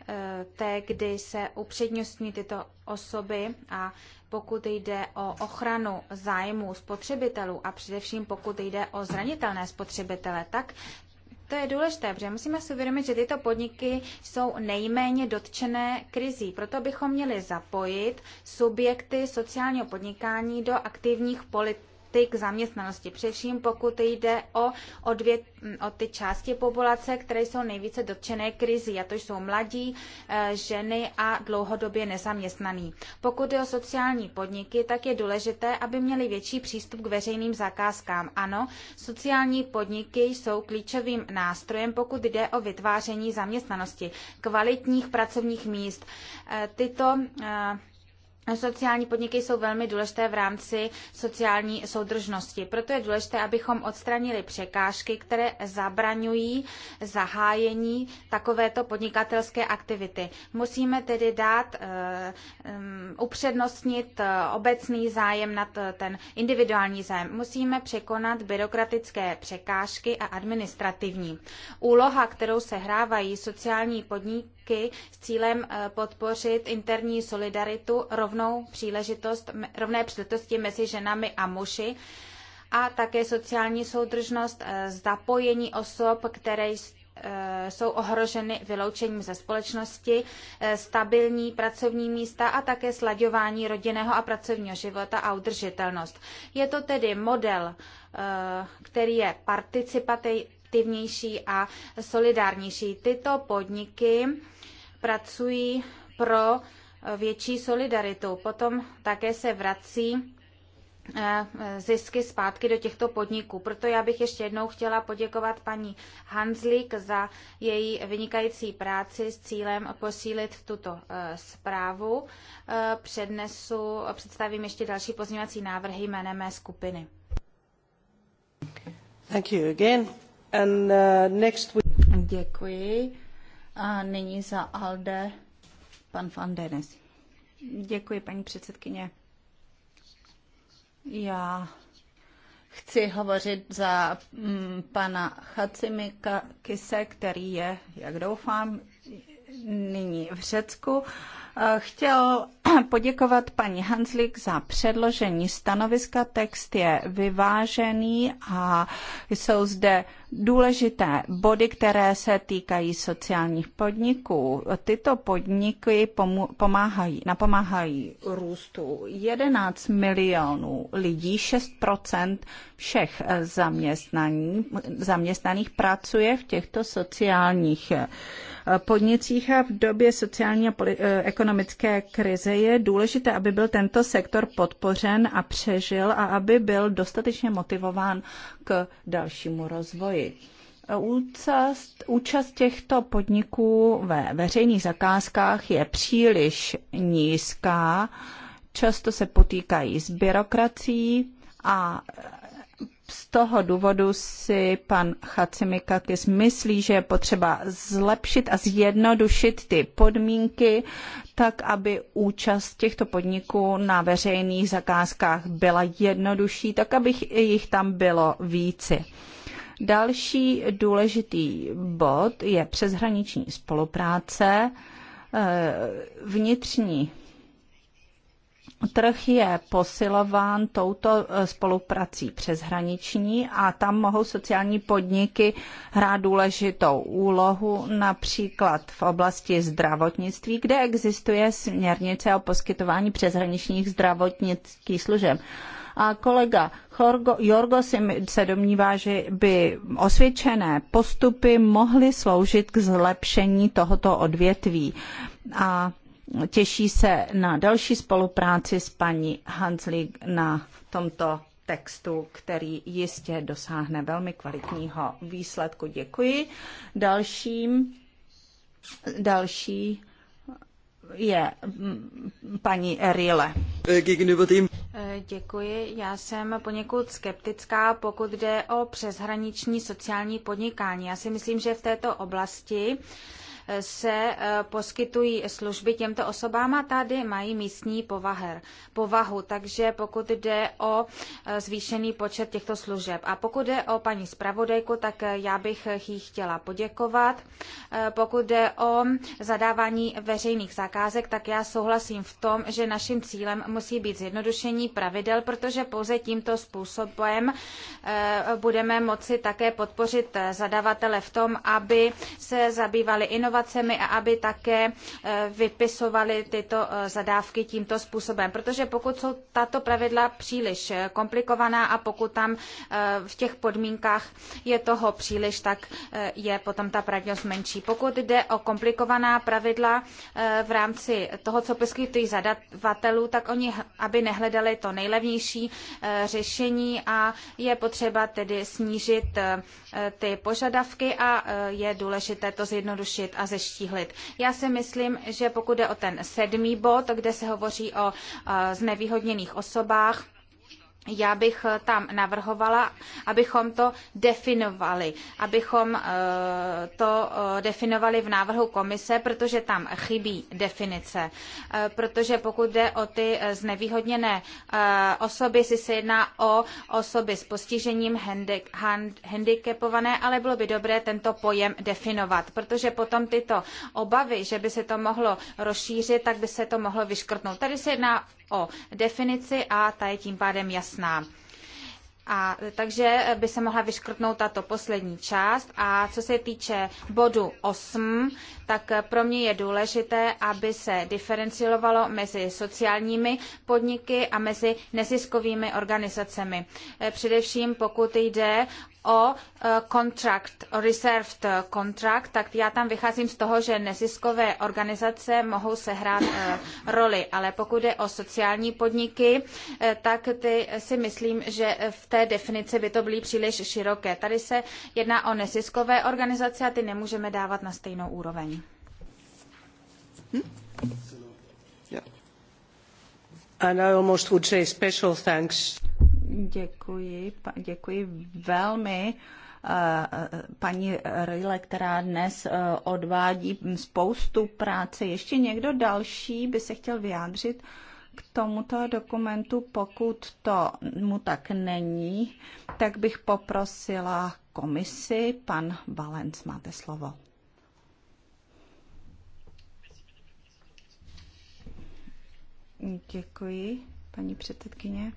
eh, té, kdy se upřednostní tyto osoby a pokud jde o ochranu zájmu spotřebitelů a především pokud jde o zranitelné spotřebitele, tak to je důležité, protože musíme si uvědomit, že tyto podniky jsou nejméně dotčené krizí. Proto bychom měli zapojit subjekty sociálního podnikání do aktivních politik ty k zaměstnanosti, především pokud jde o, o, dvě, o ty části populace, které jsou nejvíce dotčené krizi, a to jsou mladí, eh, ženy a dlouhodobě nezaměstnaní. Pokud je o sociální podniky, tak je důležité, aby měli větší přístup k veřejným zakázkám. Ano, sociální podniky jsou klíčovým nástrojem, pokud jde o vytváření zaměstnanosti, kvalitních pracovních míst. Eh, tyto eh, Sociální podniky jsou velmi důležité v rámci sociální soudržnosti. Proto je důležité, abychom odstranili překážky, které zabraňují zahájení takovéto podnikatelské aktivity. Musíme tedy dát, eh, mm, upřednostnit eh, obecný zájem nad eh, ten individuální zájem. Musíme překonat byrokratické překážky a administrativní. Úloha, kterou se sociální podniky, prostředky s cílem eh, podpořit interní solidaritu, rovnou příležitost, rovné příležitosti mezi ženami a muži a také sociální soudržnost, eh, zapojení osob, které eh, jsou ohroženy vyloučením ze společnosti, stabilní pracovní místa a také slaďování rodinného a pracovního života a udržitelnost. Je to tedy model, který je participativnější a solidárnější. Tyto podniky pracují pro eh, větší solidaritu. Potom také se vrací eh, zisky zpátky do těchto podniků. Proto já bych ještě jednou chtěla poděkovat paní Hanzlík za její vynikající práci s cílem posílit tuto eh, zprávu. Přednesu, představím ještě další pozměňovací návrhy jménem mé skupiny. Thank you again. And, uh, next... Děkuji. A nyní za ALDE pan Van Denes. Děkuji, paní předsedkyně. Já chci hovořit za mm, pana Chacimika Kise, který je, jak doufám, nyní v Řecku chtěl *clears throat* poděkovat paní Hanslik za předložení stanoviska. Text je vyvážený a jsou zde důležité body, které se týkají sociálních podniků. Tyto podniky pomáhají, napomáhají růstu 11 milionů lidí, 6 všech zaměstnaných pracuje v těchto sociálních podnicích a v době sociální a eh, ekonomické krize je důležité, aby byl tento sektor podpořen a přežil a aby byl dostatečně motivován k dalšímu rozvoji. Eh, účast, účast těchto podniků ve veřejných zakázkách je příliš nízká, často se potýkají s byrokracií a z toho důvodu si pan Chacimikakis myslí, že je potřeba zlepšit a zjednodušit ty podmínky tak, aby účast těchto podniků na veřejných zakázkách byla jednodušší, tak, aby jich tam bylo více. Další důležitý bod je přeshraniční spolupráce, eh, vnitřní Trh je posilován touto eh, spoluprací přeshraniční a tam mohou sociální podniky hrát důležitou úlohu, například v oblasti zdravotnictví, kde existuje směrnice o poskytování přeshraničních zdravotnických služeb. A kolega Jorgo, Jorgo se domnívá, že by osvědčené postupy mohly sloužit k zlepšení tohoto odvětví. A těší se na další spolupráci s paní Hanslík na tomto textu, který jistě dosáhne velmi kvalitního výsledku. Děkuji. Dalším, další je mm, paní Erile. Děkuji. Já jsem poněkud skeptická, pokud jde o přeshraniční sociální podnikání. Já si myslím, že v této oblasti se eh, poskytují služby těmto osobám a tady mají místní povaher, povahu. Takže pokud jde o eh, zvýšený počet těchto služeb a pokud jde o paní zpravodajku, tak eh, já bych jí chtěla poděkovat. Pokud jde o zadávání veřejných zakázek, tak já souhlasím v tom, že naším cílem musí být zjednodušení pravidel, protože pouze tímto způsobem budeme moci také podpořit zadavatele v tom, aby se zabývali inovacemi inovacemi a aby také eh, vypisovali tyto eh, zadávky tímto způsobem. Protože pokud jsou tato pravidla příliš eh, komplikovaná a pokud tam v těch podmínkách je toho příliš, tak je potom ta pravděpodobnost menší. Pokud jde o komplikovaná pravidla v rámci toho, co poskytují zadavatelů, tak oni, aby nehledali to nejlevnější řešení a je potřeba tedy snížit ty požadavky a je důležité to zjednodušit a zeštíhlit. Já si myslím, že pokud jde o ten sedmý bod, kde se hovoří o znevýhodněných osobách, já bych eh, tam navrhovala, abychom to definovali, abychom eh, to eh, definovali v návrhu komise, protože tam chybí definice. Protože pokud jde o ty znevýhodněné osoby, jestli se jedná o osoby s postižením handicapované, ale bylo by dobré tento pojem definovat, protože potom tyto obavy, že by se to mohlo rozšířit, tak by se to mohlo vyškrtnout. Tady se jedná o definici a ta je tím pádem jasná. A, takže by se mohla vyškrtnout tato poslední část. A co se týče bodu 8, tak pro mě je důležité, aby se diferencilovalo mezi sociálními podniky a mezi neziskovými organizacemi. Především pokud jde o e, contract, o reserved contract, tak já tam vycházím z toho, že neziskové organizace mohou sehrát e, roli, ale pokud je o sociální podniky, e, tak ty si myslím, že v té definici by to byly příliš široké. Tady se jedná o neziskové organizace a ty nemůžeme dávat na stejnou úroveň. Hm? Yeah. And I almost would say special thanks Děkuji, děkuji velmi eh, eh, paní Rile, která dnes eh, odvádí spoustu práce. Ještě někdo další by se chtěl vyjádřit k tomuto dokumentu? Pokud to mu tak není, tak bych poprosila komisi. Pan Valenc, máte slovo. Děkuji, paní předsedkyně.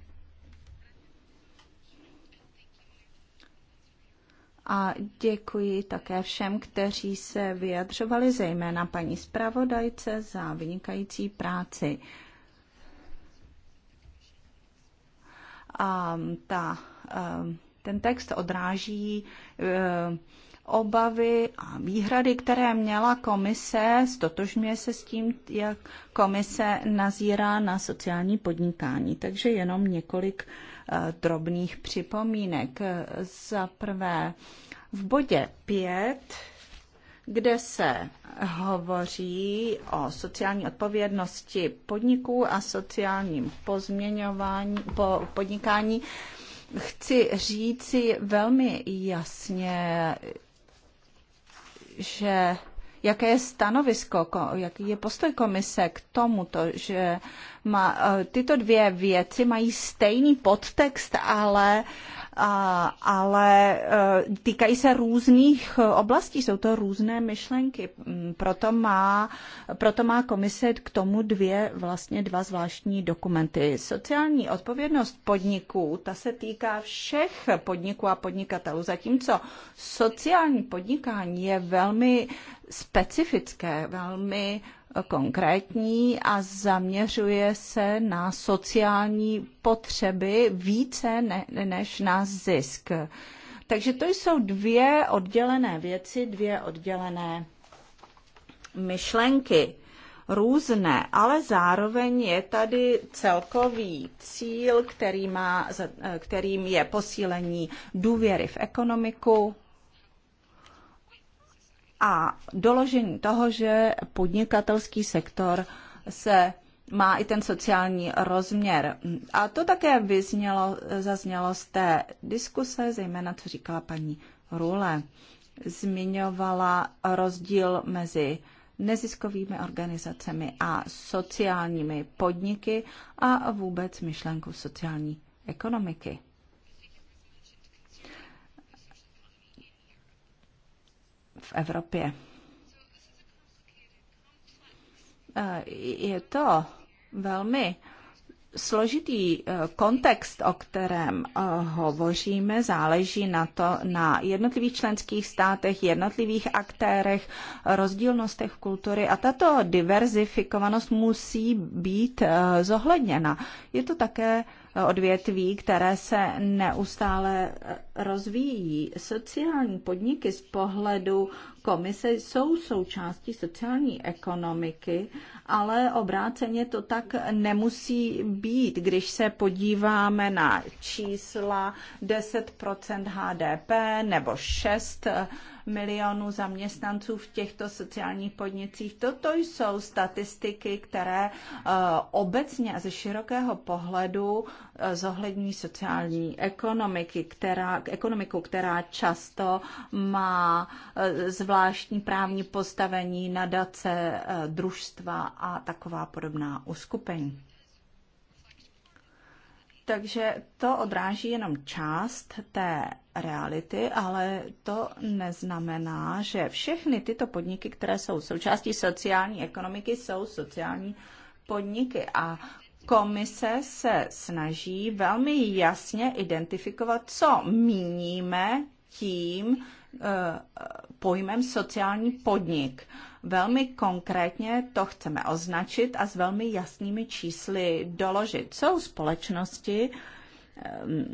a děkuji také všem, kteří se vyjadřovali, zejména paní zpravodajce za vynikající práci. A ta, ten text odráží obavy a výhrady, které měla komise, stotožňuje se s tím, jak komise nazírá na sociální podnikání. Takže jenom několik uh, Eh, drobných připomínek. Za prvé, v bodě 5 kde se hovoří o sociální odpovědnosti podniků a sociálním pozměňování, po, podnikání. Chci říci velmi jasně, že Jaké je stanovisko, jaký je postoj komise k tomuto, že e, tyto dvě věci mají stejný podtext, ale uh, ale e, týkají se různých oblastí, jsou to různé myšlenky. Mm, proto má, proto má komise k tomu dvě, vlastně dva zvláštní dokumenty. Sociální odpovědnost podniků, ta se týká všech podniků a podnikatelů, zatímco sociální podnikání je velmi specifické, velmi konkrétní a zaměřuje se na sociální potřeby více ne, než na zisk. Takže to jsou dvě oddělené věci, dvě oddělené myšlenky různé, ale zároveň je tady celkový cíl, který má, kterým je posílení důvěry v ekonomiku, a doložení toho, že podnikatelský sektor se má i ten sociální rozměr. A to také vyznělo, zaznělo z té diskuse, zejména co říkala paní Rule. Zmiňovala rozdíl mezi neziskovými organizacemi a sociálními podniky a vůbec myšlenku sociální ekonomiky. v Evropě. E, je to velmi složitý e, kontext, o kterém e, hovoříme, záleží na to na jednotlivých členských státech, jednotlivých aktérech, rozdílnostech kultury a tato diverzifikovanost musí být zohledněna. Je to také odvětví, které se neustále rozvíjí. Sociální podniky z pohledu komise jsou součástí sociální ekonomiky, ale obráceně to tak nemusí být. Když se podíváme na čísla 10 HDP nebo 6 milionů zaměstnanců v těchto sociálních podnicích. Toto jsou statistiky, které eh, obecně a ze širokého pohledu eh, zohlední sociální ekonomiky, která, ekonomiku, která často má eh, zvláštní právní postavení nadace, družstva a taková podobná uskupení. Takže to odráží jenom část té reality, ale to neznamená, že všechny tyto podniky, které jsou součástí sociální ekonomiky, jsou sociální podniky. A komise se snaží velmi jasně identifikovat, co míníme tím eh, pojmem sociální podnik. Velmi konkrétně to chceme označit a s velmi jasnými čísly doložit. Jsou společnosti, ehm,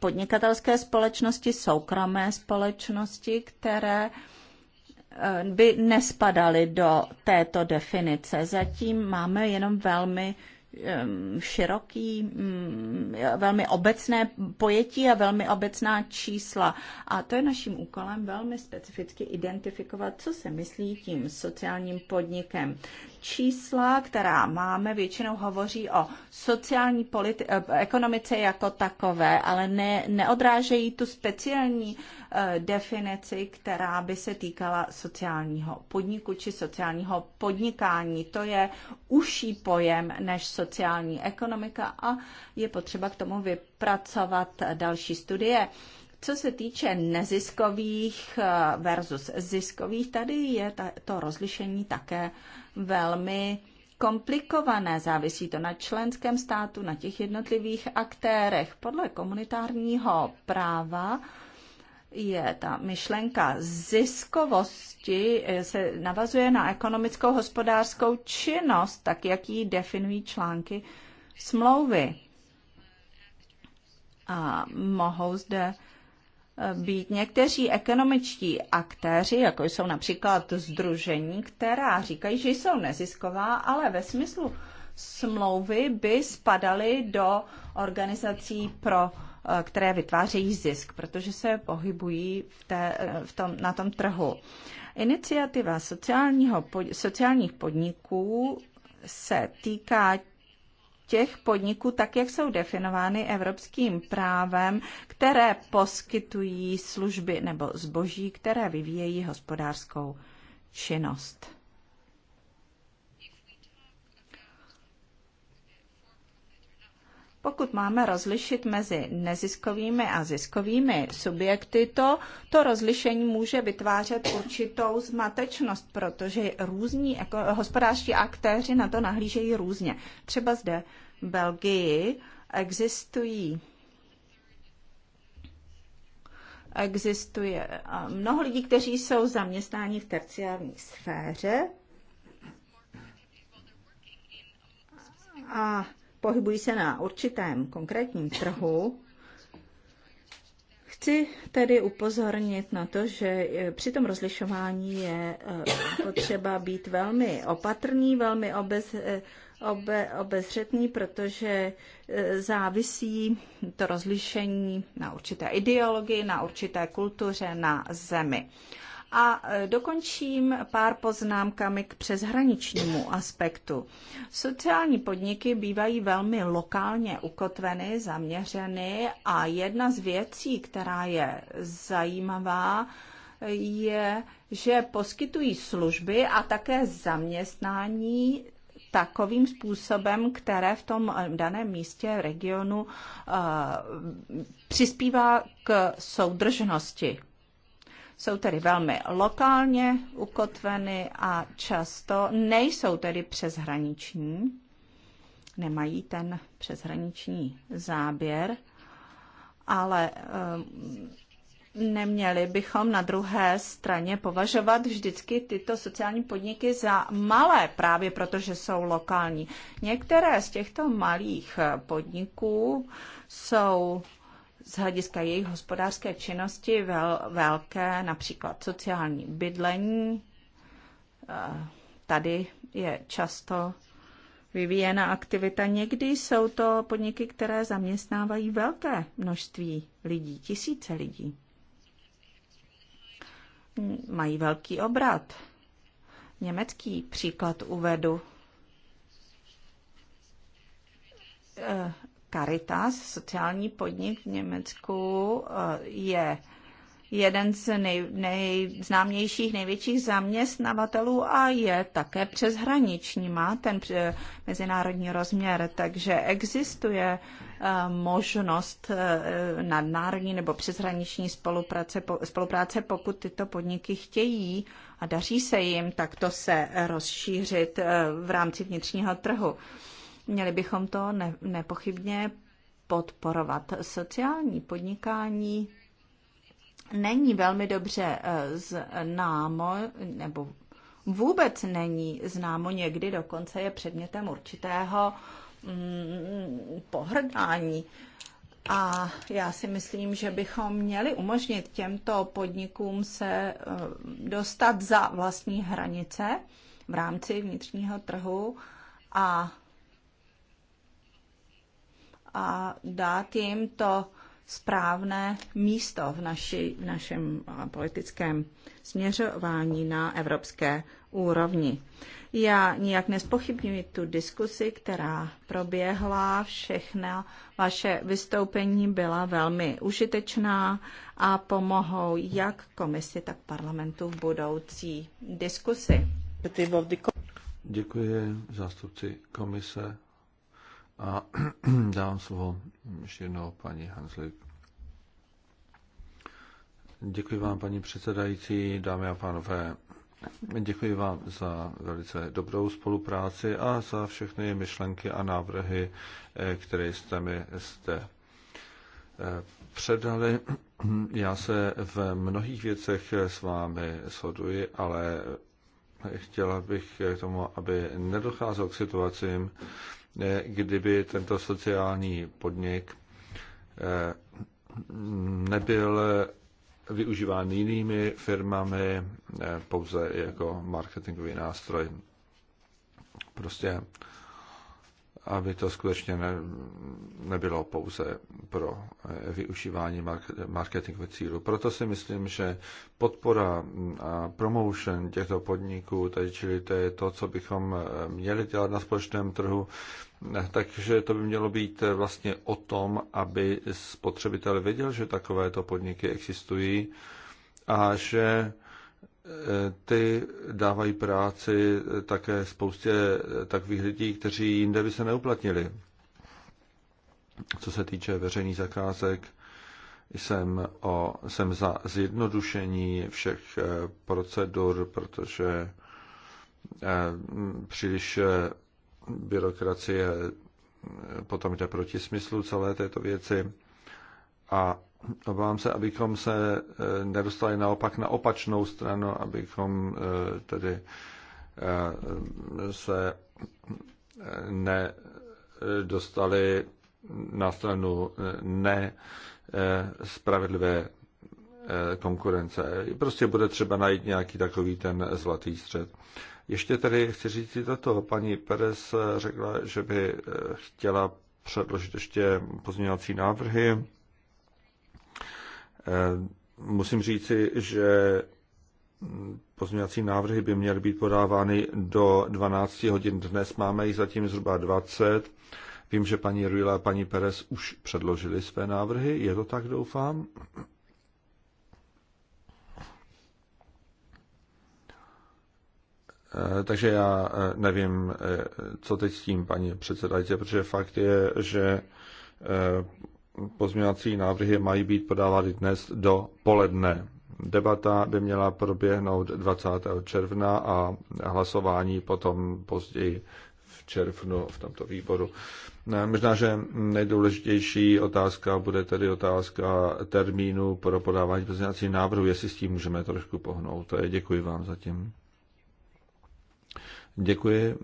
podnikatelské společnosti, soukromé společnosti, které eh, by nespadaly do této definice. Zatím máme jenom velmi široký, mm, velmi obecné pojetí a velmi obecná čísla. A to je naším úkolem velmi specificky identifikovat, co se myslí tím sociálním podnikem. Čísla, která máme, většinou hovoří o sociální politi- eh, ekonomice jako takové, ale ne, neodrážejí tu speciální uh, definici, která by se týkala sociálního podniku či sociálního podnikání. To je užší pojem než sociální ekonomika a je potřeba k tomu vypracovat další studie. Co se týče neziskových eh, versus ziskových, tady je to rozlišení také velmi komplikované, závisí to na členském státu, na těch jednotlivých aktérech. Podle komunitárního práva je ta myšlenka ziskovosti, eh, se navazuje na ekonomickou hospodářskou činnost, tak jak ji definují články smlouvy. A mohou zde eh, být někteří ekonomičtí aktéři, jako jsou například združení, která říkají, že jsou nezisková, ale ve smyslu smlouvy by spadaly do organizací pro Eh, které vytvářejí zisk, protože se pohybují v té, eh, v tom, na tom trhu. Iniciativa sociálního, sociálních podniků se týká těch podniků, tak jak jsou definovány evropským právem, které poskytují služby nebo zboží, které vyvíjejí hospodářskou činnost. Pokud máme rozlišit mezi neziskovými a ziskovými subjekty, to, to rozlišení může vytvářet určitou zmatečnost, protože různí jako, hospodářští aktéři na to nahlížejí různě. Třeba zde v Belgii existují existuje mnoho lidí, kteří jsou zaměstnáni v terciární sféře a pohybují se na určitém konkrétním trhu, Chci tedy upozornit na to, že eh, při tom rozlišování je eh, potřeba být velmi opatrný, velmi obez, eh, obe, obezřetný, protože závisí to rozlišení na určité ideologii, na určité kultuře, na zemi a e, dokončím pár poznámkami k přeshraničnímu aspektu. Sociální podniky bývají velmi lokálně ukotveny, zaměřeny a jedna z věcí, která je zajímavá, je, že poskytují služby a také zaměstnání takovým způsobem, které v tom e, daném místě, regionu uh, přispívá k soudržnosti jsou tedy velmi lokálně ukotveny a často nejsou tedy přeshraniční, nemají ten přeshraniční záběr, ale um, Neměli bychom na druhé straně považovat vždycky tyto sociální podniky za malé, právě protože jsou lokální. Některé z těchto malých podniků jsou z hlediska jejich hospodářské činnosti vel, velké, například sociální bydlení. Eh, tady je často vyvíjena aktivita. Někdy jsou to podniky, které zaměstnávají velké množství lidí, tisíce lidí. Mají velký obrat. Německý příklad uvedu eh, Caritas, sociální podnik v Německu, eh, je jeden z nej, nejznámějších, největších zaměstnavatelů a je také přeshraniční, má ten mezinárodní rozměr, takže existuje eh, možnost eh, nadnárodní nebo přeshraniční spolupráce, spolupráce, pokud tyto podniky chtějí a daří se jim takto se rozšířit v rámci vnitřního trhu. Měli bychom to ne, nepochybně podporovat. Sociální podnikání není velmi dobře eh, známo, nebo vůbec není známo, někdy dokonce je předmětem určitého mm, pohrdání. A já si myslím, že bychom měli umožnit těmto podnikům se eh, dostat za vlastní hranice v rámci vnitřního trhu a a dát jim to správné místo v, naši, v našem politickém směřování na evropské úrovni. Já nijak nespochybňuji tu diskusi, která proběhla, všechna vaše vystoupení byla velmi užitečná a pomohou jak komisi, tak parlamentu v budoucí diskusi. Děkuji zástupci komise a *clears throat* dávám slovo ještě jednou paní Hanslik. Děkuji vám, paní předsedající, dámy a pánové. Děkuji vám za velice dobrou spolupráci a za všechny myšlenky a návrhy, eh, které jste mi jste eh, předali. *clears throat* Já se v mnohých věcech s vámi shoduji, ale chtěla bych k tomu, aby nedocházelo k situacím, Vlastně, kdyby tento sociální podnik eh, nebyl využíván jinými firmami eh, pouze jako marketingový nástroj. Prostě, aby to skutečně ne, nebylo pouze pro eh, využívání marketingových cílů. Proto si myslím, že podpora a promotion těchto podniků, tedy čili to je to, co bychom měli dělat na společném trhu, Eh, takže to by mělo být eh, vlastně o tom, aby spotřebitel věděl, že takovéto podniky existují a že eh, ty dávají práci také spoustě takových lidí, kteří jinde by se neuplatnili. Co se týče veřejných zakázek, jsem, o, jsem za zjednodušení všech procedur, protože příliš byrokracie potom jde proti smyslu celé této věci a obávám se, abychom se eh, nedostali naopak na opačnou stranu, abychom eh, tedy eh, se nedostali na stranu ne spravedlivé konkurence. Prostě bude třeba najít nějaký takový ten zlatý střed. Ještě tedy chci říct i toto. Paní Perez řekla, že by eh, chtěla předložit ještě pozměňovací návrhy. Eh, musím říci, že pozměňovací návrhy by měly být podávány do 12 hodin. Dnes máme jich zatím zhruba 20. Vím, že paní Ruila a paní Perez už předložili své návrhy. Je to tak, doufám? Eh, takže já eh, nevím, eh, co teď s tím, paní předsedající, protože fakt je, že pozměňovací návrhy mají být podávány dnes do poledne. Debata by měla proběhnout 20. června a hlasování potom později v červnu v tomto výboru. Možná, že nejdůležitější otázka bude tedy otázka termínu pro podávání pozměňovacích návrhů, jestli s tím můžeme trošku pohnout. Děkuji vám zatím. Děkuji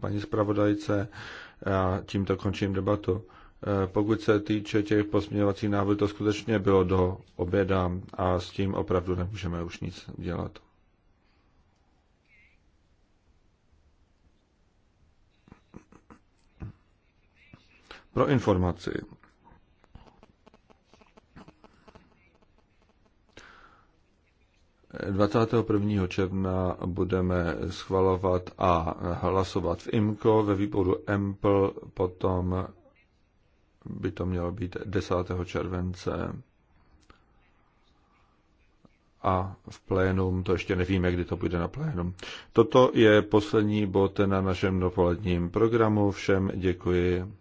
paní zpravodajce a tímto končím debatu. E, pokud se týče těch pozměňovacích návrhů, to skutečně bylo do oběda a s tím opravdu nemůžeme už nic dělat. Pro informaci, 21. června budeme schvalovat a hlasovat v IMCO, ve výboru EMPL, potom by to mělo být 10. července a v plénum, to ještě nevíme, kdy to bude na plénum. Toto je poslední bod na našem dopoledním programu. Všem děkuji.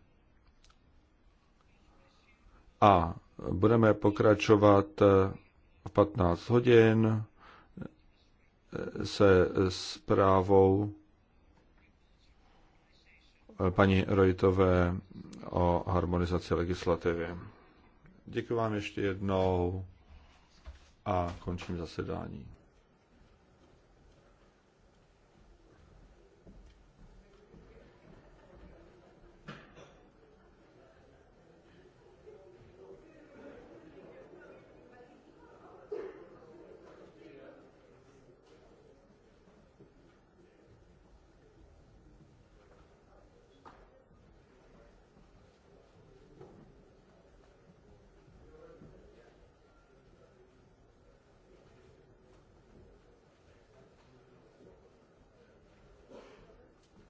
A budeme pokračovat v 15 hodin se zprávou paní Rojtové o harmonizaci legislativy. Děkuji vám ještě jednou a končím zasedání.